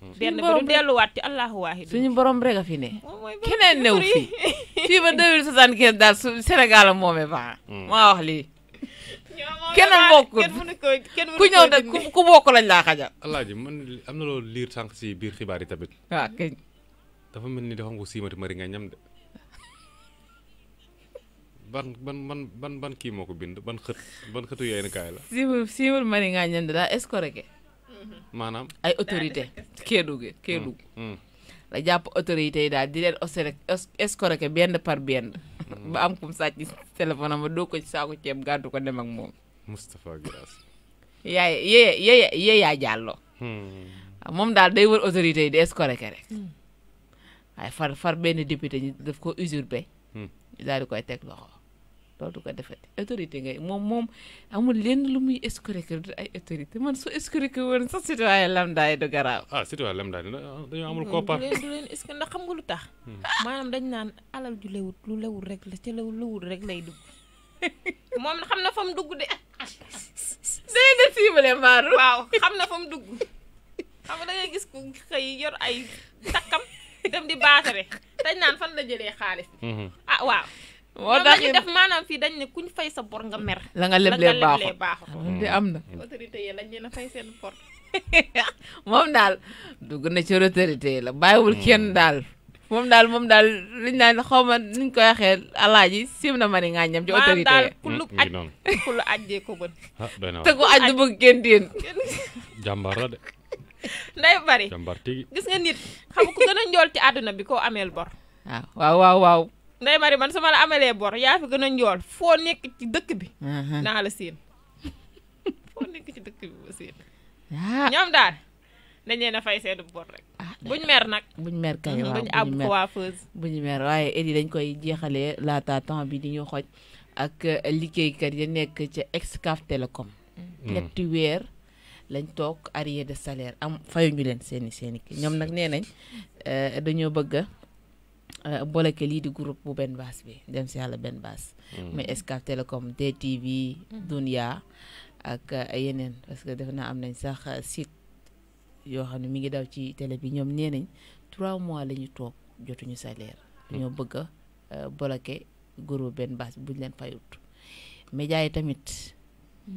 benn bi du delluwaat ci allahu waahidu suñu borom rek a fi ne keneen new fi fii ba 2075 daal su Sénégal moomee baax maa wax lii kenn bokkul ku ñëw ku bokk lañ laa xajal man am na sànq si biir xibaar yi tamit waaw kañ dafa mel ni dafa nga siimati mari de ban ban ban ban ban kii moo ko bind ban xët ban xëtu yenn ya kaay ya la siimal Simul mari nga ñam de daa escoré Mm-hmm. maanaam ay autorité Kédougé Kédougou mm, mm. la jàpp autorité yi daal di leen escroquer benn par benn mm. ba am kum sàcc téléphone am doo ko ci saako ceeb gàddu ko dem ak moom Moustapha Guirassy yaay yeye yeye yeeyaa jàlloo hmm. moom daal day wër autorité yi di escroquer rek waaye hmm. far far benn député ñi daf ko usurper hmm. daal di koy teg loxo loolu du ko defati autorité ngay mom mom amul hmm, lenn lu muy escroquer du ay autorité man su escroquer won sa citoyen lambda yi du garaaw. ah citoyen lambda dañu amul koppar. du leen est-ce que ndax xam nga lutax hmm. manam dañ nan alal ju lewut lu lewul rek la ci lewul lewul rek lay dug mom xam na fa mu dugg de. day na ciblé maru waw xam na fa xam nga da ngay gis ku xey yor ay takam dem di baatare dañ nan fan la jëlee xaalis. Hmm, ah waaw. moo tax ñu dañ ne kuñ fay sa bor nga mer. la nga leblee baaxul mm. te am na. autorité yi a fay seen bor. moom daal dugg na ci autorité yi la bàyyiwul mm. kenn daal. moom daal moom daal liñ naan xaw ma nuñ koy waxee ji sim na ma mari ngaa ñam ci autorité yi daal ku lu mm, aj ku lu aj dee ko bën. Ah, te ku aj du bëgg kenn déen. jàmbaar la de. nday bari jàmbaar tigi gis nga nit xam ku gën a njool ci àdduna bi ko ameel bor. Ah, waaw waaw waaw. Ndeye Marie man su ma la amalee bor yaa fi gën a njool foo nekk ci dëkk bi. Mhm. naa la séen foo nekk ci dëkk bi ma séen. Ah. ñoom daal dañ leen a fay seen bor rek. Ah, buñ mer nag. buñ mer kay mhm, waaw buñ ab coiffeuse. buñ waaye Elie dañ koy jeexalee laata temps bi di ñu xoj ak euh, liggéeykat ya nekk ci Excaf Télécom. Mhm. ñetti mm. lañ toog arriéré de salaire am fayuñu leen seeni i seen i ñoom nag nee nañ euh, dañoo bëgg Euh, boole lii di groupe bu benn baas bi dem si yàlla benn baas. Mm. muy Excaf Télécom DTV. Mm. Dunia ak euh, yeneen parce que defe naa am nañ sax euh, site yoo xam ne mi ngi daw ci télé bi ñoom nee nañ trois mois la ñu toog jotuñu salaire. Mm. dañoo bëgg a bloqué groupe benn baas buñ leen fayut. média yi tamit.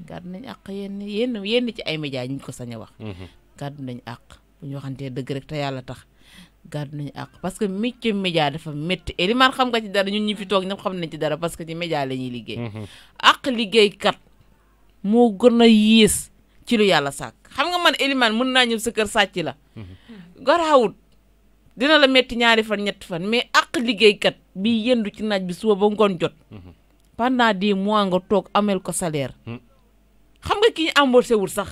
gàddu nañ àq yenn yenn yenn ci ay média ñu ko sañ a wax. kàddu mm-hmm. nañ àq bu ñu waxantee dëgg rek te yàlla tax. gàddu nañu àq parce que métier média dafa métti Elimane xam nga ci dara ñun ñi fi toog ñëpp xam nañ ci dara parce que ci média la ñuy liggéey. Mm-hmm. àq liggéeykat moo gën a yées ci lu yàlla sàkk xam nga man Elimane mën naa ñëw sa kër sàcc la. Mm-hmm. garaawut dina la métti ñaari fan ñett fan mais àq liggéeykat bi yendu ci naaj bi suba ba ngoon jot. Mm-hmm. pendant des mois nga toog amel ko salaire. Mm. xam nga ki ñu embauché wul sax.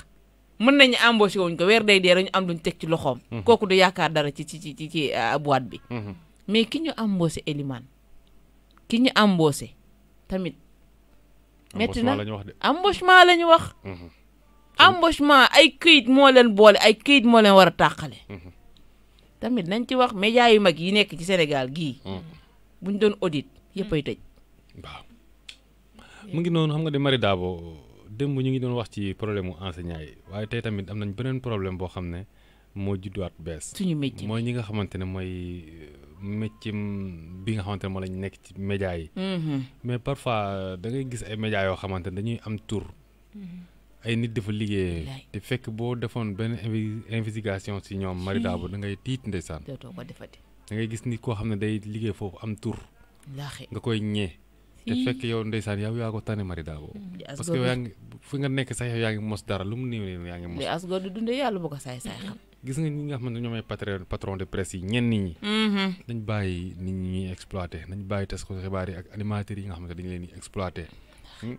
mën nañu embauché wuñ ko weer day dee dañu am duñ teg ci loxoom. Mhm. kooku du yaakaar dara ci ci ci ci ci euh, boîte bi. Mhm. mais ki ñu embauché Elimane ki ñu embauché tamit. metti na embauchement la ñu wax. Mhm. embauchement ay këyit moo leen boole ay këyit moo leen war a tàqale. tamit nañ ci wax média yu mag yi nekk ci Sénégal gii. buñ doon audit yëppay tëj. waaw ngi noonu xam nga démb ñu ngi doon wax ci problème mu enseignant yi waaye tey tamit am nañ beneen problème boo xam ne moo judduwaat bees. suñu métier mooy ñi nga xamante ne mooy euh, métier bi nga xamante ne moo lañu nekk ci média yi. Mm-hmm. mais parfois euh, da ngay gis ay média yoo xamante ne dañuy am tur. Mm-hmm. ay nit dafa liggéey te fekk boo defoon benn investigation si ñoom Marida bu da ngay tiit ndeysaan. da ngay gis nit koo xam ne day liggéey foofu am tur. nga koy ñee. te fekk yow ndeysaan yow yaa ko tane mari daabo mm-hmm. parce que yow yaa ngi fi nga nekk sax yow yaa ngi mos dara lu mu néew néew yaa ngi mos as góor du dundee yàlla bu ko saay saay xam gis nga ñi nga xam ne ñoom ay patron patron de presse yi ñenn nit ñi dañ mm-hmm. bàyyi nit ñi ñuy exploité nañ bàyyi tas ko xibaar yi ak animateurs yi nga xam ne dañu leen di exploité hmm?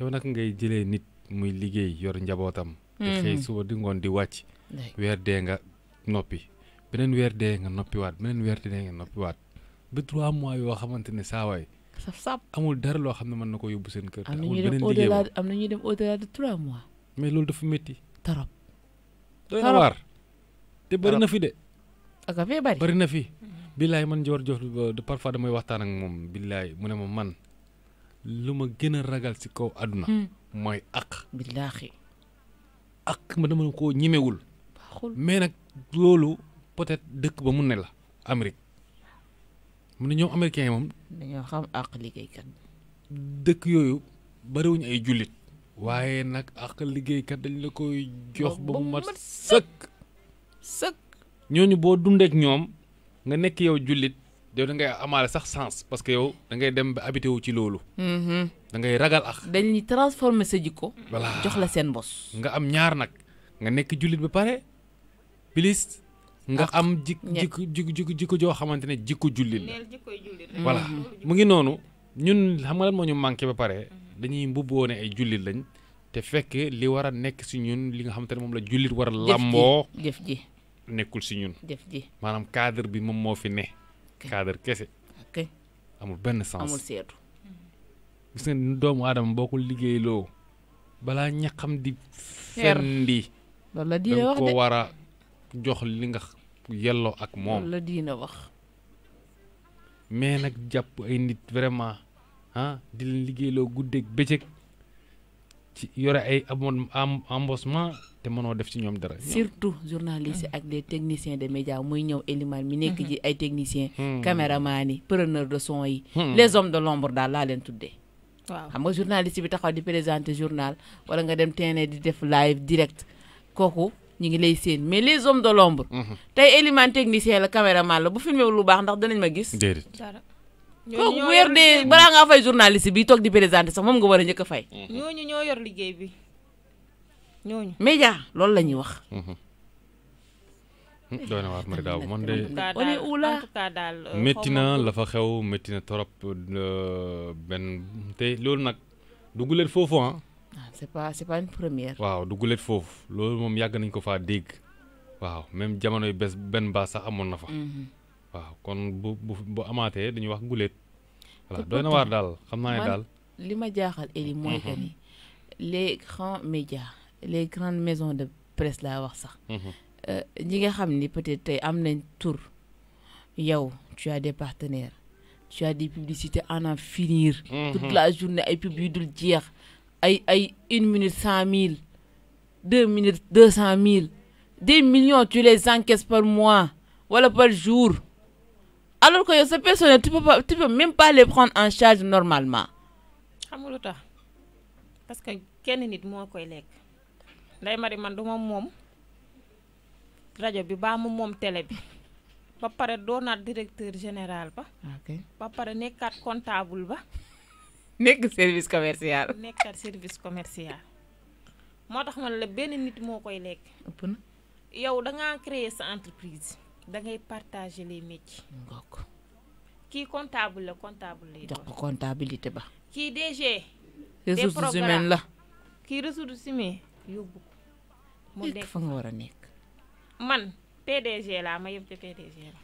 yow nag ngay jëlee nit muy liggéey yor njabootam te mm-hmm. xëy suba di ngoon di wàcc weer dee nga noppi beneen weer dee nga noppiwaat beneen weer dee nga noppiwaat ba trois mois yoo xamante ne saawaay saf saf amul dara loo xam ne mën na ko yóbbu seen kër. am na ñuy dem au am na dem au delà de trois mois. mais loolu dafa métti. torop doy na te bëri na fi de. ak bari bëri na fi. billaay man jor Diouf de parfois damay waxtaan ak moom billaay mu ne ma man lu ma gën a ragal si kaw aduna. Hmm. mooy ak. billaahi. ak ma dama koo ñemewul. mais nag loolu peut-être dëkk ba mu ne la Amérique. mu ne ñoom américains yi moom. dañoo xam àq liggéeykat. dëkk yooyu bariwuñu ay jullit. waaye nag àq liggéeykat dañ la koy jox ba mu mat sëkk. sëkk ñooñu boo dundeek ñoom nga nekk yow jullit yow da ngay amaale sax sens parce que yow da ngay dem ba habité wu ci loolu. Mm-hmm. da ngay ragal àq. dañuy transformer sa jikko. voilà jox la seen bos. nga am ñaar nag. nga nekk jullit ba pare bilis. nga am jik jik jik jikko joo xamante ne jikko jullit la voilà mu ngi nonu ñun xam nga lan ñu manqué ba paré dañuy mbubboo ne ay jullit lañ té fekk li wara nek ci ñun li nga xamantene mom la jullit wara lambo def ji nekul ci ñun def ji manam cadre bi mom mo fi né cadre kessé ok amul ben sens amul sétu gis nga doomu adam boo liggéey lo bala ñakam di fendi loolu la di wax de ko wara jox li nga yelloo ak moom la diina wax mais nag jàpp ay nit vraiment ah di leen liggéeyloo guddeeg bëccëg ci yore ay abon embossement te mënoo def ci ñoom dara. surtout journaliste hmm. ak les techniciens de médias muy ñëw Elimane mi nekk hmm. ji ay techniciens. Hmm. caméraman yi preneur de son yi. les hommes de l'ombre daal laa leen tuddee. waaw xam nga journaliste bi taxaw di présenter journal wala nga dem teenee di def live direct kooku. ñu ngi lay seen mais les hommes de l'ombre mhm. tey élément technicien la caméraman la bu filmé lu baax ndax danañ ma gis. déedéet dara. ñooñu ñoo weer balaa ngaa fay journaliste bi toog di présenté sax moom nga war a njëkk fay. Mhm. ñooñu ñoo yor liggéey bi loolu la ñuy wax. Mhm. Hmm, doy na waar Marie daal euh, métti na la fa xew métti na trop euh, benn te loolu nag dugg leen foofu ah. Ah, c'est pas c'est pas une première. waaw du gulet ko fa deg waaw même jamono bes ben ba sax na fa. Mhm. waaw kon bu gulet. ne mhm. les grands médias les grandes maisons de presse là wax sax. Mhm. Euh, peut-être am nañ tour. tu as des partenaires tu as des publicités à finir. toute la journée ay pub yu dul ay ay une minute cent mille deux minutes deux cent mille des millions tu les encaisses par mois voilà par jour alors que ces personnes tu peux pas tu peux même pas les prendre en charge normalement. parce que kenn nit moo koy lekk nday mari man duma mom radio bi ba ma moom télé bi ba paré doonaat directeur général ba. Ah, ok ba paré nekkaat comptable ba. nekk service commercial. nekkal service commercial moo tax man la benn nit moo koy lekk. ëpp na yow da ngaa créer sa entreprise. da ngay partager les métiers. ngokk kii comptable la comptable lay doon. jox ko comptabilité ba. kii DG. ressources humaines la. kii ressources humaines yóbbu ko. fa nga a man PDG laa ma yem ci PDG la.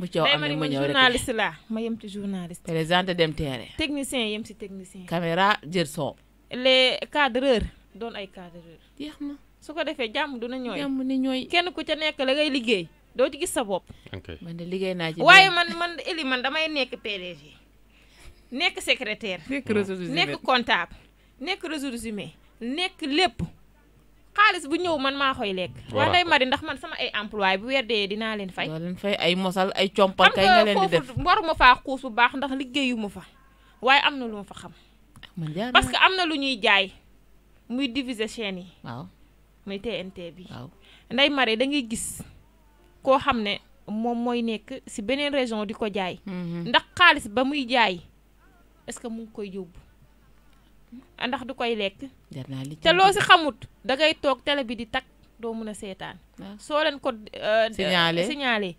bu coow amee mu ñëw rek journaliste laa ma yem ci journaliste. présidente dem terrain. technicien yem si technicien. caméra jër son. les cadreurs doon ay cadreurs. jeex na su ko defee jàmm duna ñooy. jàmm ni ñooy. kenn ku ca nekk la ngay liggéey doo ci gis sa bopp. man de liggéey naa ji waaye man man Eli man damay nekk PDG nekk secrétaire. nekk ressources humaines nekk comptable nekk ressources nekk lépp. xaalis bu ñëw man maa koy lekk. voilà day mari ndax man sama ay employé bu weer dee dinaa leen fay. leen fay ay mosal ay compal kay nga leen di def xam nga foofu waruma faa xuus bu baax ndax liggéeyuma fa waaye am na lu ma fa xam. parce que am na lu ñuy jaay muy diviser chaîne yi. waaw muy TNT bi. waaw nday mari dangay gis koo xam ne moom mooy nekk si beneen région di ko jaay. Mhm. ndax xaalis ba muy jaay est que mu ngi koy yóbbu. ndax du koy lekk. te loo si xamut da ngay toog télé bi di takk doo mën a seetaan. Ah. soo leen ko. signalé euh, signalé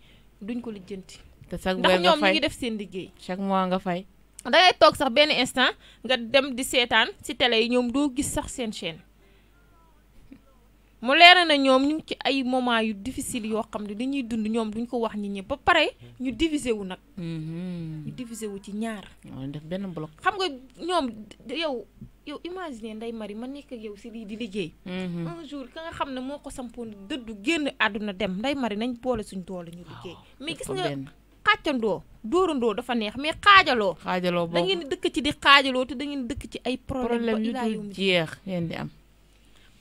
duñ ko lijjanti. te chaque ndax ñoom ñu ngi def seen liggéey. chaque mois nga fay. da ngay toog sax benn instant nga dem di seetaan si télé yi ñoom doo gis sax seen chaîne. mu leer na ñoom ñu ci ay moment yu difficile yoo xam ne dañuy dund ñoom duñ ko wax nit ñi ba pare ñu diviser wu nag. Mhm. ñu diviser wu ci ñaar. def benn bloc. xam nga ñoom yow yow imaginer Ndeye Marie ma nekk yow si lii di liggéey. Mhm. un jour nga xam ne moo ko sampoon dëddu génn àdduna dem Ndeye Marie nañ boole suñ doole ñu liggéey. Ah, mais gis nga xàccandoo dóorandoo dafa neex mais xaajaloo. xaajaloo boobu da ngeen dëkk ci di xaajaloo te da ngeen dëkk ci ay. problème yu dul jeex leen di am.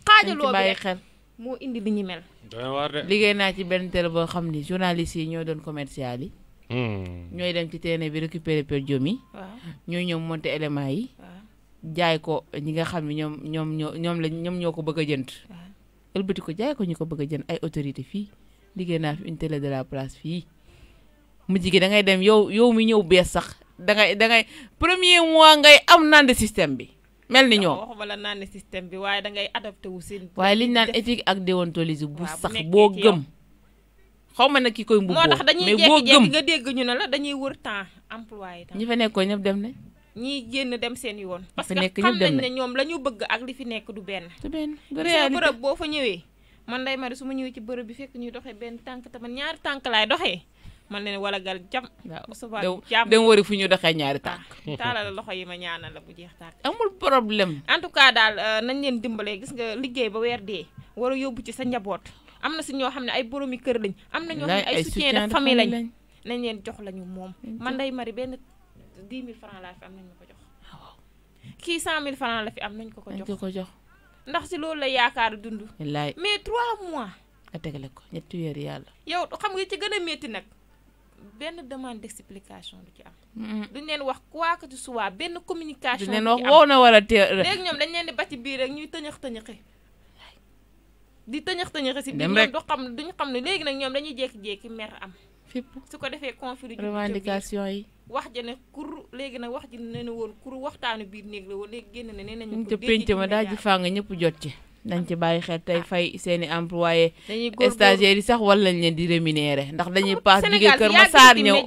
xaajaloo bi rek moo indi li ñu mel. liggéey naa ci benn télé boo xam ni journaliste yi ñoo doon commercial yi. Hmm. ñooy dem ci terrain bi récupérer per diem yi. ñoo ñoom monter éléments yi. jaay ko ñi nga xam ne ñoom ñoom ñoom la ñoom ñoo ko bëgg a jënd. ëlbati ko jaay ko ñu ko bëgg a jënd ay autorité fii liggéey naa fi une télé de la place fii. mujj gi da ngay dem yow yow mi ñëw bees sax da ngay da ngay premier mois ngay am naan de système bi. mel ni ñoom waxuma la naan système bi waaye da ngay adapté wu seen. waaye liñ ñu naan éthique ak déontologie bu sax boo gëm. xaw ma ne ki koy mbubboo mais boo gëm moo tax nga dégg ñu ne la dañuy wër temps employé. ñi fa nekkoon ñëpp dem nañ. ñiy génn dem seen yoon. parce que xam nañ ne ñoom la bëgg ak li fi nekk du benn. du benn bërëb boo fa ñëwee. man day mari su ma ñëwee ci bërëb bi fekk ñuy doxee benn tànk tamit ñaari tànk laay doxee man leen walagal jam. waaw dem jam dem wari fu ñu doxee ñaari tànk. Ah, taalal loxo yi ma ñaanal la bu jeex tàkk. amul problème. en tout cas daal euh, nañ leen dimbalee gis nga liggéey ba weer dee war a yóbbu ci sa njaboot am na si ñoo xam ne ay boroomi kër lañ. am na ñoo xam ne ay soutien de nañ leen jox lañu moom. man day mari benn 10 000 francs laa fi am nañ ko jox. Ah, kii 100 000 francs la fi am nañ ko ko jox nañ jox. ndax si loolu la yaakaar dund. mais 3 mois. nga tegale ko ñetti weer yàlla. yow xam nga ci gën a métti nag. benn demande d'explication du ci am. duñ leen wax quoi que tu sois benn communication. duñ leen wax wow na a teel léegi ñoom dañ leen di bati biir rek ñuy tëñëx tëñëxi di tëñëx tëñëxi si biir ñoom du xam duñ xam ne léegi nag ñoom dañuy jékki-jékki mer am. fépp su ko defee conflit revendication yi. wax ja ne kur léegi nag wax ji nee na woon kur waxtaanu biir néeg la woon léegi génn na nee nañu ko. dégg ci pénc ma daal di faa ñëpp jot ci. nañ ci bàyyi xel tey ah. fay seen i employé stagiaires yi sax war lañ leen di rémunérer ndax dañuy paas jóge kër ma saar ñëw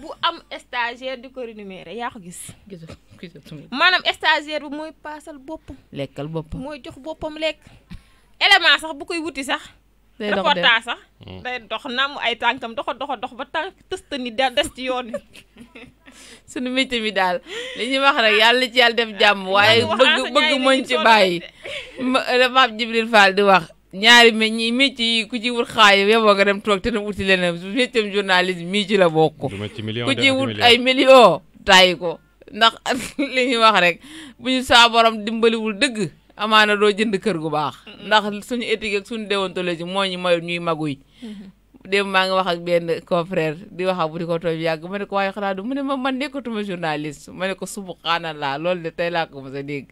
bu am stagiaire di ko yaa ko gis maanaam stagiaire bi mooy paasal boppam lekkal boppam mooy jox boppam lekk élément sax bu koy wuti sax reportage sax day dox hmm. naam ay tànkam doxa doxa dox ba tànk tësta da des ci yoon sunu métier mi daal li ñuy wax rek yàlla ci yàlla def jàmm waaye bëgg bëgg moñ ci bàyyi Pape Djibril Fall di wax ñaari me ñi yi ku ci wut xaay yeboo nga dem toog te dem uti leneen métier journaliste mii ci la bokk ku ci ay million tàyyi ko ndax li ñuy wax rek bu ñu saa borom dimbaliwul dëgg amaana doo jënd kër gu baax ndax suñu éthique ak suñu déontologie moo ñu mayul ñuy maguy mm-hmm. démb maa ngi wax ak benn confrère di wax ak bu di ko tooñ yàgg ma ne ko waaye xanaa du mu ne ma man nekkatuma journaliste ma ne ko subhanallah loolu de tey laa ko mos a dégg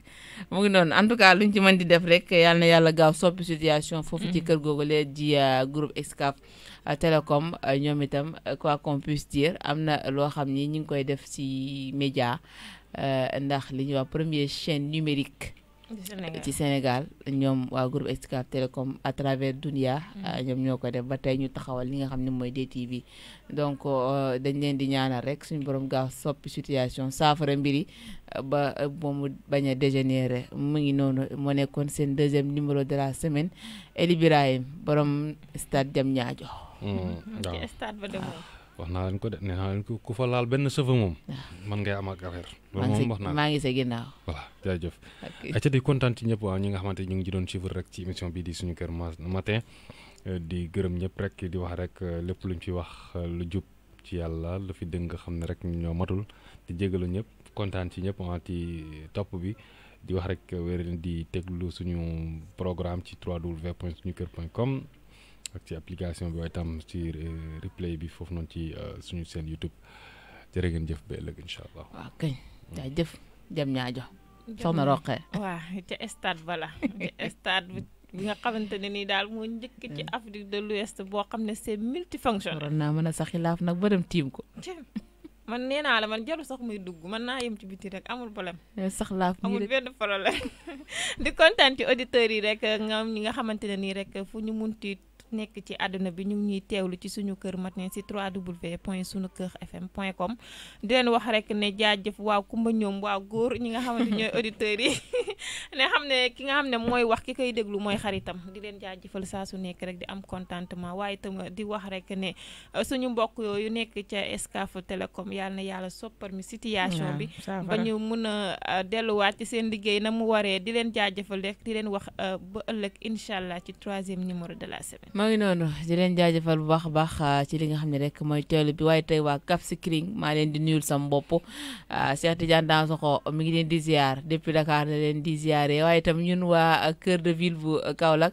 mu ngi noonu en tout cas luñ ci mën di def rek yal na yàlla gaaw soppi situation foofu ci mm-hmm. kër googu lee ji euh, group Excaf euh, Télécom euh, ñoom itam quoi qu'on puisse dire am na loo xam ni ñu ngi koy def si média ndax li ñuy wax premier chaine numérique ci Sénégal ñoom waa groupe Excaf Télécom à travers Dunia. Mm. Euh, ñoom ñoo ko def ba tey ñu taxawal li nga xam ne mooy DTV. donc euh, dañ leen di ñaanal rek suñ borom gaaw soppi situation saafara mbir yi euh, ba moomu bañ a dégénérer mu ngi noonu moo nekkoon seen deuxième numéro de la semaine El Ibrahim borom stade Diamniadio. waaw mm. wax naa leen ko de nee naa leen ku fa laal benn sëfa moom ah. man ngay am ak affaire loolu moom wax naa maa ngi sa ginnaaw voilà jaajëf aca di kontaan ci ñëpp waaw ñi nga xamante ñu ngi ci doon suivre rek ci émission bii di suñu kër matin euh, di gërëm ñëpp rek di wax rek euh, lépp luñ fi wax euh, lu jub ci yàlla lu fi dëng xam ne rek ñoo matul di jégalu ñëpp kontaan ci ñëpp ah, ci topp bi di wax rek wér di teglu suñu programme ci 3 suñu kër point com ak ci application bi waaye tam ci euh, replay bi foofu noonu ci euh, suñu seen YouTube jërë ngeen jëf ba ëllëg incha allah. waaw kañ hmm. jaajëf jëm ñaa jox soxna Roqee. waaw ca stade bala ca bi. nga xamante ne nii daal moo njëkk ci hmm. Afrique de l'Ouest boo xam ne c'est multifonction. waroon naa mën a sax xilaaf nag ba dem tiim ko. man nee naa la man jarul sax muy dugg man naa yem ci biti rek amul problème. Eh, sax laaf amul benn problème. di kontaan ci auditeurs yi rek ñoom ñi nga xamante ne nii rek fu ñu nekk ci àdduna bi ñu ngi ñuy teewlu ci suñu kër matin si www.sunukerfm.com di leen wax rek ne jaajëf waaw kumba ñoom waaw góor ñi nga xamante ñooy auditeurs yi ne xam ne ki nga xam ne mooy wax ki koy déglu mooy xaritam di leen jaajëfal saa su nekk rek di am contentement waaye itam di wax rek ne uh, suñu mbokk yooyu nekk ca Excaf Télécom yàlla na yàlla soppar mi situation bi ba ñu mun a uh, delluwaat ci seen liggéey na mu waree di leen jaajëfal rek di leen wax uh, ba ëllëg incha allah ci troisième numéro de la semaine maa ngi noonu di leen jaajëfal bu baax a baax ah, ci li nga xam ne rek mooy teelu bi waaye tey waa Cap Skirring maa leen di nuyul sam bopp ah, Cheikh Tidiane Dansokho mi ngi leen di ziar depuis Dakar leen di ziare waaye itam ñun waa cœur de ville bu Kaolack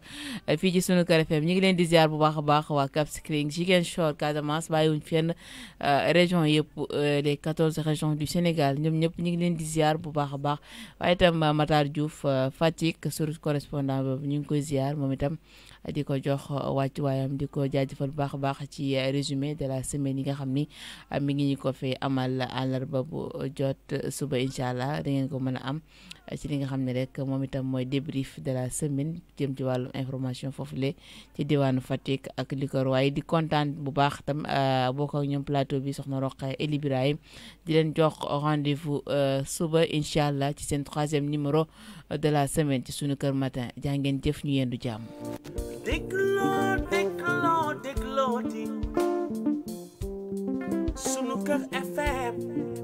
fii ci sunu Kër FM ñu ngi leen di ziar bu baax a baax waa Cap Skirring Ziguinchor Casamance bàyyiwuñ fenn ah, région yëpp euh, les quatorze régions du Sénégal ñoom ñëpp ñu ngi leen di ziar bu baax a baax waaye itam Matar Diouf euh, Fatick sur correspondant boobu ñu ngi koy ziar moom itam di ko jox uh, wàcc waayam di ko jaajëfal baax a baax ci uh, résumé de la semaine yi nga xam ni uh, mi ngi ñu ko fi amal àllarba bu jot suba incha allah da ngeen ko mën a am ci li nga xam ne rek moom itam mooy débrief de la semaine jëm ci wàllu information foofule ci diwaanu Fatick ak li waaye di kontaan bu baax tam euh, bokk ak ñoom plateau bi soxna Roqe El Ibrahim di leen jox rendez-vous euh, suba incha allah ci seen troisième numéro euh, de la semaine ci suñu kër matin jaa ngeen jëf ñu yendu jàmm. dégloo dégloo déglooti sunu kër FM.